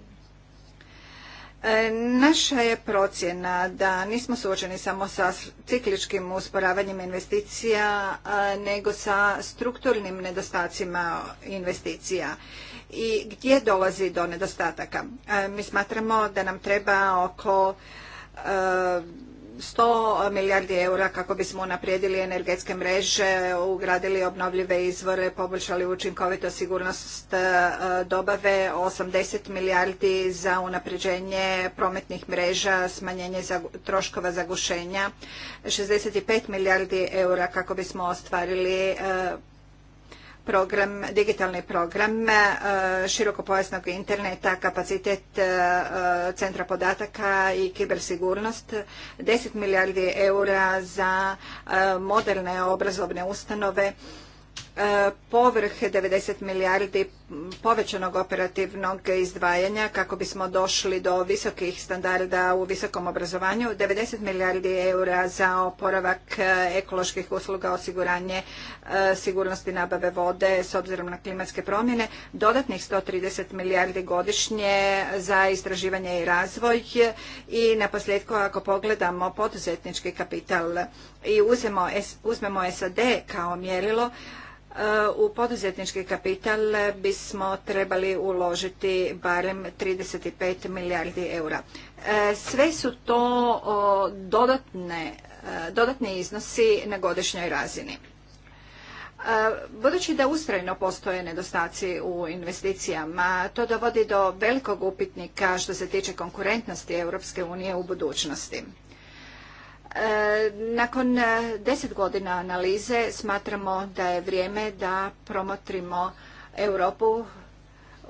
Naša je procjena da nismo suočeni samo sa cikličkim usporavanjem investicija, nego sa strukturnim nedostacima investicija i gdje dolazi do nedostataka. E, mi smatramo da nam treba oko 100 e, milijardi eura kako bismo unaprijedili energetske mreže, ugradili obnovljive izvore, poboljšali učinkovito sigurnost e, dobave, 80 milijardi za unapređenje prometnih mreža, smanjenje troškova zagušenja, 65 milijardi eura kako bismo ostvarili program, digitalni program e, širokopojasnog interneta, kapacitet e, centra podataka i kibersigurnost, 10 milijardi eura za e, moderne obrazovne ustanove, povrh 90 milijardi povećanog operativnog izdvajanja kako bismo došli do visokih standarda u visokom obrazovanju, 90 milijardi eura za oporavak e, ekoloških usluga, osiguranje e, sigurnosti nabave vode s obzirom na klimatske promjene, dodatnih 130 milijardi godišnje za istraživanje i razvoj i na posljedku ako pogledamo poduzetnički kapital i uzmemo SAD kao mjerilo, u poduzetnički kapital bismo trebali uložiti barem 35 milijardi eura. E, sve su to dodatne, e, dodatni iznosi na godišnjoj razini. E, budući da ustrajno postoje nedostaci u investicijama, to dovodi do velikog upitnika što se tiče konkurentnosti Europske unije u budućnosti. Nakon e, deset godina analize smatramo da je vrijeme da promotrimo Europu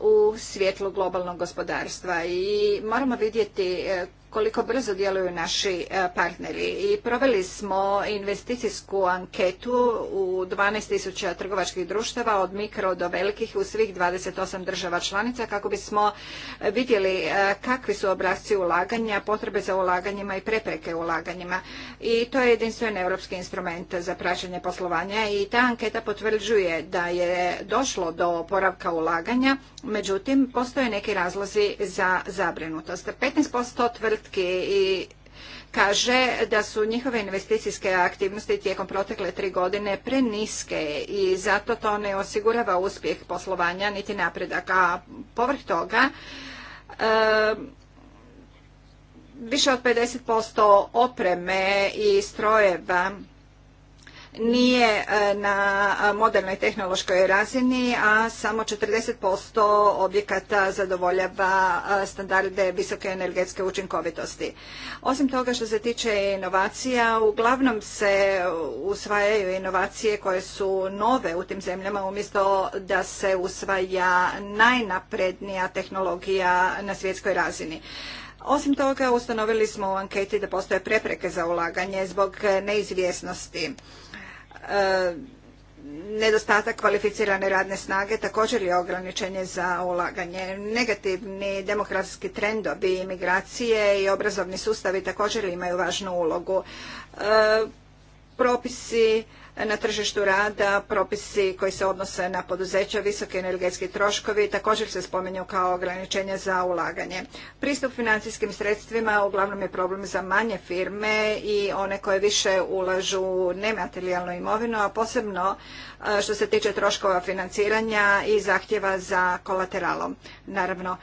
u svjetlu globalnog gospodarstva i moramo vidjeti e, koliko brzo djeluju naši e, partneri. I proveli smo investicijsku anketu u 12.000 trgovačkih društava od mikro do velikih u svih 28 država članica kako bismo vidjeli e, kakvi su obrazci ulaganja, potrebe za ulaganjima i prepreke ulaganjima. I to je jedinstven europski instrument za praćenje poslovanja i ta anketa potvrđuje da je došlo do poravka ulaganja, međutim postoje neki razlozi za zabrinutost. 15% tvrdi tvrtki i kaže da su njihove investicijske aktivnosti tijekom protekle tri godine preniske i zato to ne osigurava uspjeh poslovanja niti napredak. A povrh toga, više od 50% opreme i strojeva nije e, na modernoj tehnološkoj razini, a samo 40% objekata zadovoljava e, standarde visoke energetske učinkovitosti. Osim toga što se tiče inovacija, uglavnom se usvajaju inovacije koje su nove u tim zemljama umjesto da se usvaja najnaprednija tehnologija na svjetskoj razini. Osim toga, ustanovili smo u anketi da postoje prepreke za ulaganje zbog neizvjesnosti E, nedostatak kvalificirane radne snage također je ograničenje za ulaganje. Negativni demokratski trendovi imigracije i obrazovni sustavi također imaju važnu ulogu. E, propisi na tržištu rada, propisi koji se odnose na poduzeća, visoke energetski troškovi također se spominju kao ograničenje za ulaganje. Pristup financijskim sredstvima uglavnom je problem za manje firme i one koje više ulažu nematerijalnu imovinu, a posebno e, što se tiče troškova financiranja i zahtjeva za kolateralom. Naravno,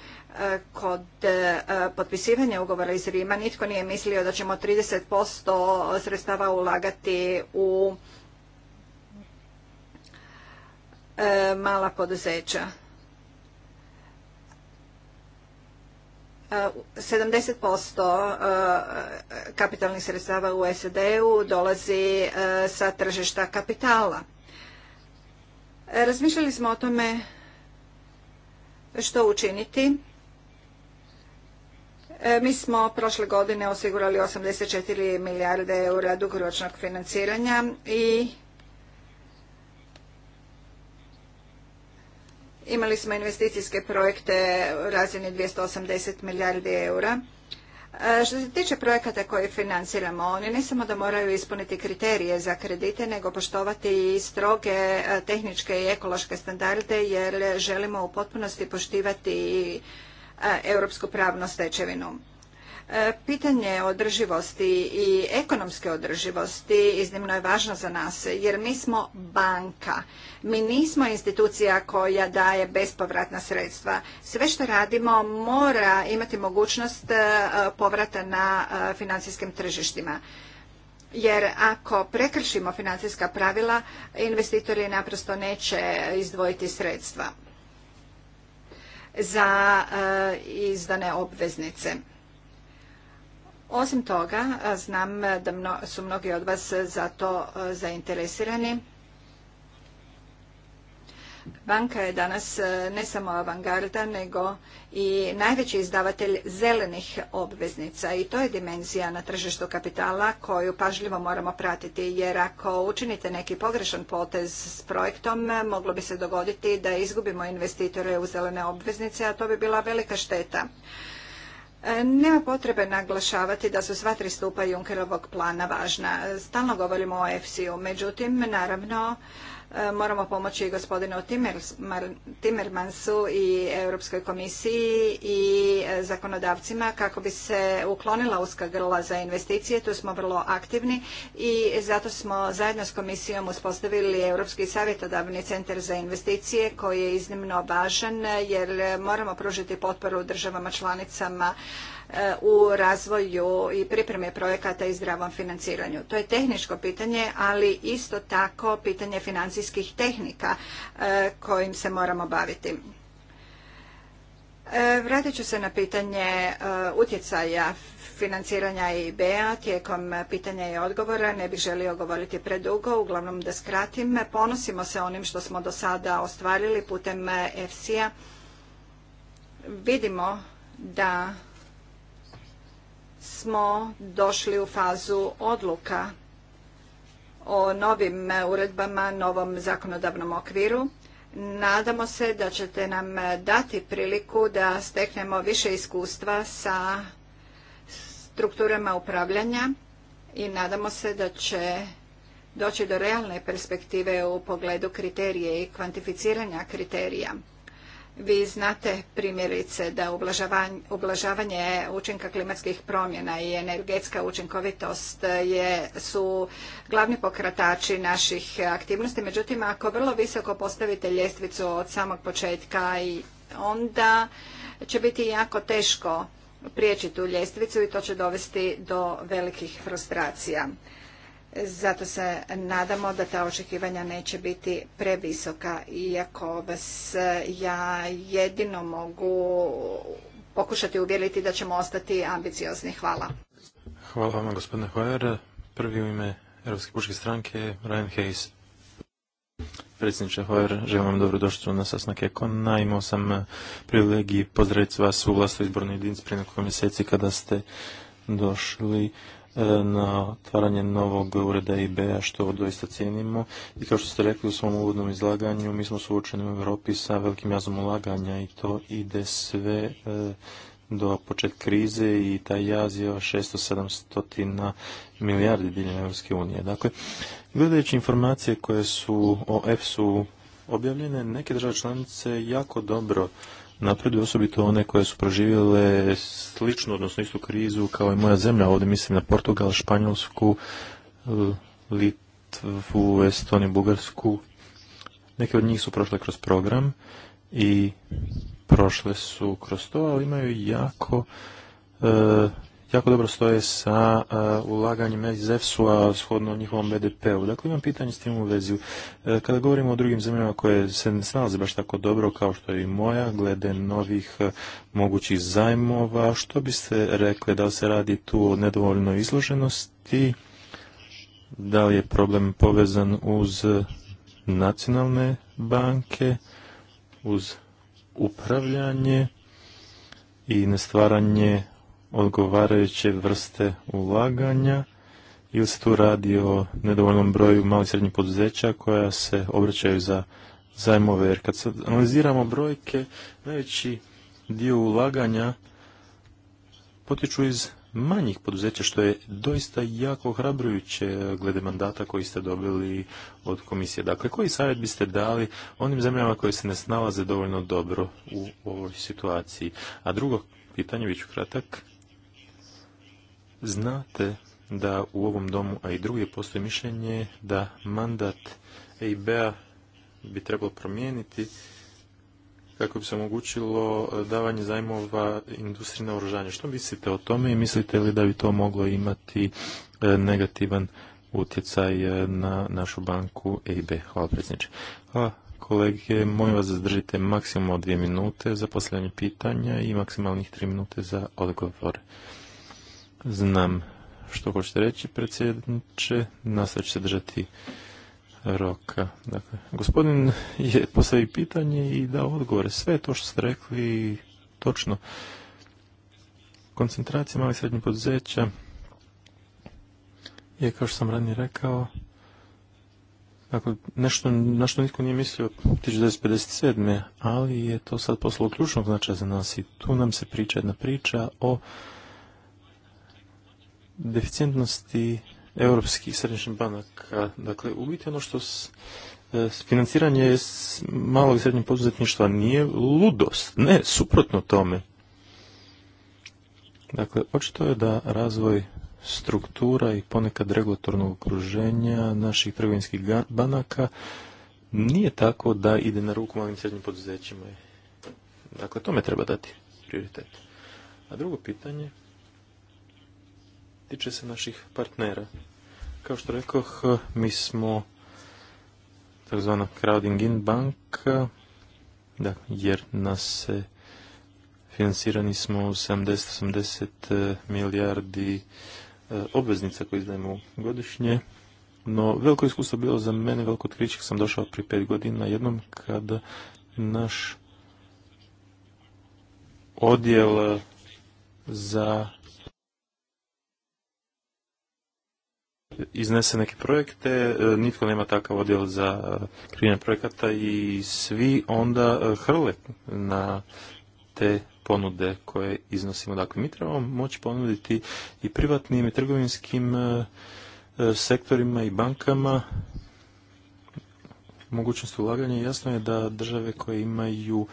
Kod e, potpisivanja ugovora iz Rima nitko nije mislio da ćemo 30% sredstava ulagati u e, mala poduzeća. 70% e, kapitalnih sredstava u sed u dolazi sa tržišta kapitala. Razmišljali smo o tome što učiniti E, mi smo prošle godine osigurali 84 milijarde eura dugoročnog financiranja i imali smo investicijske projekte u razini 280 milijardi eura. E, što se tiče projekata koje financiramo, oni ne samo da moraju ispuniti kriterije za kredite, nego poštovati i stroge e, tehničke i ekološke standarde, jer želimo u potpunosti poštivati europsku pravnu stečevinu. E, pitanje održivosti i ekonomske održivosti iznimno je važno za nas jer mi smo banka. Mi nismo institucija koja daje bespovratna sredstva. Sve što radimo mora imati mogućnost e, povrata na e, financijskim tržištima. Jer ako prekršimo financijska pravila, investitori naprosto neće izdvojiti sredstva za e, izdane obveznice. Osim toga, znam da su mnogi od vas za to e, zainteresirani Banka je danas e, ne samo avangarda, nego i najveći izdavatelj zelenih obveznica i to je dimenzija na tržištu kapitala koju pažljivo moramo pratiti, jer ako učinite neki pogrešan potez s projektom, moglo bi se dogoditi da izgubimo investitore u zelene obveznice, a to bi bila velika šteta. E, nema potrebe naglašavati da su sva tri stupa Junkerovog plana važna. Stalno govorimo o EFSI-u, međutim, naravno, moramo pomoći i gospodinu Timmermansu i Europskoj komisiji i e, zakonodavcima kako bi se uklonila uska grla za investicije. Tu smo vrlo aktivni i zato smo zajedno s komisijom uspostavili Europski savjetodavni centar za investicije koji je iznimno važan jer moramo pružiti potporu državama članicama u razvoju i pripreme projekata i zdravom financiranju. To je tehničko pitanje, ali isto tako pitanje financijskih tehnika e, kojim se moramo baviti. E, vratit ću se na pitanje e, utjecaja financiranja EIB-a tijekom pitanja i odgovora. Ne bih želio govoriti predugo, uglavnom da skratim. Ponosimo se onim što smo do sada ostvarili putem EFSI-a. Vidimo da smo došli u fazu odluka o novim uredbama, novom zakonodavnom okviru. Nadamo se da ćete nam dati priliku da steknemo više iskustva sa strukturama upravljanja i nadamo se da će doći do realne perspektive u pogledu kriterije i kvantificiranja kriterija. Vi znate primjerice da ublažavanje učinka klimatskih promjena i energetska učinkovitost je, su glavni pokratači naših aktivnosti. Međutim, ako vrlo visoko postavite ljestvicu od samog početka, onda će biti jako teško prijeći tu ljestvicu i to će dovesti do velikih frustracija. Zato se nadamo da ta očekivanja neće biti previsoka, iako vas ja jedino mogu pokušati uvjeriti da ćemo ostati ambiciozni. Hvala. Hvala vam, gospodine Hojer. Prvi u ime Europske pučke stranke, Ryan Hayes. Predsjedniče Hojer, želim vam došli na sasnak Ekona. Imao sam privilegiju pozdraviti vas u vlastnoj izbornoj jedinici prije nekoliko mjeseci kada ste došli E, na otvaranje novog ureda iba a što doista cijenimo i kao što ste rekli u svom uvodnom izlaganju mi smo suočeni u Europi sa velikim jazom ulaganja i to ide sve e, do početka krize i taj jaz je 600-700 milijardi diljem Europske unije. Dakle, gledajući informacije koje su o EFSU objavljene, neke države članice jako dobro napreduju, osobito one koje su proživjele sličnu, odnosno istu krizu kao i moja zemlja. Ovdje mislim na Portugal, Španjolsku, eh, Litvu, Estoniju, Bugarsku. Neke od njih su prošle kroz program i prošle su kroz to, ali imaju jako eh, jako dobro stoje sa e, ulaganjem iz EFSU-a shodno njihovom BDP-u. Dakle, imam pitanje s tim u vezi. E, kada govorimo o drugim zemljama koje se ne snalaze baš tako dobro kao što je i moja, glede novih e, mogućih zajmova, što biste rekli da li se radi tu o nedovoljnoj izloženosti, da li je problem povezan uz nacionalne banke, uz upravljanje i nestvaranje odgovarajuće vrste ulaganja ili se tu radi o nedovoljnom broju malih srednjih poduzeća koja se obraćaju za zajmove. Jer kad analiziramo brojke, najveći dio ulaganja potiču iz manjih poduzeća, što je doista jako hrabrujuće glede mandata koji ste dobili od komisije. Dakle, koji savjet biste dali onim zemljama koje se ne snalaze dovoljno dobro u ovoj situaciji? A drugo pitanje, bit ću kratak, Znate da u ovom domu, a i drugi, postoji mišljenje da mandat EIB-a bi trebalo promijeniti kako bi se omogućilo e, davanje zajmova industrije na oružanje. Što mislite o tome i mislite li da bi to moglo imati e, negativan utjecaj e, na našu banku EIB? Hvala predsjedniče. Hvala kolege, molim vas da zadržite maksimalno dvije minute za posljednje pitanja i maksimalnih tri minute za odgovore. Znam što hoćete reći, predsjedniče. Nastavit ću se držati roka. Dakle, gospodin je postavio pitanje i dao odgovore. Sve to što ste rekli točno. Koncentracija malih srednjih poduzeća je, kao što sam ranije rekao, dakle, nešto na što nitko nije mislio 1957. ali je to sad poslo ključnog značaja za nas i tu nam se priča jedna priča o deficijentnosti europskih središnjih banaka. Dakle, u biti ono što e, financiranje malog i srednjeg poduzetništva nije ludost. Ne, suprotno tome. Dakle, očito je da razvoj struktura i ponekad regulatornog okruženja naših trgovinskih banaka nije tako da ide na ruku malim srednjim poduzećima. Dakle, tome treba dati prioritet. A drugo pitanje tiče se naših partnera. Kao što rekoh, mi smo takzvana crowding in bank, da, jer nas se financirani smo 70-80 e, milijardi e, obveznica koje izdajemo godišnje. No, veliko iskustvo bilo za mene, veliko otkriće sam došao pri pet godina jednom kada naš odjel za iznese neke projekte, e, nitko nema takav odjel za e, krivine projekata i svi onda e, hrle na te ponude koje iznosimo. Dakle, mi trebamo moći ponuditi i privatnim i trgovinskim sektorima i bankama mogućnost ulaganja. Jasno je da države koje imaju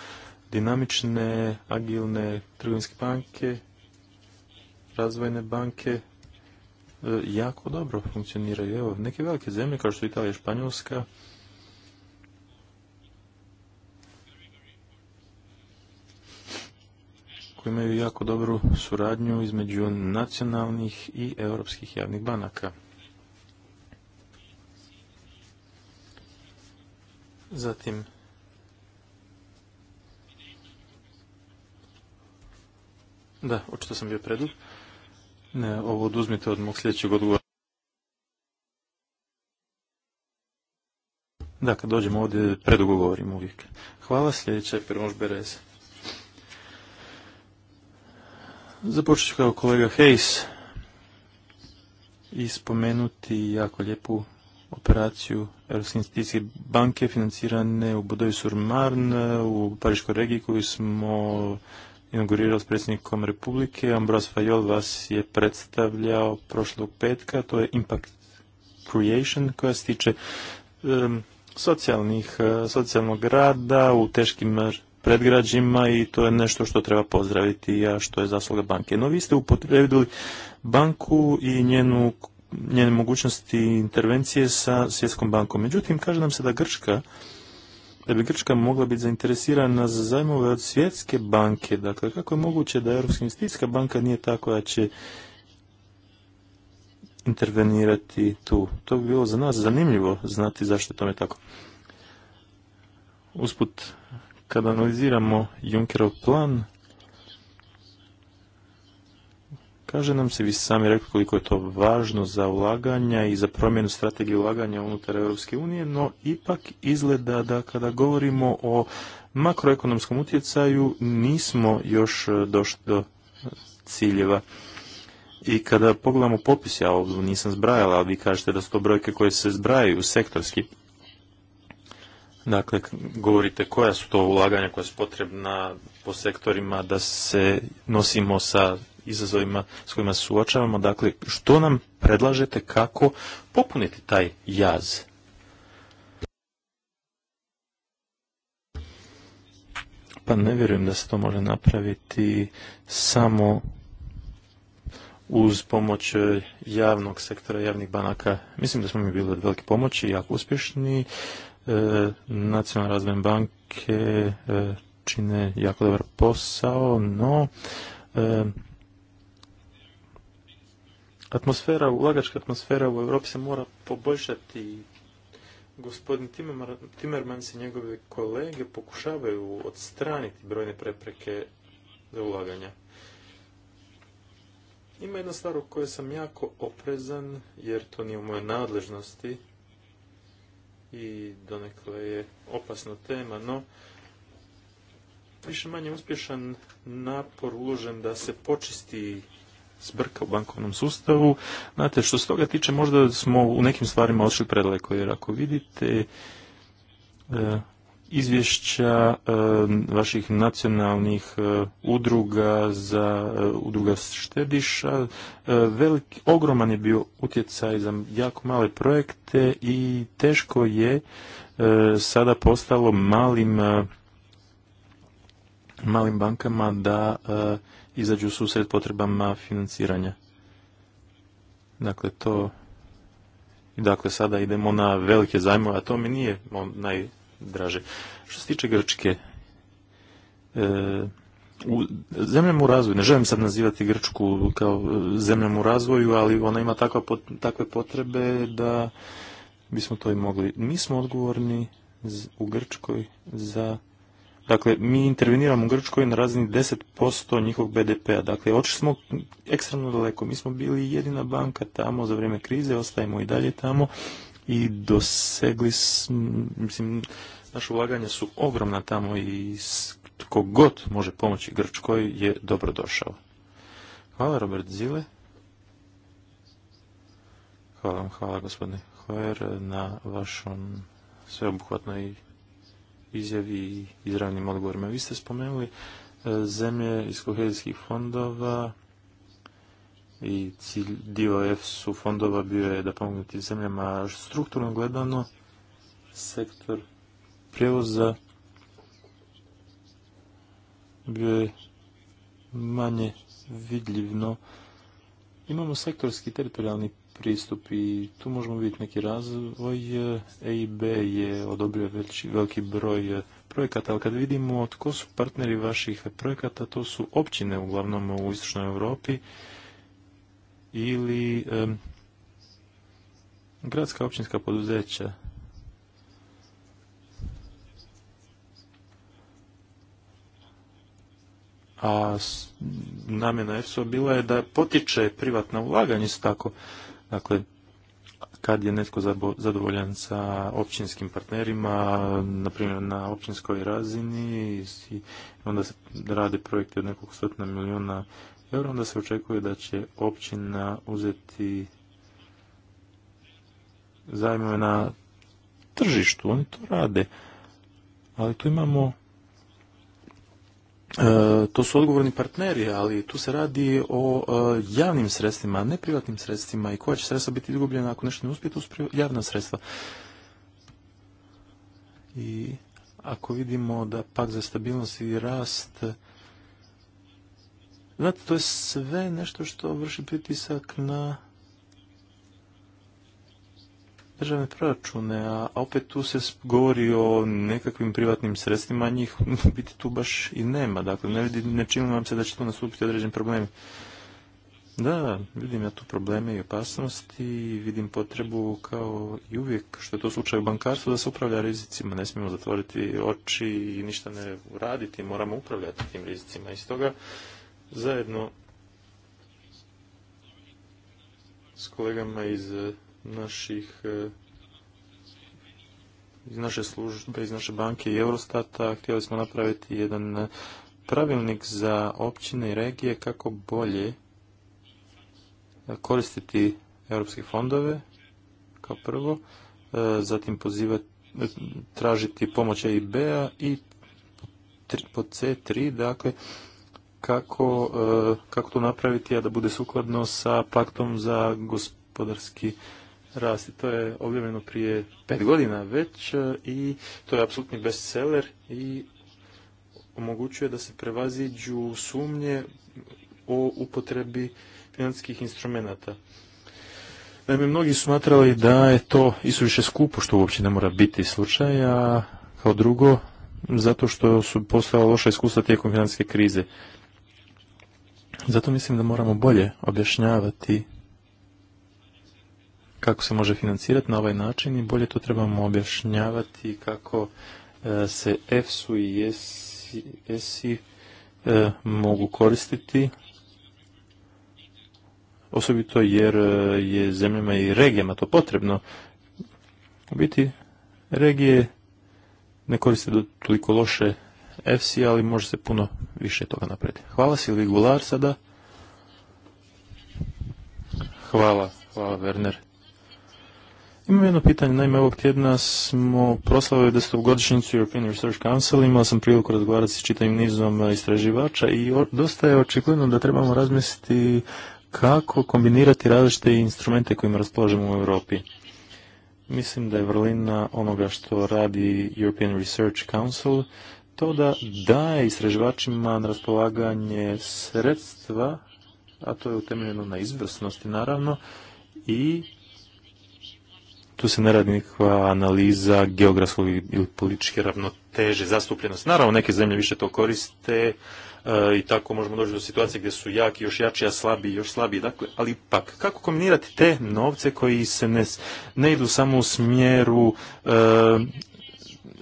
dinamične, agilne trgovinske banke, razvojne banke, E, jako dobro funkcioniraju. Evo, neke velike zemlje kao što je Italija i Španjolska koji imaju jako dobru suradnju između nacionalnih i europskih javnih banaka. Zatim, da, očito sam bio predug. Ne, ovo oduzmite od mog sljedećeg odgovora. Da, kad dođemo ovdje, predugo govorimo uvijek. Hvala, sljedeća je Berez. Započet ću kao kolega Hejs i spomenuti jako lijepu operaciju Europske investicijske banke financirane u Bodoju Surmarn u Pariškoj regiji koju smo inaugurirao s predsjednikom Republike. Ambros Fajol vas je predstavljao prošlog petka, to je Impact Creation koja se tiče e, socijalnog rada u teškim predgrađima i to je nešto što treba pozdraviti, a što je zasluga banke. No vi ste upotrebili banku i njenu njene mogućnosti intervencije sa Svjetskom bankom. Međutim, kaže nam se da Grčka da bi Grčka mogla biti zainteresirana za zajmove od svjetske banke. Dakle, kako je moguće da Europska investicijska banka nije ta koja će intervenirati tu? To bi bilo za nas zanimljivo znati zašto je tome tako. Usput, kada analiziramo Junckerov plan, Kaže nam se, vi ste sami rekli koliko je to važno za ulaganja i za promjenu strategije ulaganja unutar Europske unije, no ipak izgleda da kada govorimo o makroekonomskom utjecaju nismo još e, došli do ciljeva. I kada pogledamo popis, ja ovdje nisam zbrajala, ali vi kažete da su to brojke koje se zbrajaju sektorski. Dakle, govorite koja su to ulaganja koja su potrebna po sektorima da se nosimo sa izazovima s kojima se suočavamo. Dakle, što nam predlažete kako popuniti taj jaz? Pa ne vjerujem da se to može napraviti samo uz pomoć e, javnog sektora, javnih banaka. Mislim da smo mi bili od velike pomoći, jako uspješni. Nacionalna e, Nacionalne razvojne banke e, čine jako dobar posao, no Atmosfera, ulagačka atmosfera u Europi se mora poboljšati. Gospodin Timmermans i njegove kolege pokušavaju odstraniti brojne prepreke za ulaganja. Ima jedna stvar u kojoj sam jako oprezan, jer to nije u mojoj nadležnosti i donekle je opasna tema, no više manje uspješan napor uložen da se počisti zbrka u bankovnom sustavu. Znate, što se toga tiče, možda smo u nekim stvarima odšli predaleko, jer ako vidite e, izvješća e, vaših nacionalnih e, udruga za udruga štediša velik ogroman je bio utjecaj za jako male projekte i teško je sada postalo malim malim bankama da izađu u susret potrebama financiranja. Dakle, to dakle sada idemo na velike zajmove, a to mi nije najdraže. Što se tiče Grčke, e, u zemljama u razvoju, ne želim sad nazivati Grčku kao e, zemljom u razvoju, ali ona ima takva, takve potrebe da bismo to i mogli. Mi smo odgovorni u Grčkoj za Dakle, mi interveniramo u Grčkoj na razini 10% njihovog BDP-a. Dakle, oči smo ekstremno daleko. Mi smo bili jedina banka tamo za vrijeme krize, ostajemo i dalje tamo i dosegli, mislim, naše ulaganja su ogromna tamo i tko god može pomoći Grčkoj je dobrodošao. Hvala Robert Zile. Hvala vam, hvala gospodine Hoer na vašom sveobuhvatnoj izjavi i izravnim odgovorima. Vi ste spomenuli e, zemlje iz kohezijskih fondova i cilj dio EFSU fondova bio je da pomognuti zemljama strukturno gledano sektor prijevoza bio je manje vidljivno. Imamo sektorski teritorijalni pristup i tu možemo vidjeti neki razvoj. EIB je odobrio veliki broj projekata, ali kad vidimo tko su partneri vaših projekata, to su općine uglavnom u Istočnoj Europi ili gradska općinska poduzeća. A namjena EFSO bila je da potiče privatna ulaganje, tako. Dakle, kad je netko zadovoljan sa općinskim partnerima, na primjer na općinskoj razini, i onda se rade projekte od nekog stotina milijuna eura, onda se očekuje da će općina uzeti zajmove na tržištu, oni to rade. Ali tu imamo E, to su odgovorni partneri, ali tu se radi o e, javnim sredstvima, ne privatnim sredstvima i koja će sredstva biti izgubljena ako nešto ne uspije, to su javna sredstva. I ako vidimo da pak za stabilnost i rast Znate, to je sve nešto što vrši pritisak na državne proračune, a opet tu se govori o nekakvim privatnim sredstvima, a njih *laughs* biti tu baš i nema. Dakle, ne, vidim, ne čini vam se da će tu nastupiti određen problem. Da, vidim ja tu probleme i opasnosti, vidim potrebu kao i uvijek, što je to slučaj u bankarstvu, da se upravlja rizicima. Ne smijemo zatvoriti oči i ništa ne raditi, moramo upravljati tim rizicima. I stoga zajedno s kolegama iz naših e, iz naše službe, iz naše banke i Eurostata htjeli smo napraviti jedan e, pravilnik za općine i regije kako bolje e, koristiti europske fondove kao prvo, zatim pozivati, tražiti pomoć EIB-a i po C3, dakle, kako, kako to napraviti, a da bude sukladno sa paktom za gospodarski rasti. To je objavljeno prije pet godina već e, i to je apsolutni bestseller i omogućuje da se prevaziđu sumnje o upotrebi financijskih instrumenata. Naime, mnogi smatrali da je to isuviše skupo, što uopće ne mora biti slučaj, a kao drugo, zato što su postojala loša iskustva tijekom financijske krize. Zato mislim da moramo bolje objašnjavati kako se može financirati na ovaj način i bolje to trebamo objašnjavati kako e, se EFSU i ESI, e e, mogu koristiti osobito jer je zemljama i regijama to potrebno. U biti regije ne koriste toliko loše EFSI, ali može se puno više toga napraviti. Hvala Silvi Gular sada. Hvala, hvala Werner. Imam jedno pitanje, naime ovog tjedna smo proslavili desetogodišnjicu European Research Council, imao sam priliku razgovarati s čitavim nizom e, istraživača i dosta je očigledno da trebamo razmisliti kako kombinirati različite instrumente kojima raspolažemo u Europi. Mislim da je vrlina onoga što radi European Research Council to da daje istraživačima na raspolaganje sredstva, a to je utemeljeno na izvrsnosti naravno, i tu se ne radi nikakva analiza geografskog ili političke ravnoteže, zastupljenost. Naravno, neke zemlje više to koriste, e, i tako možemo doći do situacije gdje su jaki još jači, a slabi još slabiji. Dakle, ali ipak, kako kombinirati te novce koji se ne, ne idu samo u smjeru e,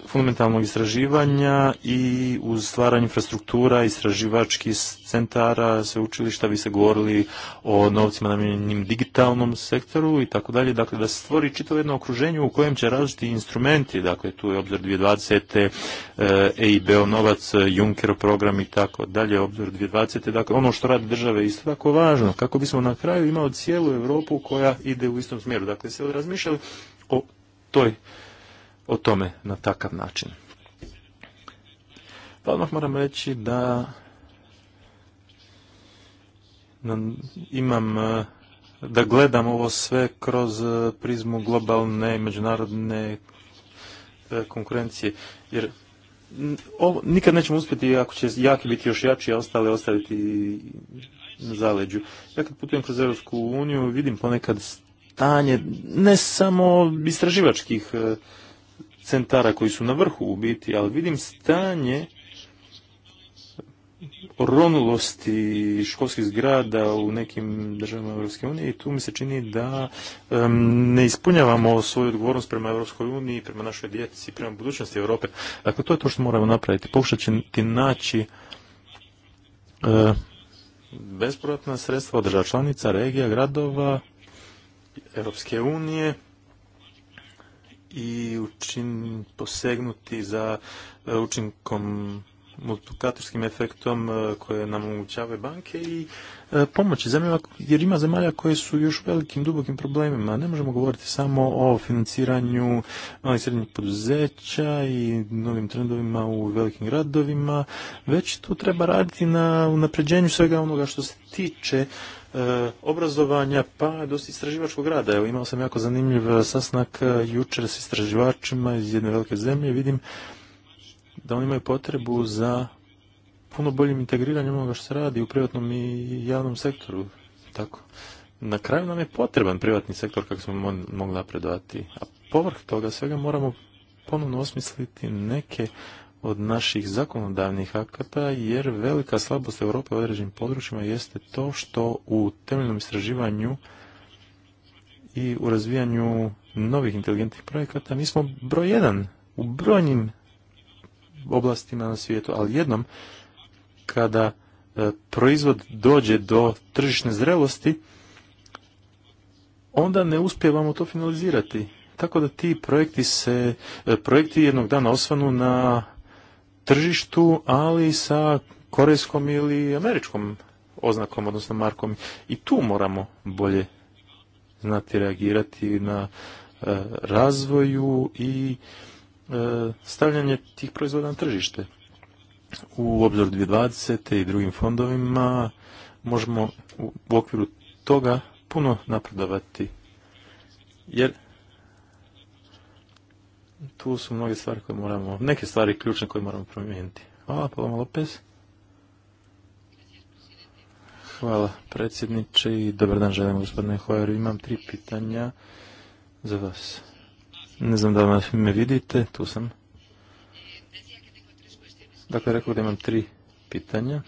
fundamentalnog istraživanja i uz stvaranje infrastruktura, istraživačkih centara, sveučilišta, vi se govorili o novcima namjenjenim digitalnom sektoru i tako dalje, dakle da se stvori čitavo jedno okruženje u kojem će različiti instrumenti, dakle tu je obzor 2020, EIB-o eh, e novac, Juncker program i tako dalje, obzor 2020, dakle ono što radi države isto tako važno, kako bismo na kraju imali cijelu Europu koja ide u istom smjeru, dakle se razmišljali o toj o tome na takav način. Pa odmah moram reći da imam e, da gledam ovo sve kroz e, prizmu globalne i međunarodne e, konkurencije. Jer ovo nikad nećemo uspjeti ako će jaki biti još jači, a ostale ostaviti na zaleđu. Ja kad putujem kroz Europsku uniju vidim ponekad stanje ne samo istraživačkih centara koji su na vrhu u biti, ali vidim stanje ronulosti školskih zgrada u nekim državama Europske unije i tu mi se čini da ne ispunjavamo svoju odgovornost prema Europskoj uniji, prema našoj djeci, prema budućnosti Europe. Dakle, to je to što moramo napraviti. Pokušat ti naći uh, bespovratna sredstva od država članica, regija, gradova, Europske unije, i učin, posegnuti za e, učinkom multiplikatorskim efektom e, koje nam omogućavaju banke i e, pomoći zemljama, jer ima zemalja koje su još velikim, dubokim problemima. Ne možemo govoriti samo o financiranju malih srednjih poduzeća i novim trendovima u velikim gradovima, već tu treba raditi na unapređenju svega onoga što se tiče e, obrazovanja pa do istraživačkog rada. Evo, imao sam jako zanimljiv sasnak jučer s istraživačima iz jedne velike zemlje. Vidim da oni imaju potrebu za puno boljim integriranjem onoga što se radi u privatnom i javnom sektoru. Tako. Na kraju nam je potreban privatni sektor kako smo mogli napredovati. A povrh toga svega moramo ponovno osmisliti neke od naših zakonodavnih akata, jer velika slabost Europe u određenim područjima jeste to što u temeljnom istraživanju i u razvijanju novih inteligentnih projekata mi smo broj jedan u brojnim oblastima na svijetu, ali jednom kada e, proizvod dođe do tržišne zrelosti, onda ne uspijevamo to finalizirati. Tako da ti projekti se, e, projekti jednog dana osvanu na tržištu, ali sa korejskom ili američkom oznakom, odnosno markom. I tu moramo bolje znati reagirati na e, razvoju i E, stavljanje tih proizvoda na tržište. U obzor 2020. i drugim fondovima možemo u okviru toga puno napredovati. Jer tu su mnoge stvari koje moramo, neke stvari ključne koje moramo promijeniti. Hvala, Paloma Lopez. Hvala, predsjedniče i dobar dan želim, gospodine Hojer. Imam tri pitanja za vas. Ne znam da me vidite, tu sam. Dakle, rekao da imam tri pitanja.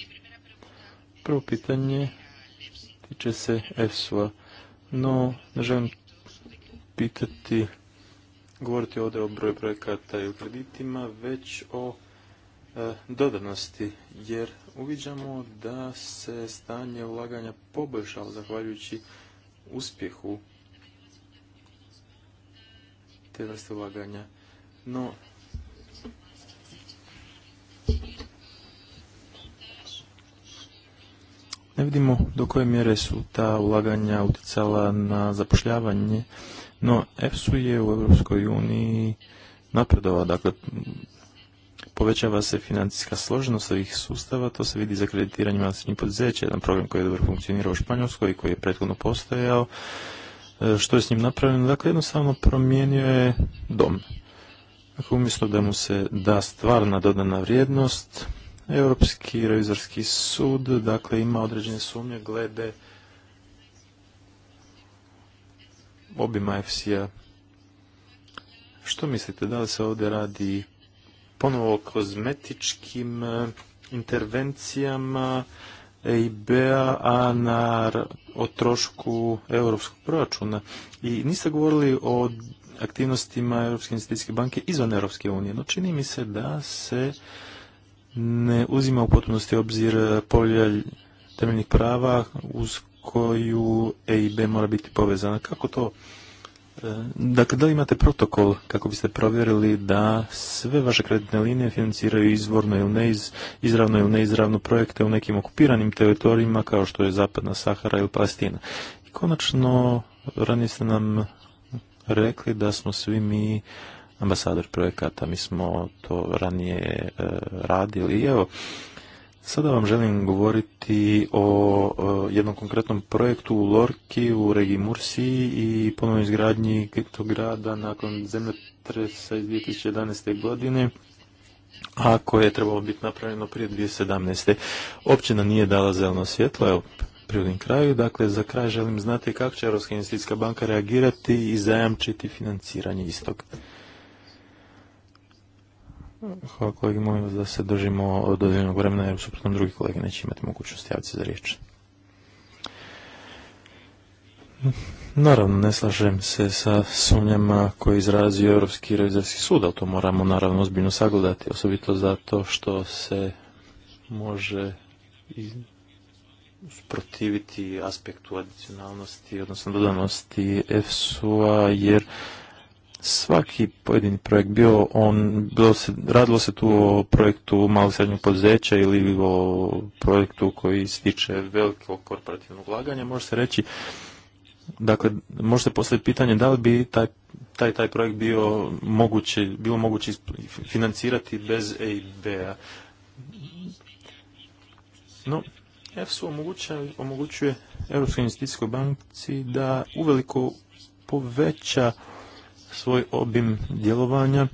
Prvo pitanje tiče se EFSU-a, no ne želim pitati, govoriti ovdje o broju projekata i o kreditima, već o e, dodanosti, jer uviđamo da se stanje ulaganja poboljšalo zahvaljujući uspjehu te vrste ulaganja. No, ne vidimo do koje mjere su ta ulaganja utjecala na zapošljavanje, no EFSU je u Europskoj uniji napredovao, dakle povećava se financijska složenost ovih sustava, to se vidi za kreditiranje malih poduzeća, jedan program koji je dobro funkcionirao u Španjolskoj i koji je prethodno postojao, E, što je s njim napravljeno. Dakle, jednostavno promijenio je dom. Dakle, umjesto da mu se da stvarna dodana vrijednost, Europski revizorski sud, dakle, ima određene sumnje glede obima FC-a. Što mislite, da li se ovdje radi ponovo o kozmetičkim e, intervencijama EIB-a, a na o trošku europskog proračuna. I niste govorili o aktivnostima Europske investicijske banke izvan Europske unije, no čini mi se da se ne uzima u potpunosti obzir polja temeljnih prava uz koju EIB mora biti povezana. Kako to E, dakle, da li imate protokol kako biste provjerili da sve vaše kreditne linije financiraju izvorno ili izravno ili neizravno projekte u nekim okupiranim teritorijima kao što je Zapadna Sahara ili Palestina? I konačno, ranije ste nam rekli da smo svi mi ambasador projekata, mi smo to ranije e, radili i evo, Sada vam želim govoriti o jednom konkretnom projektu u Lorki, u regiji Mursi i ponovnoj izgradnji tog grada nakon zemljotresa iz 2011. godine a koje je trebalo biti napravljeno prije 2017. Općina nije dala zeleno svjetlo, evo prirodnim kraju. Dakle, za kraj želim znati kako će Europska investicijska banka reagirati i zajamčiti financiranje istog. Hvala kolegi, molim vas da se držimo od odvijenog vremena, jer suprotno drugi kolege neće imati mogućnost javiti se za riječ. Naravno, ne slažem se sa sumnjama koje izrazio Europski revizorski sud, ali to moramo naravno ozbiljno sagledati, osobito zato što se može usprotiviti aspektu adicionalnosti, odnosno dodanosti EFSU-a, jer svaki pojedini projekt bio, on, bilo se, radilo se tu o projektu malog srednjeg poduzeća ili o projektu koji se tiče velikog korporativnog ulaganja, može se reći, dakle, može se postaviti pitanje da li bi taj, taj, taj projekt bio moguće, bilo moguće financirati bez EIB-a. No, EFSU omogućuje, omogućuje Europskoj investicijskoj banci da uveliko poveća svoj obim djelovanja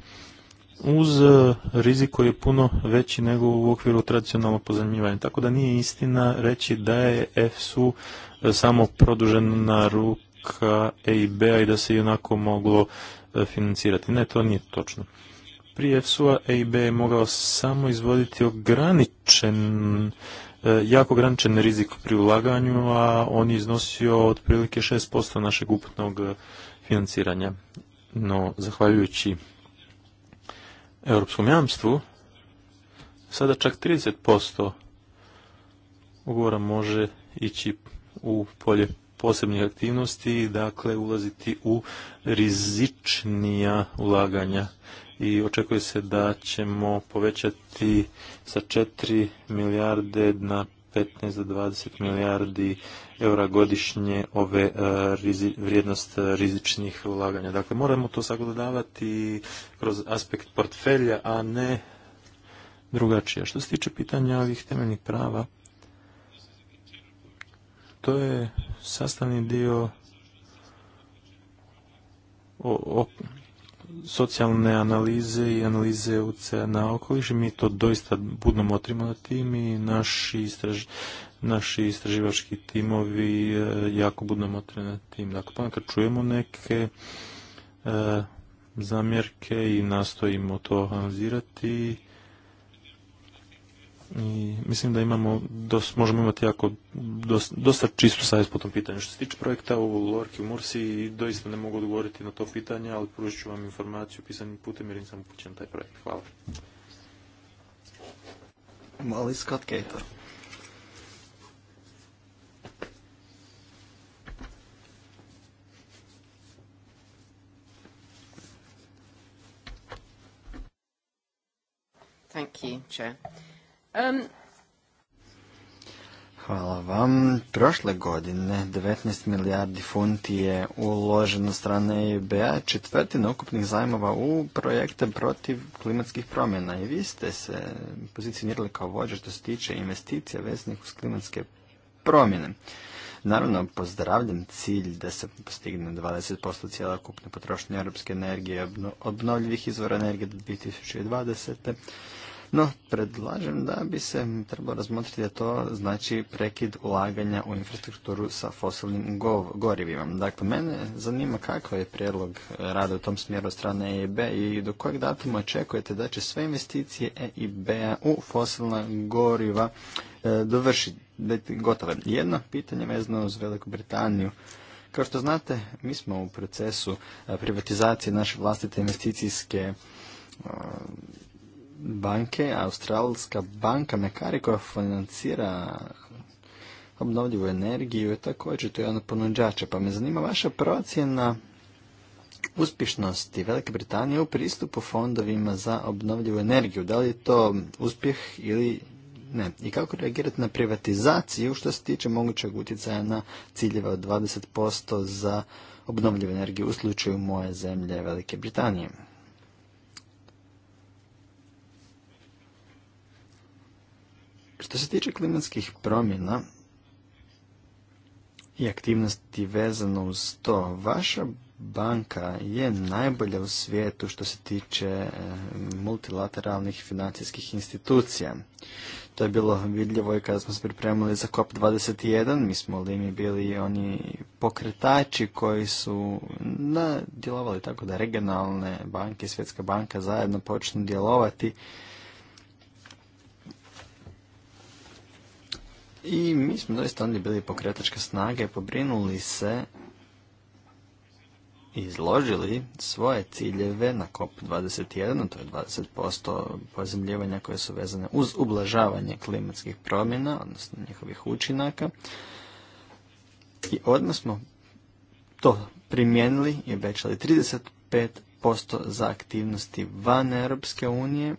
uz e, rizik koji je puno veći nego u okviru tradicionalnog pozajmljivanja. Tako da nije istina reći da je EFSU e, samo produžena ruka EIB-a i da se i onako moglo e, financirati. Ne, to nije točno. Prije EFSU-a EIB je mogao samo izvoditi ograničen jako ograničen rizik pri ulaganju, a on je iznosio otprilike 6% našeg uputnog financiranja. No, zahvaljujući europskom jamstvu, sada čak 30% ugovora može ići u polje posebnih aktivnosti, dakle ulaziti u rizičnija ulaganja i očekuje se da ćemo povećati sa 4 milijarde na 15 do 20 milijardi eura godišnje ove e, vrijednost e, rizičnih ulaganja. Dakle, moramo to sagledavati kroz aspekt portfelja, a ne drugačije. Što se tiče pitanja ovih temeljnih prava, to je sastavni dio socijalne analize i analize utjecaja na okoliš. Mi to doista budno motrimo na tim i naši, istraž, naši istraživački timovi e, jako budno motre na tim. Dakle, pa kad čujemo neke e, zamjerke i nastojimo to analizirati i mislim da imamo, dos, možemo imati jako dos, dosta čistu savjest po tom pitanju. Što se tiče projekta u Lorki u Mursi, doista ne mogu odgovoriti na to pitanje, ali pružit ću vam informaciju pisanim putem jer nisam upućen taj projekt. Hvala. Mali Scott Cater. Thank you, Chair. Hvala vam. Prošle godine 19 milijardi funti je uloženo strane EIB-a četvrtina ukupnih zajmova u projekte protiv klimatskih promjena. I vi ste se pozicionirali kao vođa što se tiče investicija vezanih uz klimatske promjene. Naravno, pozdravljam cilj da se postigne 20% cijelokupne potrošnje europske energije obnovljivih izvora energije do 2020 no, predlažem da bi se trebalo razmotriti da to znači prekid ulaganja u infrastrukturu sa fosilnim gorivima. Dakle, mene zanima kakav je prijedlog rada u tom smjeru od strane EIB i do kojeg datuma očekujete da će sve investicije EIB-a u fosilna goriva e, dovršiti, gotove. Jedno pitanje vezano uz Veliku Britaniju. Kao što znate, mi smo u procesu e, privatizacije naše vlastite investicijske banke, Australska banka Mekari koja financira obnovljivu energiju je također to je ponuđača. Pa me zanima vaša procjena uspješnosti Velike Britanije u pristupu fondovima za obnovljivu energiju. Da li je to uspjeh ili ne? I kako reagirati na privatizaciju što se tiče mogućeg utjecaja na ciljeve od 20% za obnovljivu energiju u slučaju moje zemlje Velike Britanije? Što se tiče klimatskih promjena i aktivnosti vezano uz to, vaša banka je najbolja u svijetu što se tiče e, multilateralnih financijskih institucija. To je bilo vidljivo i kada smo se pripremili za COP21, mi smo li mi bili oni pokretači koji su djelovali tako da regionalne banke, Svjetska banka zajedno počnu djelovati I mi smo doista onda bili pokretačke snage, pobrinuli se izložili svoje ciljeve na COP21, to je 20% pozemljivanja koje su vezane uz ublažavanje klimatskih promjena, odnosno njihovih učinaka. I odmah smo to primijenili i obećali 35% za aktivnosti van Europske unije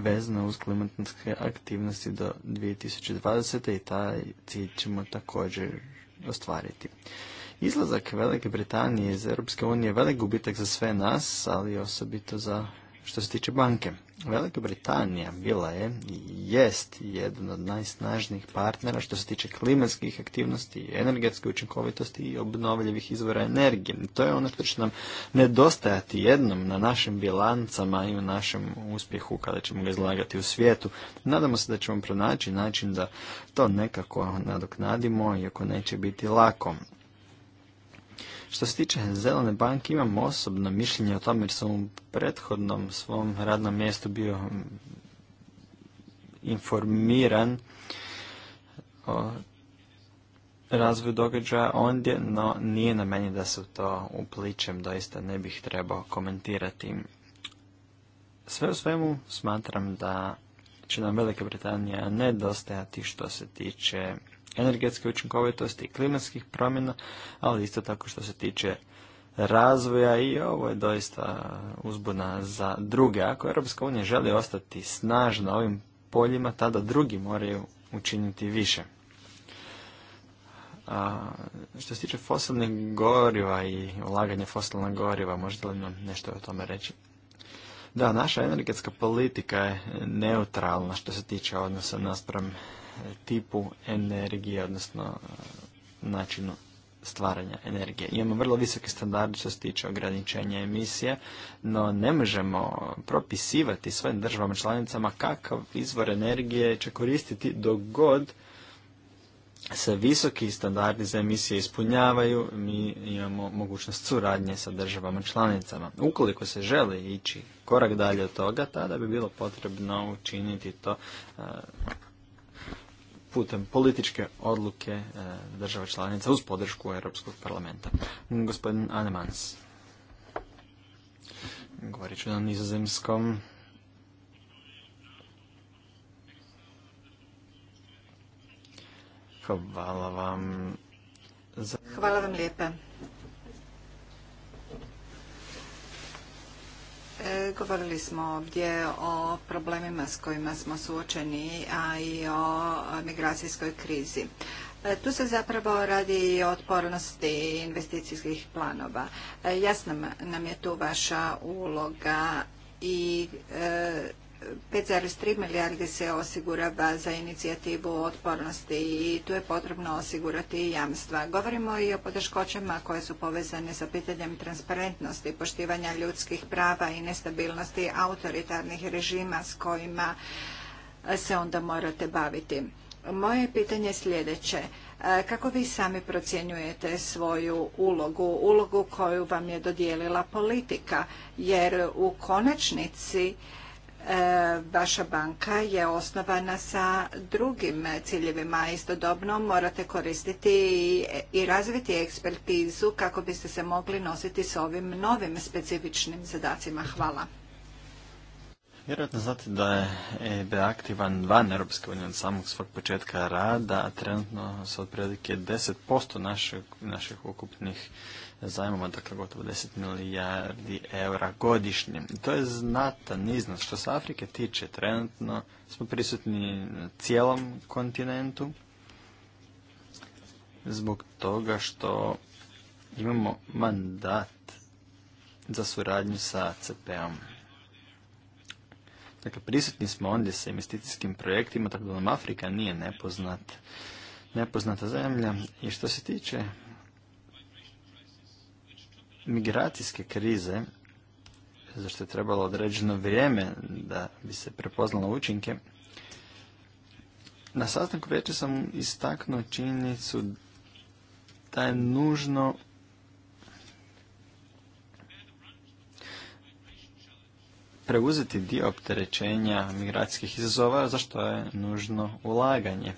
vezano uz klimatske aktivnosti do 2020. i taj cilj ćemo također ostvariti. Izlazak Velike Britanije iz Europske unije je velik gubitak za sve nas, ali osobito za što se tiče banke, Velika Britanija bila je i jest jedan od najsnažnijih partnera što se tiče klimatskih aktivnosti, energetske učinkovitosti i obnovljivih izvora energije. To je ono što će nam nedostajati jednom na našim bilancama i u našem uspjehu kada ćemo ga izlagati u svijetu. Nadamo se da ćemo pronaći način da to nekako nadoknadimo, iako neće biti lako. Što se tiče Zelene banke, imam osobno mišljenje o tome jer sam u prethodnom svom radnom mjestu bio mm, informiran o razvoju događaja ondje, no nije na meni da se u to upličem, doista ne bih trebao komentirati. Sve u svemu smatram da će nam Velika Britanija nedostajati što se tiče energetske učinkovitosti i klimatskih promjena, ali isto tako što se tiče razvoja i ovo je doista uzbuna za druge. Ako Europska unija želi ostati snažna ovim poljima, tada drugi moraju učiniti više. A, što se tiče fosilnih goriva i ulaganja fosilna goriva, možete li nam nešto o tome reći? Da, naša energetska politika je neutralna što se tiče odnosa naspram tipu energije, odnosno e, načinu stvaranja energije. Imamo vrlo visoke standarde što se tiče ograničenja emisije, no ne možemo propisivati svojim državama članicama kakav izvor energije će koristiti dok god se visoki standardi za emisije ispunjavaju, mi imamo mogućnost suradnje sa državama članicama. Ukoliko se želi ići korak dalje od toga, tada bi bilo potrebno učiniti to e, putem političke odluke e, država članica uz podršku Europskog parlamenta. Gospodin Anemans. Govorit ću na nizozemskom. Hvala vam. Hvala vam lijepa. Govorili smo ovdje o problemima s kojima smo suočeni, a i o migracijskoj krizi. E, tu se zapravo radi i o otpornosti investicijskih planova. E, jasna nam je tu vaša uloga i e, 5,3 milijardi se osigurava za inicijativu otpornosti i tu je potrebno osigurati i jamstva. Govorimo i o poteškoćama koje su povezane sa pitanjem transparentnosti, poštivanja ljudskih prava i nestabilnosti autoritarnih režima s kojima se onda morate baviti. Moje pitanje je sljedeće. Kako vi sami procjenjujete svoju ulogu, ulogu koju vam je dodijelila politika, jer u konačnici E, vaša banka je osnovana sa drugim ciljevima. Istodobno morate koristiti i razviti ekspertizu kako biste se mogli nositi s ovim novim specifičnim zadacima. Hvala. Vjerojatno znate da je EB aktivan van Europske unije od samog svog početka rada, a trenutno se otprilike 10% našeg, naših ukupnih zajmamo dakle gotovo 10 milijardi eura godišnje. to je znatan iznos. Što se Afrike tiče, trenutno smo prisutni na cijelom kontinentu zbog toga što imamo mandat za suradnju sa ACP-om. Dakle, prisutni smo ondje sa investicijskim projektima, tako da nam Afrika nije nepoznata zemlja. I što se tiče migracijske krize, za što je trebalo određeno vrijeme da bi se prepoznalo učinke, na sastanku veće sam istaknuo činjenicu da je nužno preuzeti dio opterećenja migracijskih izazova za što je nužno ulaganje.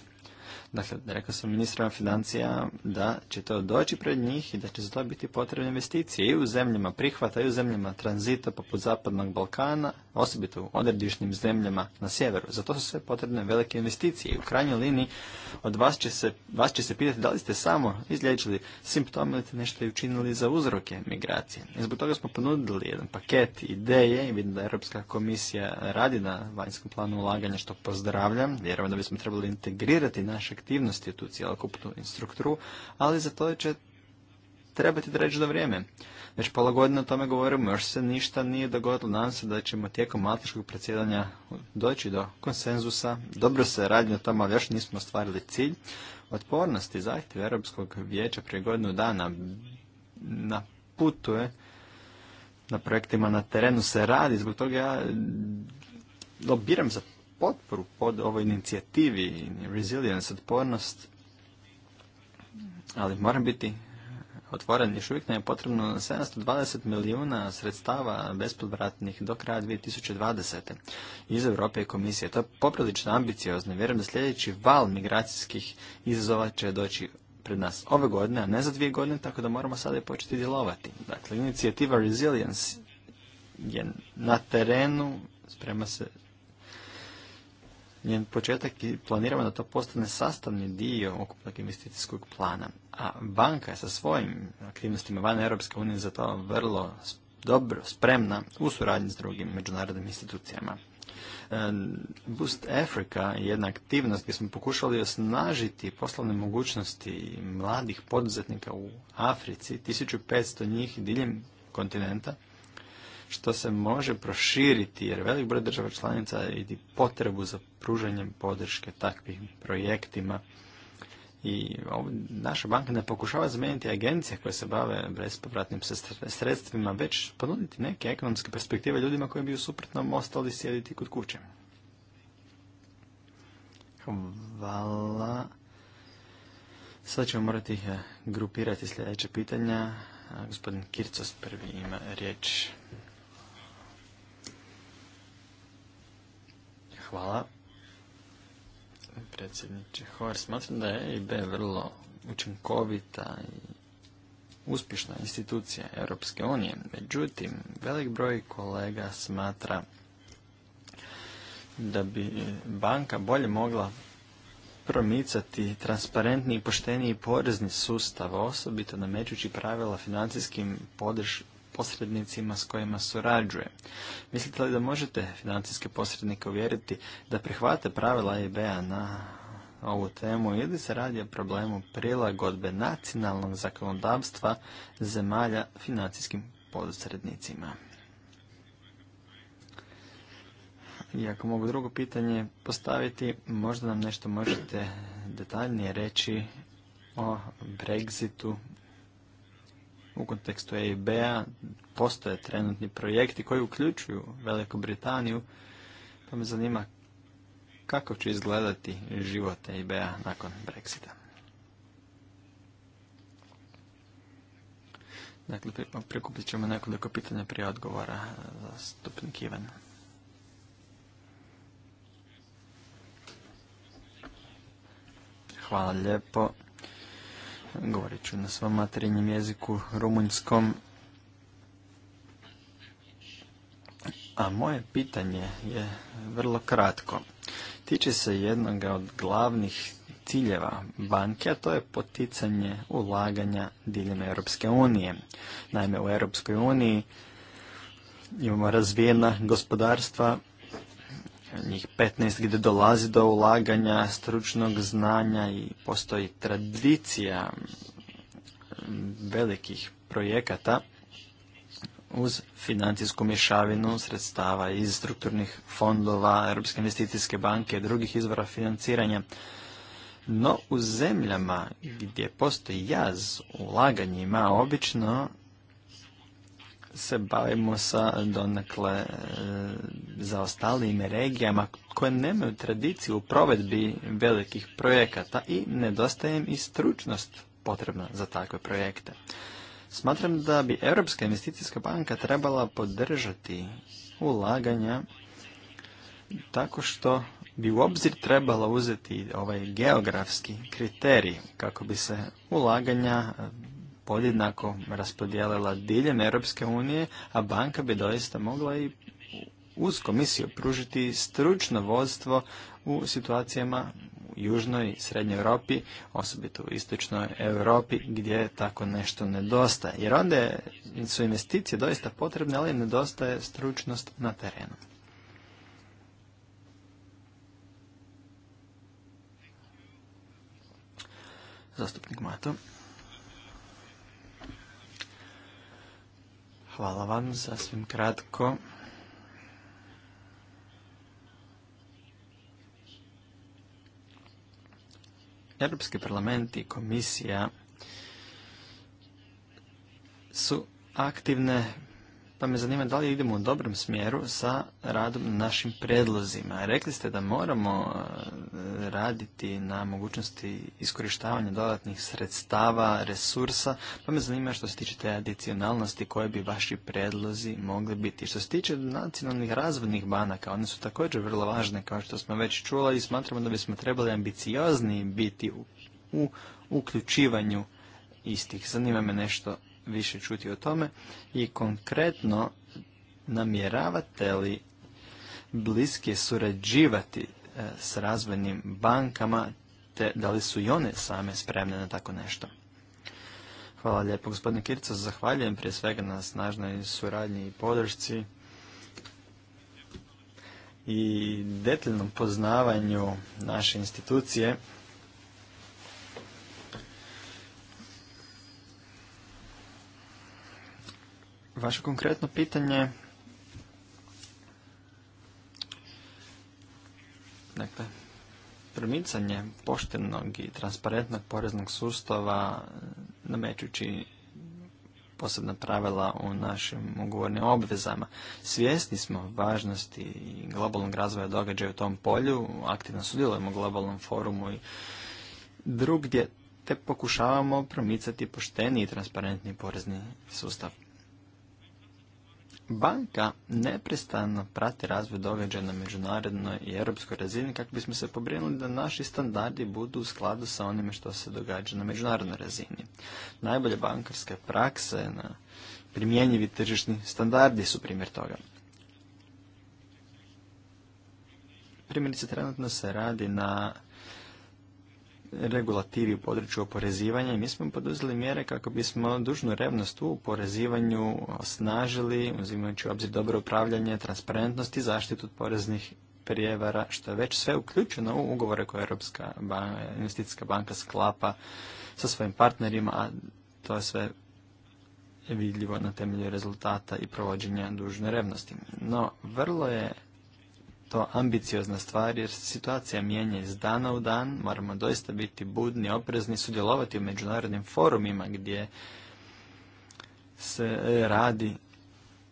Dakle, rekao sam ministrama financija da će to doći pred njih i da će za to biti potrebne investicije i u zemljama prihvata i u zemljama tranzita poput Zapadnog Balkana osobito u odredišnim zemljama na sjeveru. Zato su sve potrebne velike investicije i u krajnjoj liniji od vas će se, vas će se pitati da li ste samo izlječili simptome ili ste nešto i učinili za uzroke migracije. I zbog toga smo ponudili jedan paket ideje i vidim da Europska komisija radi na vanjskom planu ulaganja što pozdravljam. Vjerujem da bismo trebali integrirati naše aktivnosti u tu cjelokupnu strukturu, ali za to će trebati da reći do vrijeme. Već pola godine o tome govorimo, još se ništa nije dogodilo. Nadam se da ćemo tijekom matičkog predsjedanja doći do konsenzusa. Dobro se radi o tome, ali još nismo ostvarili cilj. Otpornost i zahtjev Europskog vijeća prije godinu dana na je na projektima na terenu se radi, zbog toga ja lobiram za potporu pod ovoj inicijativi, resilience, otpornost, ali moram biti otvoren, još uvijek nam je potrebno 720 milijuna sredstava bespovratnih do kraja 2020. Iz Europe i komisije. To je poprilično ambiciozno. Vjerujem da sljedeći val migracijskih izazova će doći pred nas ove godine, a ne za dvije godine, tako da moramo sada i početi djelovati. Dakle, inicijativa Resilience je na terenu, sprema se njen početak i planiramo da to postane sastavni dio okupnog investicijskog plana. A banka je sa svojim aktivnostima van Europske unije za to vrlo dobro spremna u suradnji s drugim međunarodnim institucijama. E, Boost Africa je jedna aktivnost gdje smo pokušali osnažiti poslovne mogućnosti mladih poduzetnika u Africi, 1500 njih diljem kontinenta, što se može proširiti jer velik broj država članica vidi potrebu za pružanjem podrške takvim projektima i naša banka ne pokušava zamijeniti agencije koje se bave bespovratnim sredstvima, već ponuditi neke ekonomske perspektive ljudima koji bi u suprotnom ostali sjediti kod kuće. Hvala. Sada ćemo morati eh, grupirati sljedeće pitanja. Gospodin Kircos prvi ima riječ. Hvala predsjedniče Hor. Smatram da je EIB vrlo učinkovita i uspješna institucija Europske unije. Međutim, velik broj kolega smatra da bi banka bolje mogla promicati transparentni i pošteniji porezni sustav, osobito namećući pravila financijskim podrš, posrednicima s kojima surađuje. Mislite li da možete financijske posrednike uvjeriti da prihvate pravila IBA na ovu temu ili se radi o problemu prilagodbe nacionalnog zakonodavstva zemalja financijskim posrednicima? I ako mogu drugo pitanje postaviti, možda nam nešto možete detaljnije reći o Brexitu u kontekstu EIB-a postoje trenutni projekti koji uključuju Veliku Britaniju, pa me zanima kako će izgledati život EIB-a nakon Brexita. Dakle, prikupit ćemo nekoliko pitanja prije odgovora e, za stupnik Ivan. Hvala lijepo. Govorit ću na svom materinjem jeziku, rumunjskom. A moje pitanje je vrlo kratko. Tiče se jednog od glavnih ciljeva banke, a to je poticanje ulaganja diljem Europske unije. Naime, u Europskoj uniji imamo razvijena gospodarstva njih 15 gdje dolazi do ulaganja stručnog znanja i postoji tradicija velikih projekata uz financijsku mješavinu sredstava iz strukturnih fondova, Europske investicijske banke i drugih izvora financiranja. No u zemljama gdje postoji jaz u ulaganjima obično se bavimo sa donekle e, zaostalijim regijama koje nemaju tradiciju u provedbi velikih projekata i nedostaje im i stručnost potrebna za takve projekte. Smatram da bi Europska investicijska banka trebala podržati ulaganja tako što bi u obzir trebala uzeti ovaj geografski kriterij kako bi se ulaganja podjednako raspodijelila diljem Europske unije, a banka bi doista mogla i uz komisiju pružiti stručno vodstvo u situacijama u Južnoj i Srednjoj Europi, osobito u Istočnoj Europi, gdje tako nešto nedostaje. Jer onda su investicije doista potrebne, ali nedostaje stručnost na terenu. Zastupnik Mato. Hvala vam, sasvim kratko. Europski parlament i komisija su aktivne pa me zanima da li idemo u dobrom smjeru sa radom našim predlozima. Rekli ste da moramo e, raditi na mogućnosti iskorištavanja dodatnih sredstava, resursa, pa me zanima što se tiče te adicionalnosti koje bi vaši predlozi mogli biti. Što se tiče nacionalnih razvodnih banaka, one su također vrlo važne kao što smo već čuli i smatramo da bismo trebali ambiciozni biti u uključivanju istih. Zanima me nešto više čuti o tome i konkretno namjeravate li bliske surađivati e, s razvojnim bankama te da li su i one same spremne na tako nešto? Hvala lijepo gospodine Kirca, zahvaljujem prije svega na snažnoj suradnji i podršci i detaljnom poznavanju naše institucije. Vaše konkretno pitanje Dakle, promicanje poštenog i transparentnog poreznog sustava namećući posebna pravila u našim ugovornim obvezama. Svjesni smo važnosti i globalnog razvoja događaja u tom polju, aktivno sudjelujemo u globalnom forumu i drugdje te pokušavamo promicati pošteni i transparentni porezni sustav. Banka neprestano prati razvoj događaja na međunarodnoj i europskoj razini kako bismo se pobrinuli da naši standardi budu u skladu sa onime što se događa na međunarodnoj razini. Najbolje bankarske prakse na primjenjivi tržišni standardi su primjer toga. Primjerice, trenutno se radi na regulativi u području oporezivanja i mi smo poduzeli mjere kako bismo dužnu revnost u oporezivanju osnažili, uzimajući u obzir dobro upravljanje, transparentnost i zaštitu od poreznih prijevara, što je već sve uključeno u ugovore koje Europska investicijska banka sklapa sa svojim partnerima, a to je sve vidljivo na temelju rezultata i provođenja dužne revnosti. No, vrlo je to ambiciozna stvar jer situacija mijenja iz dana u dan, moramo doista biti budni, oprezni, sudjelovati u međunarodnim forumima gdje se radi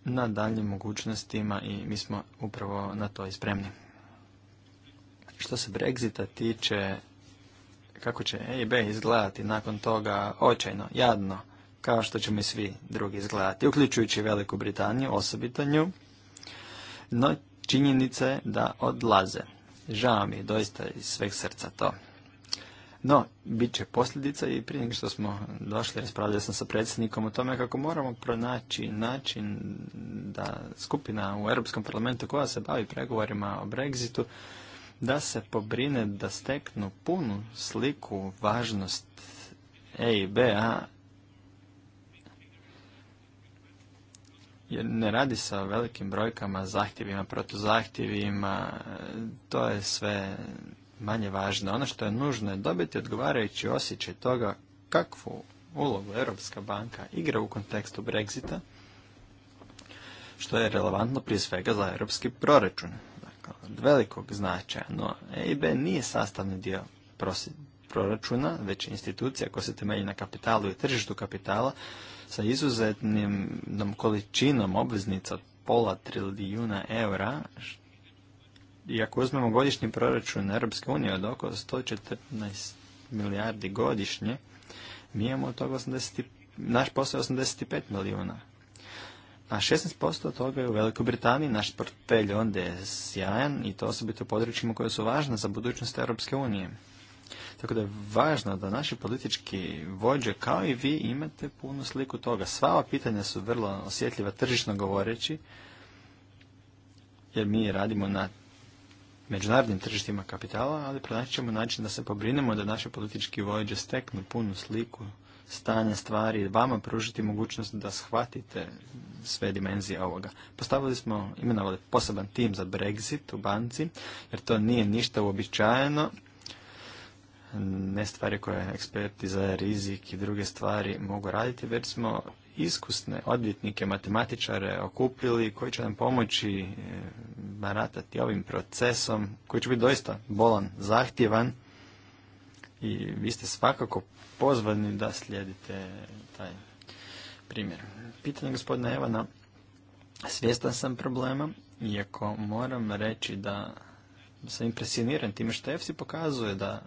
na daljim mogućnostima i mi smo upravo na to ispremni. spremni. Što se Brexita tiče, kako će EIB izgledati nakon toga očajno, jadno, kao što ćemo i svi drugi izgledati, uključujući Veliku Britaniju, osobito nju. No činjenica je da odlaze. Žao mi je doista iz sveg srca to. No, bit će posljedica i prije nego što smo došli, raspravljao sam sa predsjednikom o tome kako moramo pronaći način da skupina u Europskom parlamentu koja se bavi pregovorima o Brexitu, da se pobrine da steknu punu sliku važnost EIB-a jer ne radi se o velikim brojkama, zahtjevima, protuzahtjevima, to je sve manje važno. Ono što je nužno je dobiti odgovarajući osjećaj toga kakvu ulogu Europska banka igra u kontekstu Brexita, što je relevantno prije svega za europski proračun. Dakle, od velikog značaja, no EIB nije sastavni dio proračuna, već institucija koja se temelji na kapitalu i tržištu kapitala, sa izuzetnim količinom obveznica od pola trilijuna eura, i ako uzmemo godišnji proračun Europske unije od oko 114 milijardi godišnje, mi imamo od toga 80, naš posao je 85 milijuna. A 16% od toga je u Velikoj Britaniji, naš portfelj onda je sjajan i to osobito u područjima koje su važne za budućnost Europske unije. Tako da je važno da naši politički vođe kao i vi imate punu sliku toga. Sva ova pitanja su vrlo osjetljiva tržišno govoreći jer mi radimo na međunarodnim tržištima kapitala, ali pronaći ćemo način da se pobrinemo da naše politički vođe steknu punu sliku stanja stvari, i vama pružiti mogućnost da shvatite sve dimenzije ovoga. Postavili smo, imenovali poseban tim za Brexit u banci, jer to nije ništa uobičajeno, ne stvari koje eksperti za rizik i druge stvari mogu raditi, već smo iskusne odvjetnike, matematičare okupili koji će nam pomoći e, baratati ovim procesom koji će biti doista bolan, zahtjevan i vi ste svakako pozvani da slijedite taj primjer. Pitanje gospodina Evana, svjestan sam problema, iako moram reći da sam impresioniran time što EFSI pokazuje da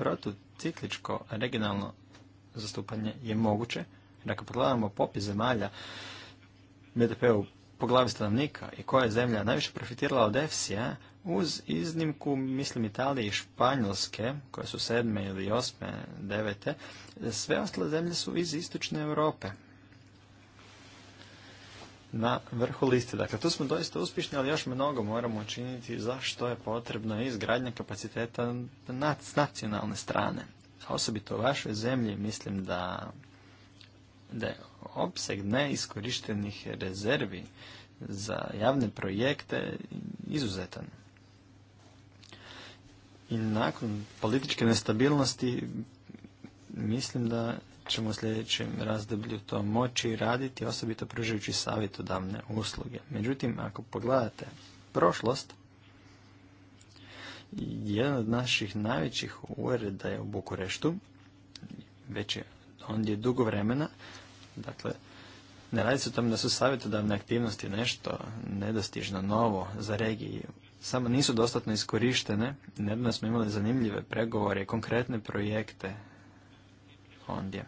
protucikličko regionalno zastupanje je moguće. Jer ako pogledamo popis zemalja BDP u po glavi stanovnika i koja je zemlja najviše profitirala od EFSI-a, uz iznimku, mislim, Italije i Španjolske, koje su sedme ili osme, devete, sve ostale zemlje su iz istočne Europe na vrhu liste. Dakle, tu smo doista uspješni, ali još mnogo moramo učiniti za što je potrebno izgradnja kapaciteta nacionalne strane. osobito u vašoj zemlji mislim da, da je opseg neiskorištenih rezervi za javne projekte izuzetan. I nakon političke nestabilnosti mislim da ćemo u sljedećem razdoblju to moći raditi, osobito pružajući savjetodavne usluge. Međutim, ako pogledate prošlost, jedan od naših najvećih ureda je u Bukureštu, već je ondje dugo vremena, dakle, ne radi se o tome da su savjetodavne aktivnosti nešto nedostižno novo za regiju. Samo nisu dostatno iskorištene. Nedavno smo imali zanimljive pregovore i konkretne projekte ondje.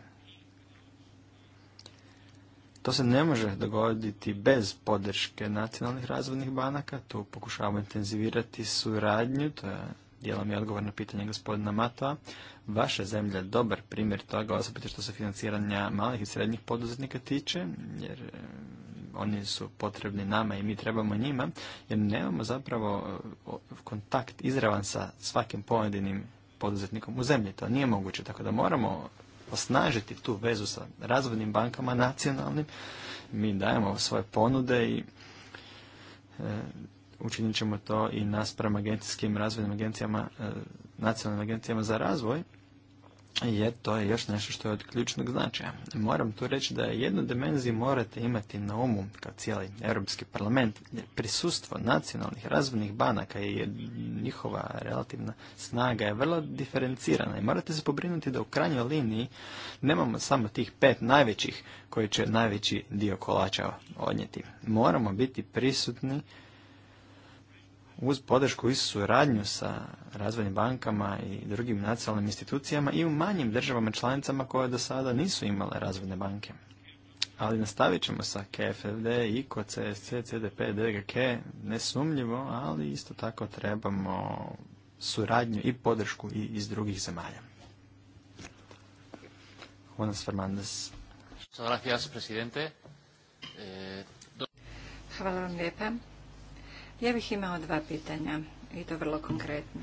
To se ne može dogoditi bez podrške nacionalnih razvojnih banaka. Tu pokušavamo intenzivirati suradnju, to je dijelom i odgovor na pitanje gospodina Matoa. Vaša zemlja je dobar primjer toga, osobito što se financiranja malih i srednjih poduzetnika tiče, jer e, oni su potrebni nama i mi trebamo njima, jer nemamo zapravo kontakt izravan sa svakim pojedinim poduzetnikom u zemlji. To nije moguće, tako da moramo osnažiti tu vezu sa razvojnim bankama nacionalnim. Mi dajemo svoje ponude i e, učinit ćemo to i prema agencijskim razvojnim agencijama, e, nacionalnim agencijama za razvoj je to je još nešto što je od ključnog značaja. Moram tu reći da jednu dimenziju morate imati na umu kao cijeli Europski parlament. prisustvo nacionalnih razvojnih banaka i njihova relativna snaga je vrlo diferencirana i morate se pobrinuti da u krajnjoj liniji nemamo samo tih pet najvećih koji će najveći dio kolača odnijeti. Moramo biti prisutni uz podršku i suradnju sa razvojnim bankama i drugim nacionalnim institucijama i u manjim državama članicama koje do sada nisu imale razvojne banke. Ali nastavit ćemo sa KFD, ICO, CSC, CDP, DGK, nesumljivo, ali isto tako trebamo suradnju i podršku i iz drugih zemalja. Fernandez. Eh, Hvala vam lijepa. Ja bih imao dva pitanja i to vrlo konkretno.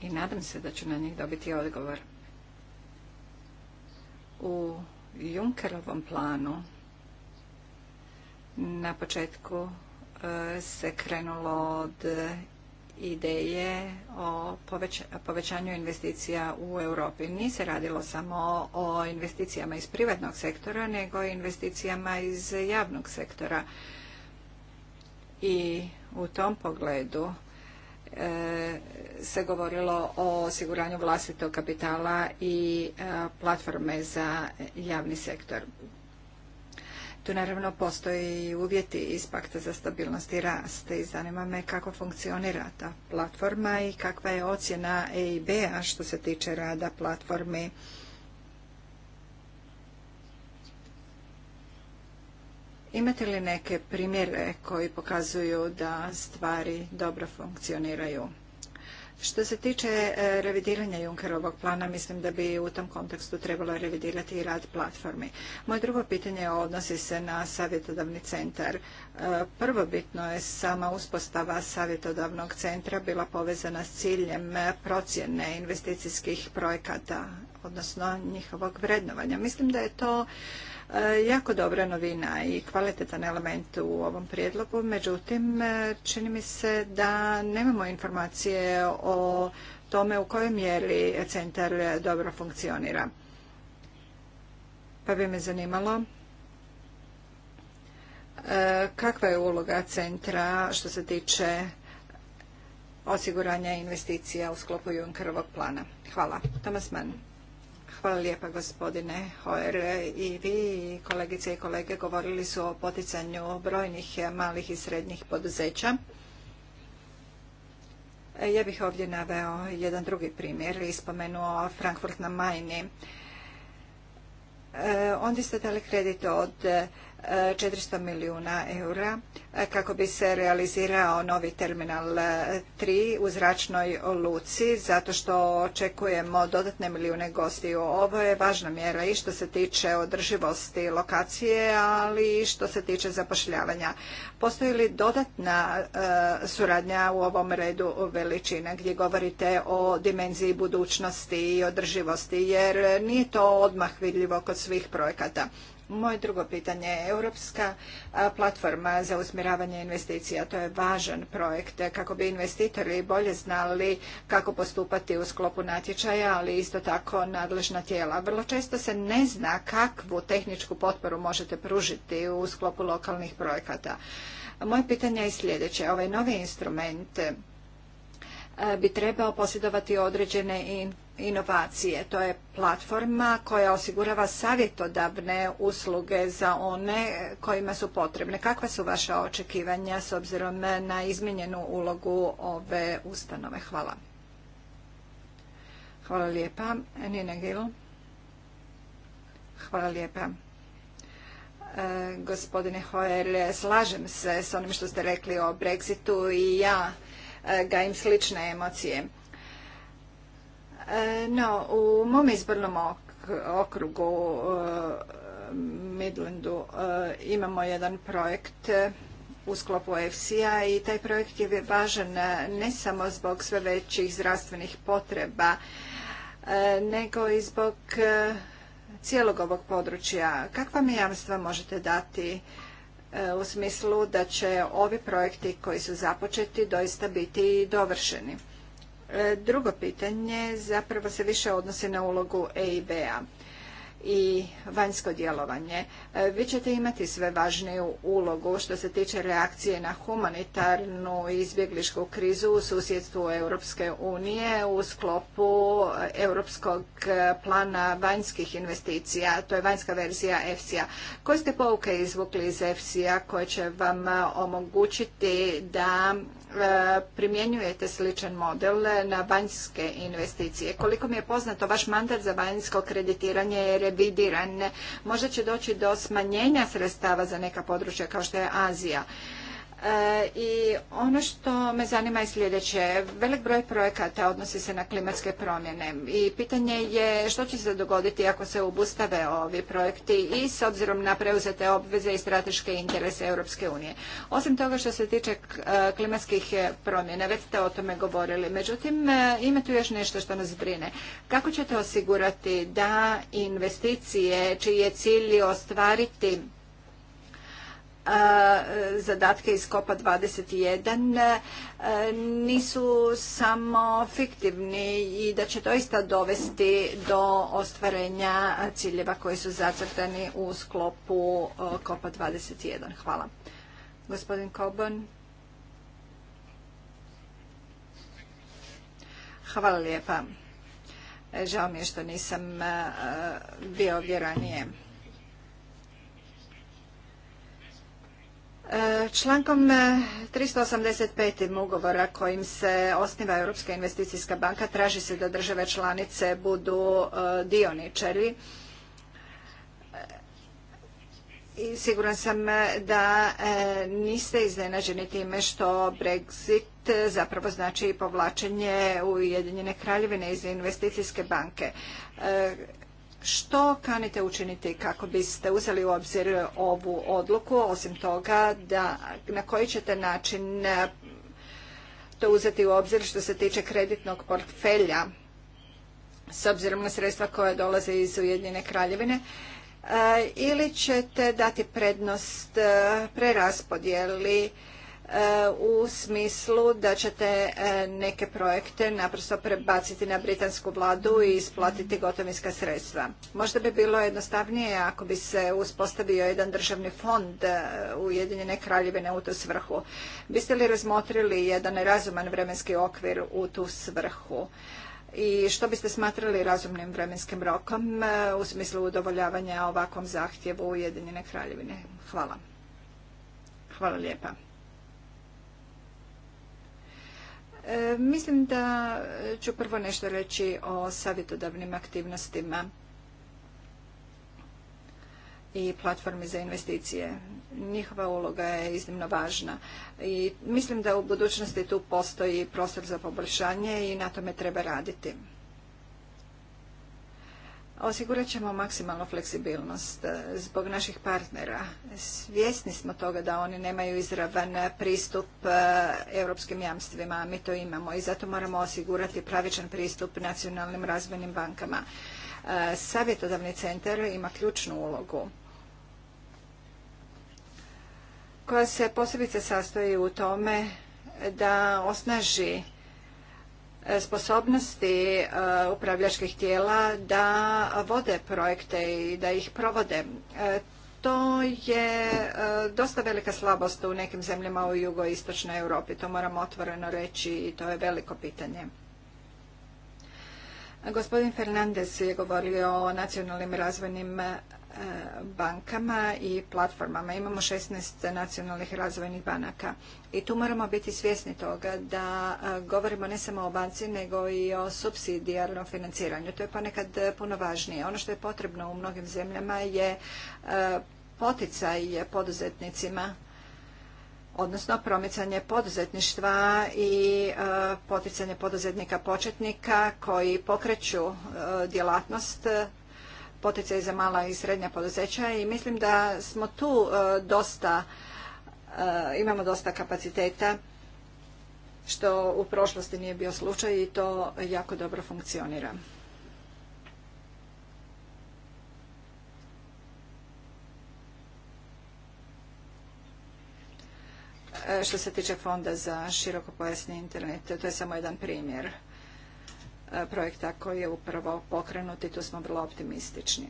I nadam se da ću na njih dobiti odgovor. U Junkerovom planu na početku e, se krenulo od ideje o povećanju investicija u Europi. Nije se radilo samo o investicijama iz privatnog sektora, nego i investicijama iz javnog sektora i u tom pogledu e, se govorilo o osiguranju vlastitog kapitala i e, platforme za javni sektor. Tu naravno postoji uvjeti iz pakta za stabilnost i rast i zanima me kako funkcionira ta platforma i kakva je ocjena EIB-a što se tiče rada platformi Imate li neke primjere koji pokazuju da stvari dobro funkcioniraju? Što se tiče e, revidiranja Junkerovog plana, mislim da bi u tom kontekstu trebalo revidirati i rad platformi. Moje drugo pitanje odnosi se na savjetodavni centar. E, prvobitno je sama uspostava savjetodavnog centra bila povezana s ciljem e, procjene investicijskih projekata, odnosno njihovog vrednovanja. Mislim da je to E, jako dobra novina i kvalitetan element u ovom prijedlogu. Međutim, e, čini mi se da nemamo informacije o tome u kojoj mjeri centar dobro funkcionira. Pa bi me zanimalo e, kakva je uloga centra što se tiče osiguranja investicija u sklopu Junkerovog plana. Hvala. Tomas Mann. Hvala lijepa gospodine Hoer. I vi, kolegice i kolege, govorili su o poticanju brojnih malih i srednjih poduzeća. Ja bih ovdje naveo jedan drugi primjer i spomenuo Frankfurt na Majni. E, ondje ste dali kredit od 400 milijuna eura e, kako bi se realizirao novi terminal 3 e, u zračnoj luci zato što očekujemo dodatne milijune gostiju. Ovo je važna mjera i što se tiče održivosti lokacije, ali i što se tiče zapošljavanja. Postoji li dodatna e, suradnja u ovom redu veličine gdje govorite o dimenziji budućnosti i održivosti jer nije to odmah vidljivo kod svih projekata. Moje drugo pitanje je Europska platforma za usmjeravanje investicija. To je važan projekt kako bi investitori bolje znali kako postupati u sklopu natječaja, ali isto tako nadležna tijela. Vrlo često se ne zna kakvu tehničku potporu možete pružiti u sklopu lokalnih projekata. Moje pitanje je sljedeće. Ovaj novi instrument bi trebao posjedovati određene informacije inovacije. To je platforma koja osigurava savjetodavne usluge za one kojima su potrebne. Kakva su vaša očekivanja s obzirom na izmijenjenu ulogu ove ustanove? Hvala. Hvala lijepa. Nina Gil. Hvala lijepa. E, gospodine Hoer, slažem se s onim što ste rekli o Brexitu i ja e, ga gajim slične emocije. E, no, u mom izbornom okrugu e, Midlandu e, imamo jedan projekt u sklopu EFSI-a i taj projekt je važan ne samo zbog sve većih zdravstvenih potreba, nego i zbog cijelog ovog područja. Kakva mi jamstva možete dati u smislu da će ovi projekti koji su započeti doista biti dovršeni? E, drugo pitanje zapravo se više odnosi na ulogu EIB-a i vanjsko djelovanje. E, vi ćete imati sve važniju ulogu što se tiče reakcije na humanitarnu i izbjeglišku krizu u susjedstvu Europske unije u sklopu Europskog plana vanjskih investicija, to je vanjska verzija EFSI-a. Koje ste pouke izvukli iz EFSI-a koje će vam omogućiti da primjenjujete sličan model na vanjske investicije. Koliko mi je poznato, vaš mandat za vanjsko kreditiranje je revidiran. Možda će doći do smanjenja sredstava za neka područja kao što je Azija. E, I ono što me zanima je sljedeće. Velik broj projekata odnosi se na klimatske promjene i pitanje je što će se dogoditi ako se obustave ovi projekti i s obzirom na preuzete obveze i strateške interese Europske unije. Osim toga što se tiče e, klimatskih promjena, već ste o tome govorili. Međutim, e, ima tu još nešto što nas brine. Kako ćete osigurati da investicije čiji je cilj ostvariti zadatke iz Kopa 21 nisu samo fiktivni i da će doista dovesti do ostvarenja ciljeva koji su zacrtani u sklopu Kopa 21. Hvala. Gospodin Koban. Hvala lijepa. Žao mi je što nisam bio ovdje E, člankom 385. E, ugovora kojim se osniva Europska investicijska banka traži se da države članice budu e, dioničari. I siguran sam da niste iznenađeni time što Brexit zapravo znači povlačenje Ujedinjene kraljevine iz investicijske banke. Što kanite učiniti kako biste uzeli u obzir ovu odluku, osim toga da na koji ćete način e, to uzeti u obzir što se tiče kreditnog portfelja s obzirom na sredstva koja dolaze iz Ujedinjene kraljevine e, ili ćete dati prednost e, preraspodjeli E, u smislu da ćete e, neke projekte naprosto prebaciti na britansku vladu i isplatiti gotovinska sredstva. Možda bi bilo jednostavnije ako bi se uspostavio jedan državni fond e, Ujedinjene kraljevine u tu svrhu. Biste li razmotrili jedan razuman vremenski okvir u tu svrhu? I što biste smatrali razumnim vremenskim rokom u smislu udovoljavanja ovakvom zahtjevu Ujedinjene kraljevine? Hvala. Hvala lijepa. E, mislim da ću prvo nešto reći o savjetodavnim aktivnostima i platformi za investicije. Njihova uloga je iznimno važna i mislim da u budućnosti tu postoji prostor za poboljšanje i na tome treba raditi osigurat ćemo maksimalnu fleksibilnost e, zbog naših partnera. Svjesni smo toga da oni nemaju izravan pristup e, europskim jamstvima, a mi to imamo i zato moramo osigurati pravičan pristup nacionalnim razvojnim bankama. E, savjetodavni centar ima ključnu ulogu koja se posebice sastoji u tome da osnaži sposobnosti e, upravljačkih tijela da vode projekte i da ih provode. E, to je e, dosta velika slabost u nekim zemljama u jugoistočnoj Europi, to moramo otvoreno reći i to je veliko pitanje. Gospodin Fernandez je govorio o nacionalnim razvojnim bankama i platformama. Imamo 16 nacionalnih razvojnih banaka i tu moramo biti svjesni toga da govorimo ne samo o banci nego i o subsidijarnom financiranju. To je ponekad puno važnije. Ono što je potrebno u mnogim zemljama je poticaj poduzetnicima odnosno promicanje poduzetništva i poticanje poduzetnika početnika koji pokreću djelatnost poticaj za mala i srednja poduzeća i mislim da smo tu e, dosta, e, imamo dosta kapaciteta što u prošlosti nije bio slučaj i to jako dobro funkcionira. E, što se tiče fonda za širokopojasni internet, to je samo jedan primjer. E, projekta koji je upravo pokrenut i tu smo vrlo optimistični.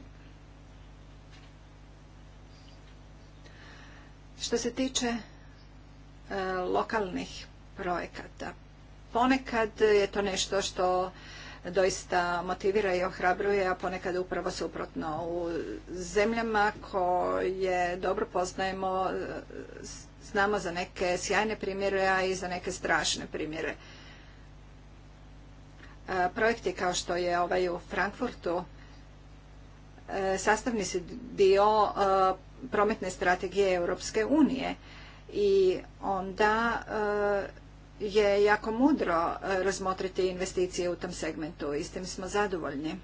Što se tiče e, lokalnih projekata, ponekad je to nešto što doista motivira i ohrabruje, a ponekad upravo suprotno. U zemljama koje dobro poznajemo, e, znamo za neke sjajne primjere, a i za neke strašne primjere projekti kao što je ovaj u Frankfurtu e, sastavni su dio e, prometne strategije Europske unije i onda e, je jako mudro razmotriti investicije u tom segmentu i s tim smo zadovoljni.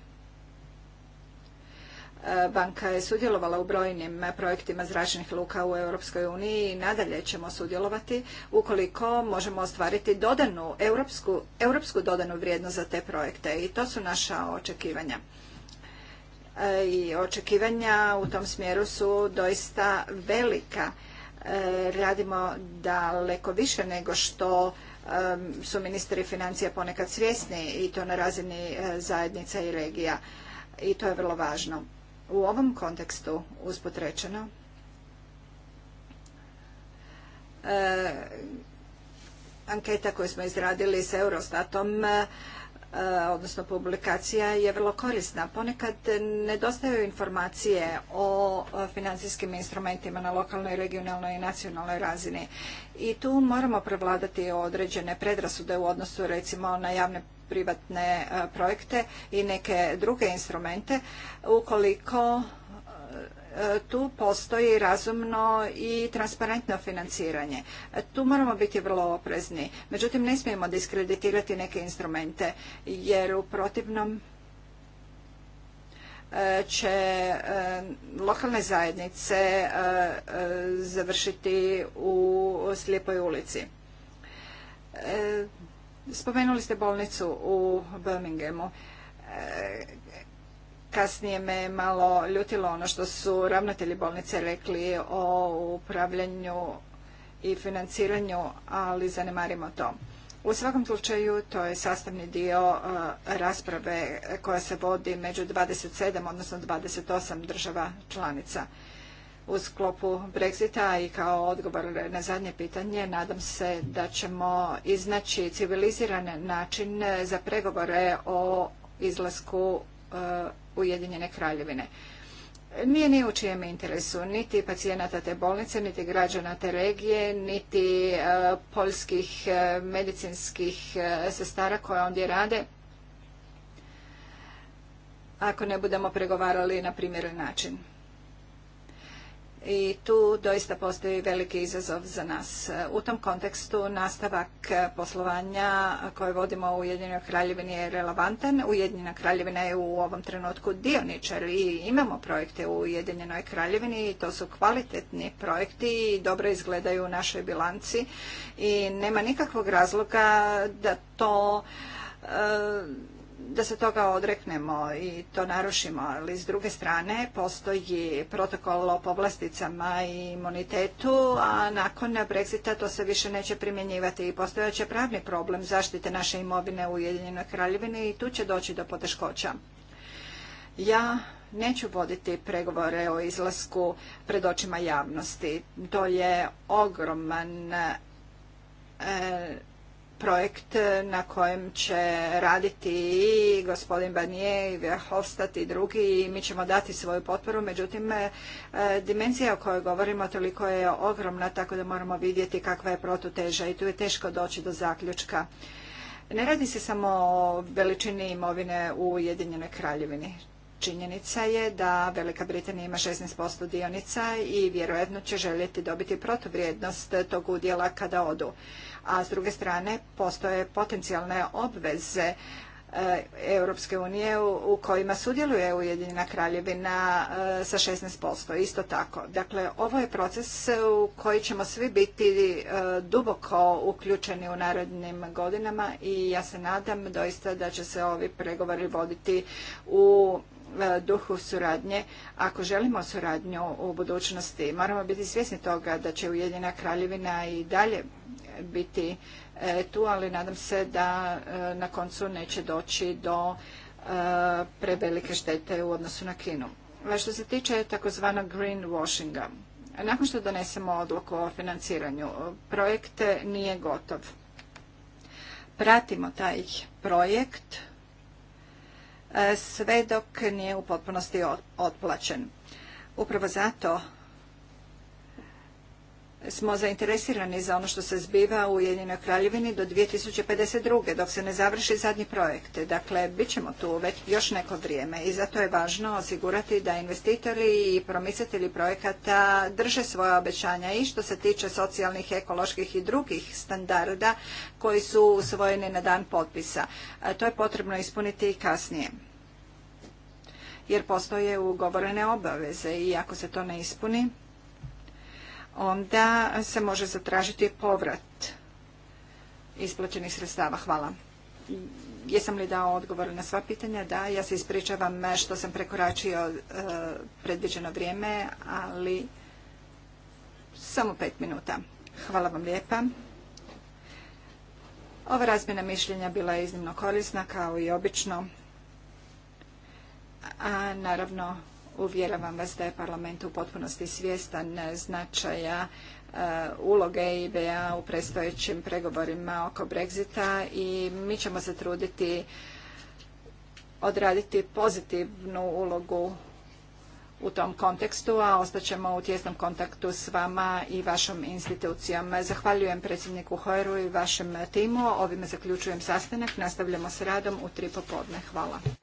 Banka je sudjelovala u brojnim projektima zračnih luka u Europskoj uniji i nadalje ćemo sudjelovati ukoliko možemo ostvariti dodanu, europsku, europsku dodanu vrijednost za te projekte i to su naša očekivanja. E, I očekivanja u tom smjeru su doista velika. E, radimo daleko više nego što e, su ministri financija ponekad svjesni i to na razini zajednica i regija i to je vrlo važno. U ovom kontekstu, uspotrečeno e, anketa koju smo izradili s Eurostatom e, odnosno publikacija je vrlo korisna. Ponekad nedostaju informacije o financijskim instrumentima na lokalnoj, regionalnoj i nacionalnoj razini. I tu moramo prevladati određene predrasude u odnosu recimo na javne privatne e, projekte i neke druge instrumente ukoliko e, tu postoji razumno i transparentno financiranje. Tu moramo biti vrlo oprezni. Međutim, ne smijemo diskreditirati neke instrumente, jer u protivnom e, će lokalne zajednice završiti u slijepoj ulici. Spomenuli ste bolnicu u Birminghamu. E, kasnije me malo ljutilo ono što su ravnatelji bolnice rekli o upravljanju i financiranju, ali zanemarimo to. U svakom slučaju to je sastavni dio e, rasprave koja se vodi među 27, odnosno 28 država članica u sklopu Brexita i kao odgovor na zadnje pitanje nadam se da ćemo iznaći civiliziran način za pregovore o izlasku e, Ujedinjene kraljevine. Nije ni u čijem interesu niti pacijenata te bolnice, niti građana te regije, niti e, poljskih e, medicinskih sestara koje ondje rade ako ne budemo pregovarali na primjeren način i tu doista postoji veliki izazov za nas. U tom kontekstu nastavak poslovanja koje vodimo u Ujedinjenoj kraljevini je relevantan. Ujedinjena kraljevina je u ovom trenutku dioničar i imamo projekte u Ujedinjenoj kraljevini i to su kvalitetni projekti i dobro izgledaju u našoj bilanci i nema nikakvog razloga da to da se toga odreknemo i to narušimo, ali s druge strane postoji protokol o povlasticama i imunitetu, a nakon Brexita to se više neće primjenjivati i postojaće pravni problem zaštite naše imovine u Ujedinjenoj kraljevini i tu će doći do poteškoća. Ja neću voditi pregovore o izlasku pred očima javnosti. To je ogroman e, projekt e, na kojem će raditi i gospodin Barnier i i drugi i mi ćemo dati svoju potporu. Međutim, e, dimenzija o kojoj govorimo toliko je ogromna, tako da moramo vidjeti kakva je protuteža i tu je teško doći do zaključka. Ne radi se samo o veličini imovine u Ujedinjenoj kraljevini. Činjenica je da Velika Britanija ima 16% dionica i vjerojatno će željeti dobiti protuvrijednost tog udjela kada odu. A s druge strane postoje potencijalne obveze e, Europske unije u kojima sudjeluje Ujedinjena kraljevina e, sa 16%. Isto tako. Dakle, ovo je proces u koji ćemo svi biti e, duboko uključeni u narednim godinama i ja se nadam doista da će se ovi pregovori voditi u E, duhu suradnje. Ako želimo suradnju u budućnosti, moramo biti svjesni toga da će Ujedina kraljevina i dalje biti e, tu, ali nadam se da e, na koncu neće doći do prevelike štete u odnosu na Kinu. Što se tiče takozvanog greenwashinga, nakon što donesemo odluku o financiranju, projekte nije gotov. Pratimo taj projekt sve dok nije u potpunosti otplaćen. Upravo zato smo zainteresirani za ono što se zbiva u Jedinoj kraljevini do 2052. dok se ne završi zadnji projekt. Dakle, bit ćemo tu već još neko vrijeme i zato je važno osigurati da investitori i promisatelji projekata drže svoje obećanja i što se tiče socijalnih, ekoloških i drugih standarda koji su usvojeni na dan potpisa. To je potrebno ispuniti i kasnije jer postoje ugovorene obaveze i ako se to ne ispuni, onda se može zatražiti povrat isplaćenih sredstava. Hvala. Jesam li dao odgovor na sva pitanja? Da, ja se ispričavam što sam prekoračio e, predviđeno vrijeme, ali samo pet minuta. Hvala vam lijepa. Ova razmjena mišljenja bila je iznimno korisna, kao i obično. A naravno, Uvjeravam vas da je parlament u potpunosti svjestan značaja uh, uloge IBA u predstojećim pregovorima oko Brexita i mi ćemo se truditi odraditi pozitivnu ulogu u tom kontekstu, a ostaćemo u tjesnom kontaktu s vama i vašom institucijom. Zahvaljujem predsjedniku Hoeru i vašem timu. Ovime zaključujem sastanak. Nastavljamo s radom u tri popodne. Hvala.